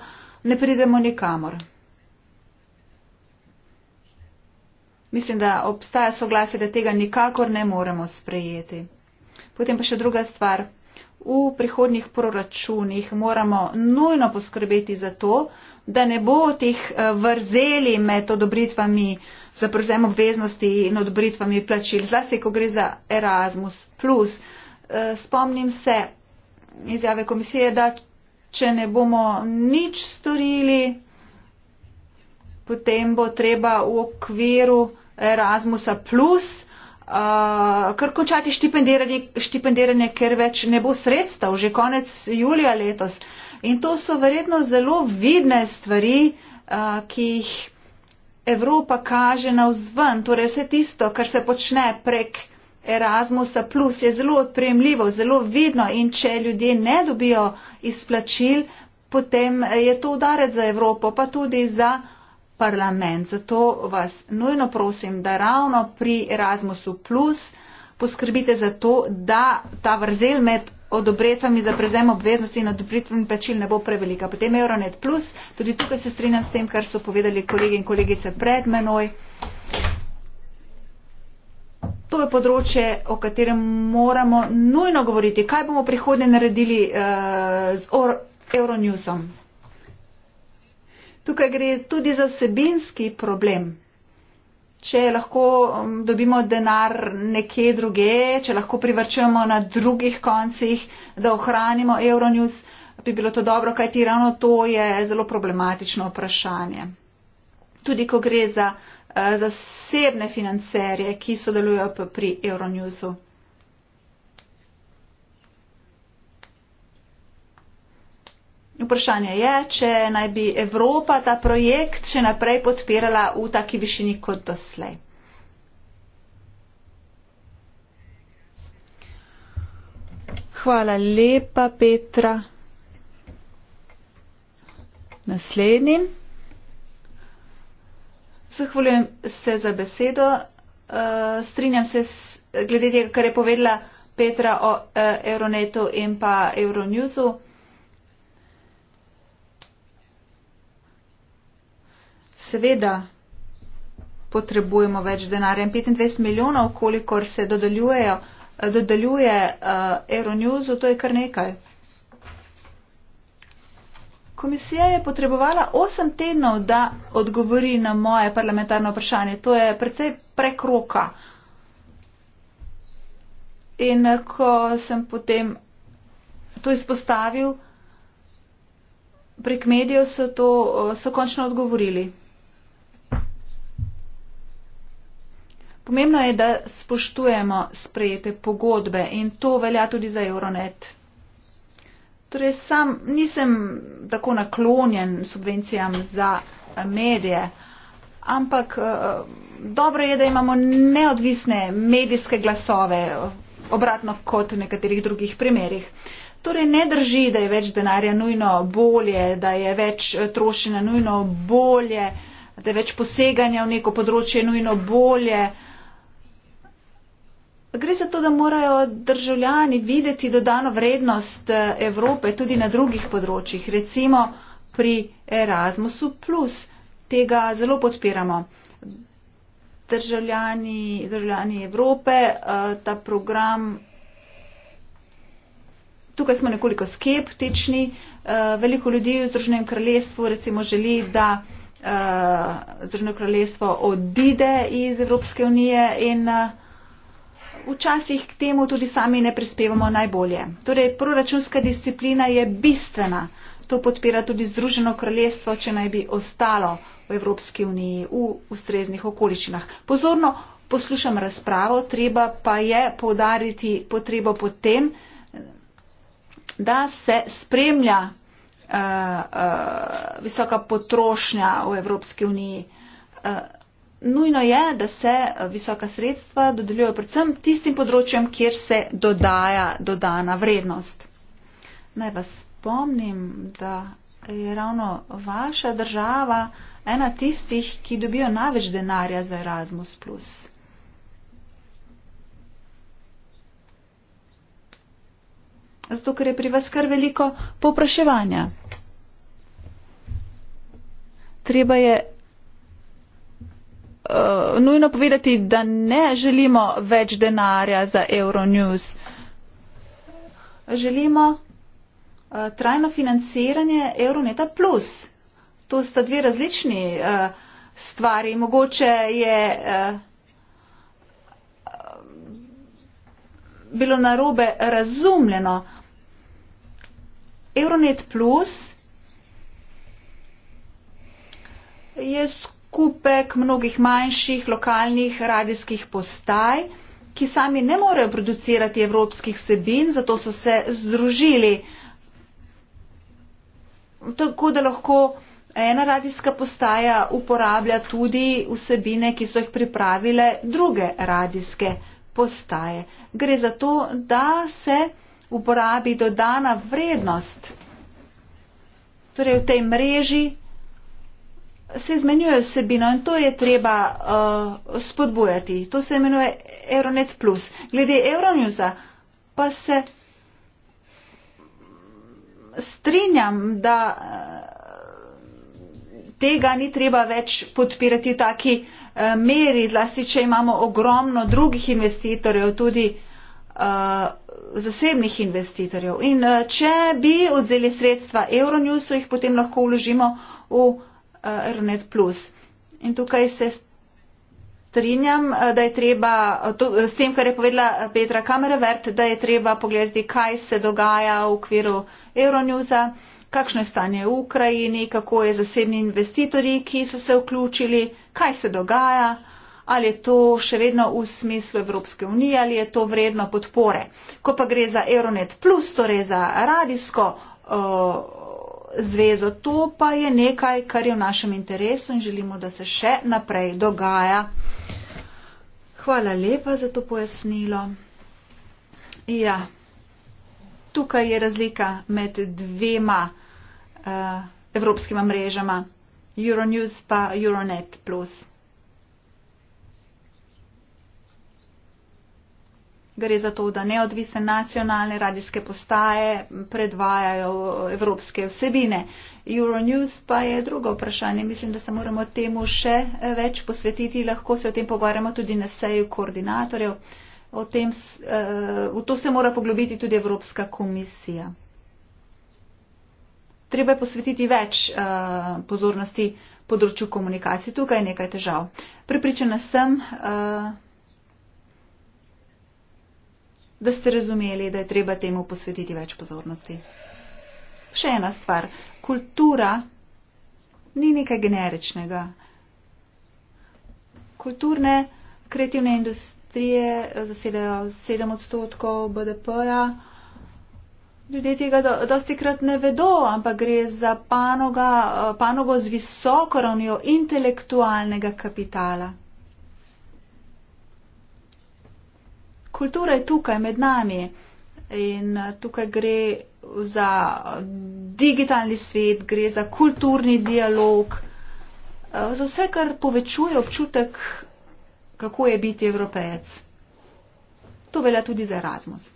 ne pridemo nikamor. Mislim, da obstaja soglasje, da tega nikakor ne moremo sprejeti. Potem pa še druga stvar. V prihodnjih proračunih moramo nujno poskrbeti za to, da ne bo teh eh, vrzeli med odobritvami za prevzem obveznosti in odbritvami plačil, zlasti, ko gre za Erasmus. Plus, e, spomnim se izjave komisije, da če ne bomo nič storili, potem bo treba v okviru Erasmusa plus uh, kar končati štipendiranje, štipendiranje, ker več ne bo sredstev, že konec julija letos. In to so verjetno zelo vidne stvari, uh, ki jih Evropa kaže navzven, torej vse tisto, kar se počne prek Erasmusa, plus je zelo odprejemljivo, zelo vidno in če ljudje ne dobijo izplačil, potem eh, je to udarec za Evropo, pa tudi za parlament. Zato vas nujno prosim, da ravno pri Erasmusu plus poskrbite za to, da ta vrzel med odobritvami za prezem obveznosti in odobritvami plačil ne bo prevelika. Potem Euronet Plus, tudi tukaj se strinjam s tem, kar so povedali kolegi in kolegice pred menoj. To je področje, o katerem moramo nujno govoriti. Kaj bomo prihodnje naredili uh, z Or Euronewsom? Tukaj gre tudi za vsebinski problem če lahko um, dobimo denar nekje druge, če lahko privrčujemo na drugih koncih, da ohranimo Euronews, bi bilo to dobro, kajti ravno to je zelo problematično vprašanje. Tudi ko gre za eh, zasebne financerje, ki sodelujo pri Euronewsu. Vprašanje je, če naj bi Evropa ta projekt še naprej podpirala v taki višini kot doslej. Hvala lepa, Petra. Naslednji. Zahvaljujem se za besedo. Uh, strinjam se s, glede tega, kar je povedala Petra o uh, Euronetu in pa Euronewsu. Seveda potrebujemo več denarja in 25 milijonov, kolikor se dodeljujejo. Dodeljuje uh, Euronews, to je kar nekaj. Komisija je potrebovala 8 tednov, da odgovori na moje parlamentarno vprašanje. To je precej prekroka. In eh, ko sem potem to izpostavil prek medijev, so, to, eh, so končno odgovorili. Pomembno je, da spoštujemo sprejete pogodbe in to velja tudi za Euronet. Torej, sam nisem tako naklonjen subvencijam za eh, medije, ampak eh, dobro je, da imamo neodvisne medijske glasove, eh, obratno kot v nekaterih drugih primerih. Torej, ne drži, da je več denarja nujno bolje, da je več trošina nujno bolje, da je več poseganja v neko področje nujno bolje. Gre za to, da morajo državljani videti dodano vrednost eh, Evrope tudi na drugih področjih, recimo pri Erasmusu. Plus. Tega zelo podpiramo. Državljani, državljani Evrope, eh, ta program. Tukaj smo nekoliko skeptični. Eh, veliko ljudi v Združenem kraljestvu recimo želi, da Združeno kraljestvo odide iz Evropske unije in včasih k temu tudi sami ne prispevamo najbolje. Torej, proračunska disciplina je bistvena. To podpira tudi Združeno kraljestvo, če naj bi ostalo v Evropski uniji v ustreznih okoliščinah. Pozorno poslušam razpravo, treba pa je poudariti potrebo po tem, da se spremlja uh, uh, visoka potrošnja v Evropski uniji. Uh, nujno je, da se visoka sredstva dodeljujejo predvsem tistim področjem, kjer se dodaja dodana vrednost. Naj vas spomnim, da je ravno vaša država ena tistih, ki dobijo največ denarja za Erasmus. Zato, ker je pri vas kar veliko popraševanja. Treba je uh, nujno povedati, da ne želimo več denarja za Euronews. Želimo uh, trajno financiranje Euroneta plus. To sta dve različni uh, stvari. Mogoče je uh, bilo narobe razumljeno. Euronet plus je skupaj kupek mnogih manjših lokalnih radijskih postaj, ki sami ne morejo producirati evropskih vsebin, zato so se združili, tako da lahko ena radijska postaja uporablja tudi vsebine, ki so jih pripravile druge radijske postaje. Gre za to, da se uporabi dodana vrednost, torej v tej mreži, se izmenjuje vsebino in to je treba uh, spodbujati. To se imenuje Euronet Plus. Glede Euronewsa pa se strinjam, da uh, tega ni treba več podpirati v taki uh, meri, zlasti, če imamo ogromno drugih investitorjev, tudi uh, zasebnih investitorjev. In uh, če bi odzeli sredstva Euronewsu, jih potem lahko vložimo v. Eh, Ronet Plus. In tukaj se strinjam, eh, da je treba, eh, to, s tem, kar je povedala Petra Kamerevert, da je treba pogledati, kaj se dogaja v okviru Euronewsa, kakšno je stanje v Ukrajini, kako je zasebni investitorji, ki so se vključili, kaj se dogaja, ali je to še vedno v smislu Evropske unije, ali je to vredno podpore. Ko pa gre za Euronet Plus, torej za radijsko, zvezo. To pa je nekaj, kar je v našem interesu in želimo, da se še naprej dogaja. Hvala lepa za to pojasnilo. Ja, tukaj je razlika med dvema uh, evropskima mrežama, Euronews pa Euronet. Gre za to, da neodvisne nacionalne radijske postaje predvajajo evropske vsebine. Euronews pa je drugo vprašanje. Mislim, da se moramo temu še več posvetiti. Lahko se o tem pogovarjamo tudi na seju koordinatorjev. Tem, eh, v to se mora poglobiti tudi Evropska komisija. Treba je posvetiti več eh, pozornosti področju komunikacije. Tukaj je nekaj težav. Pripričana sem, eh, da ste razumeli, da je treba temu posvetiti več pozornosti. Še ena stvar. Kultura ni nekaj generičnega. Kulturne kreativne industrije eh, zasedajo 7 odstotkov BDP-ja. Ljudje tega do, dosti krat ne vedo, ampak gre za panoga, eh, panogo z visoko ravnjo intelektualnega kapitala. kultura je tukaj med nami in eh, tukaj gre za digitalni svet, gre za kulturni dialog, eh, za vse, kar povečuje občutek, kako je biti evropejec. To velja tudi za Erasmus.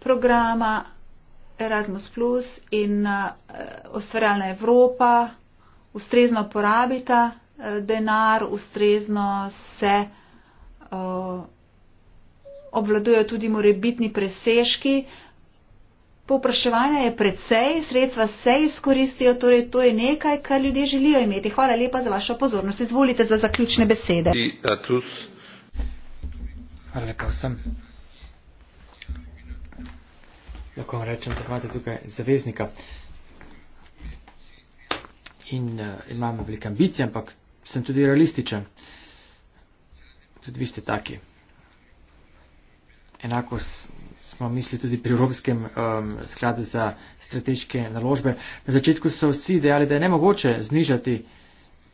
Programa Erasmus Plus in uh, ustvarjalna Evropa ustrezno porabita eh, denar, ustrezno se uh, obvladujejo tudi morebitni presežki. Popraševanja je precej, sredstva se izkoristijo, torej to je nekaj, kar ljudje želijo imeti. Hvala lepa za vašo pozornost. Izvolite za zaključne besede. Eh, Hvala lepa vsem. Lahko vam rečem, da imate tukaj zaveznika. Uh, in uh, imam veliko ambicij, ampak sem tudi realističen. Tudi vi ste taki. Enako smo mislili tudi pri Evropskem um, skladu za strateške naložbe. Na začetku so vsi dejali, da je nemogoče znižati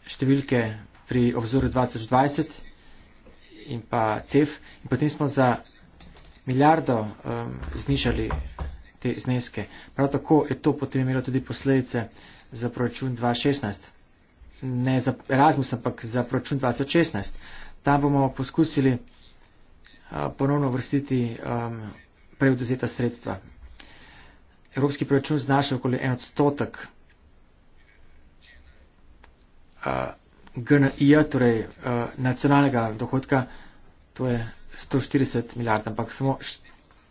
številke pri obzoru 2020 in pa CEF. In potem smo za milijardo um, znižali te zneske. Prav tako je to potem imelo tudi posledice za proračun 2016. Ne za Erasmus, ampak za proračun 2016. Tam bomo poskusili ponovno vrstiti um, preuzeta sredstva. Evropski proračun znaša okoli en odstotek uh, GNI, torej uh, nacionalnega dohodka, to je 140 milijard, ampak samo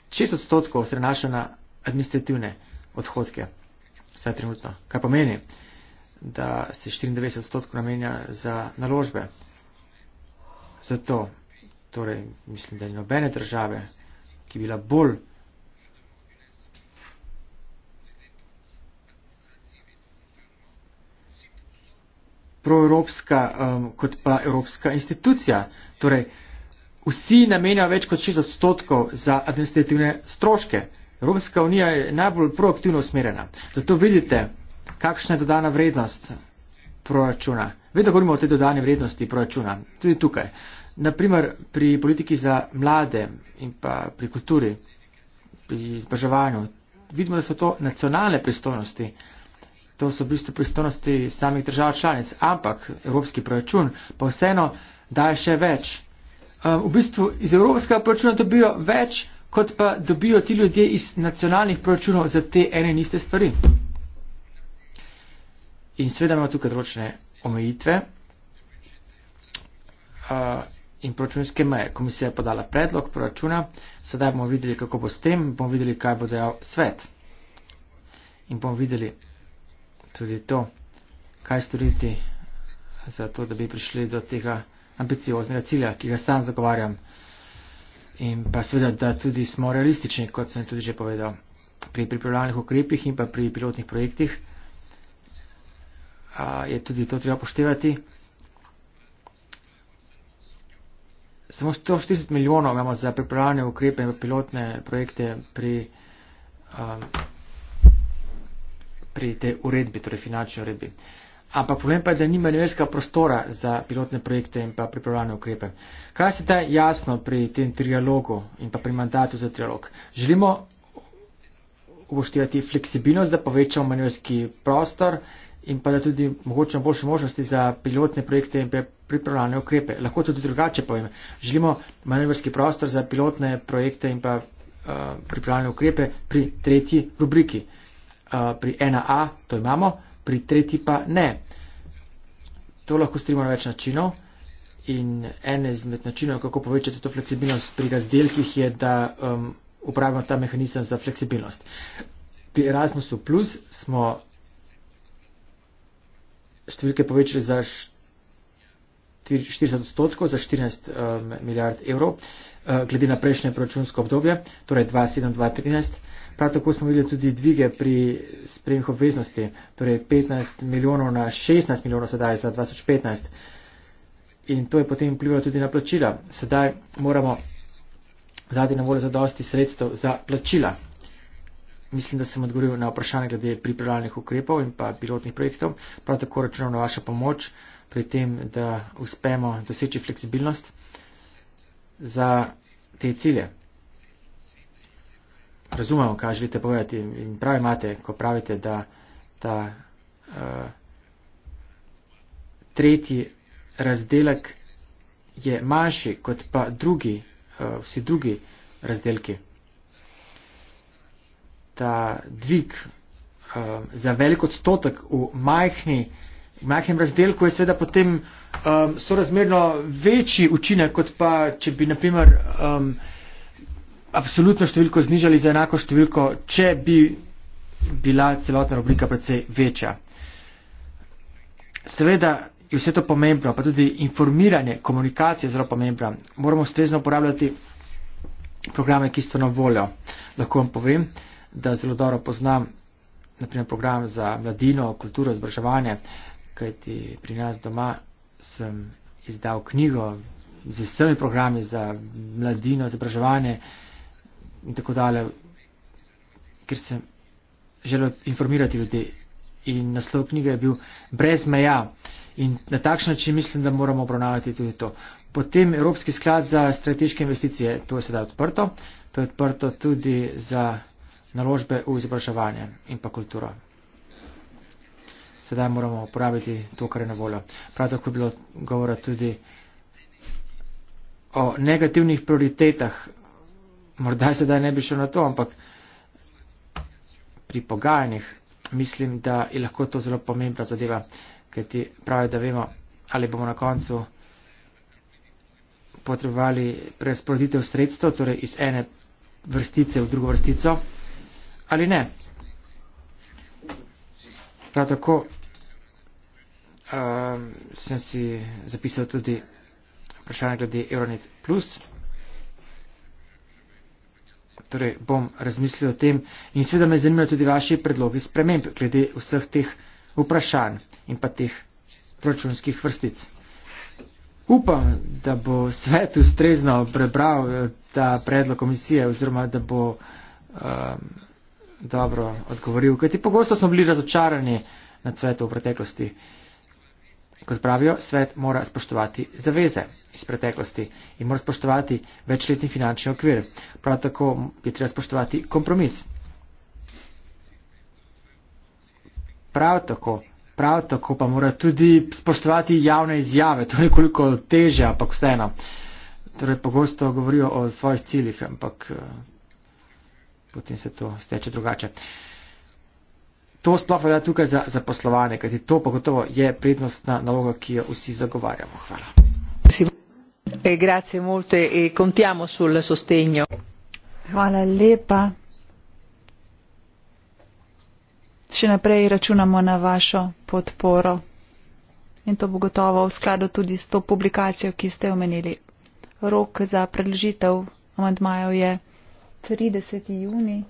6 odstotkov se nanaša na administrativne odhodke vse trenutno. Kaj pomeni, da se 94 odstotkov namenja za naložbe. Zato, torej, mislim, da ni nobene države, ki bila bolj proevropska um, kot pa evropska institucija. Torej, vsi namenjajo več kot 6 odstotkov za administrativne stroške. Evropska unija je najbolj proaktivno usmerjena. Zato vidite, kakšna je dodana vrednost proračuna. Vedno govorimo o tej dodani vrednosti proračuna, tudi tukaj. Naprimer pri politiki za mlade in pa pri kulturi, pri izbraževanju. Vidimo, da so to nacionalne pristojnosti. To so v bistvu pristojnosti samih držav članic, ampak evropski proračun pa vseeno daje še več. Ehm, v bistvu iz evropskega proračuna dobijo več kot pa dobijo ti ljudje iz nacionalnih proračunov za te ene in iste stvari. In sveda imamo tukaj določene omejitve uh, in proračunske meje. Komisija je podala predlog proračuna, sedaj bomo videli, kako bo s tem, bomo videli, kaj bo dejal svet. In bomo videli tudi to, kaj storiti za to, da bi prišli do tega ambicioznega cilja, ki ga sam zagovarjam in pa seveda, da tudi smo realistični, kot sem tudi že povedal, pri pripravljalnih ukrepih in pa pri pilotnih projektih. A, je tudi to treba poštevati. Samo 140 milijonov imamo za pripravljalne ukrepe in pilotne projekte pri, a, pri tej uredbi, torej finančni uredbi. A, Ampak problem pa je, da nima nevelskega prostora za pilotne projekte in pa pripravljene ukrepe. Kaj se da jasno pri tem trialogu in pa pri mandatu za trialog? Želimo upoštevati fleksibilnost, da povečamo manjvski prostor in pa da tudi mogoče boljše možnosti za pilotne projekte in pa pripravljene ukrepe. Lahko tudi drugače povem. Želimo manjvski prostor za pilotne projekte in pa uh, pripravljene ukrepe pri tretji rubriki. Uh, pri 1A to imamo, pri tretji pa ne. To lahko strimo na več načinov in en izmed načinov, kako povečati to fleksibilnost pri razdelkih, je, da um, upravimo ta mehanizem za fleksibilnost. Pri Erasmusu Plus smo številke povečali za 40 odstotkov, za 14 um, milijard evrov. Eh, glede na prejšnje proračunsko obdobje, torej 2007-2013. Prav tako smo videli tudi dvige pri sprejemih obveznosti, torej 15 milijonov na 16 milijonov sedaj za 2015. In to je potem vplivalo tudi na plačila. Sedaj moramo dati na voljo zadosti sredstev za plačila. Mislim, da sem odgovoril na vprašanje glede pripravljalnih ukrepov in pa pilotnih projektov. Prav tako računam na vašo pomoč pri tem, da uspemo doseči fleksibilnost za te cilje. Razumemo, kaj želite povedati in prav imate, ko pravite, da ta uh, tretji razdelek je manjši kot pa drugi, uh, vsi drugi razdelki. Ta dvig uh, za velik odstotek v majhni uh, v majhnem razdelku je seveda potem um, sorazmerno večji učinek, kot pa če bi naprimer um, absolutno številko znižali za enako številko, če bi bila celotna rubrika predvsej večja. Seveda je vse to pomembno, pa tudi informiranje, komunikacija je zelo pomembna. Moramo ustrezno uporabljati programe, ki so na voljo. Lahko vam povem, da zelo dobro poznam naprimer program za mladino, kulturo, izobraževanje, kajti pri nas doma sem izdal knjigo z vsemi programi za mladino, izobraževanje in tako dalje, ker sem želel informirati ljudi. In naslov knjige je bil Brez meja. In na takšen način mislim, da moramo obravnavati tudi to. Potem Evropski sklad za strateške investicije, to je sedaj odprto, to je odprto tudi za naložbe v izobraževanje in pa kulturo sedaj moramo uporabiti to, kar je na voljo. Prav tako je bilo govora tudi o negativnih prioritetah. Morda sedaj ne bi šel na to, ampak pri pogajanjih mislim, da je lahko to zelo pomembna zadeva, ker ti pravi, da vemo, ali bomo na koncu potrebovali presporoditev sredstva, torej iz ene vrstice v drugo vrstico, ali ne. Prav tako um, sem si zapisal tudi vprašanje glede Euronet Plus. Torej, bom razmislil o tem in seveda me zanimajo tudi vaši predlogi sprememb glede vseh teh vprašanj in pa teh proračunskih vrstic. Upam, da bo svet ustrezno prebral eh, ta predlog komisije oziroma da bo um, dobro odgovoril, kajti pogosto smo bili razočarani na svetu v preteklosti. Kot pravijo, svet mora spoštovati zaveze iz preteklosti in mora spoštovati večletni finančni okvir. Prav tako je treba spoštovati kompromis. Prav tako, prav tako pa mora tudi spoštovati javne izjave. To je nekoliko teže, ampak vseeno. Torej, pogosto govorijo o svojih ciljih, ampak eh, potem se to steče drugače. To sploh velja tukaj za, za poslovanje, kajti to pa gotovo je prednostna naloga, ki jo vsi zagovarjamo. Hvala. E, e Hvala lepa. Še naprej računamo na vašo podporo. In to bo gotovo v skladu tudi s to publikacijo, ki ste omenili. Rok za predložitev amantmajev je. 30. juni.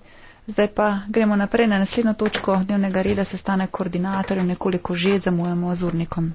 Zdaj pa gremo naprej na naslednjo točko dnevnega reda, sestanek koordinatorjev, nekoliko že zamujamo z urnikom.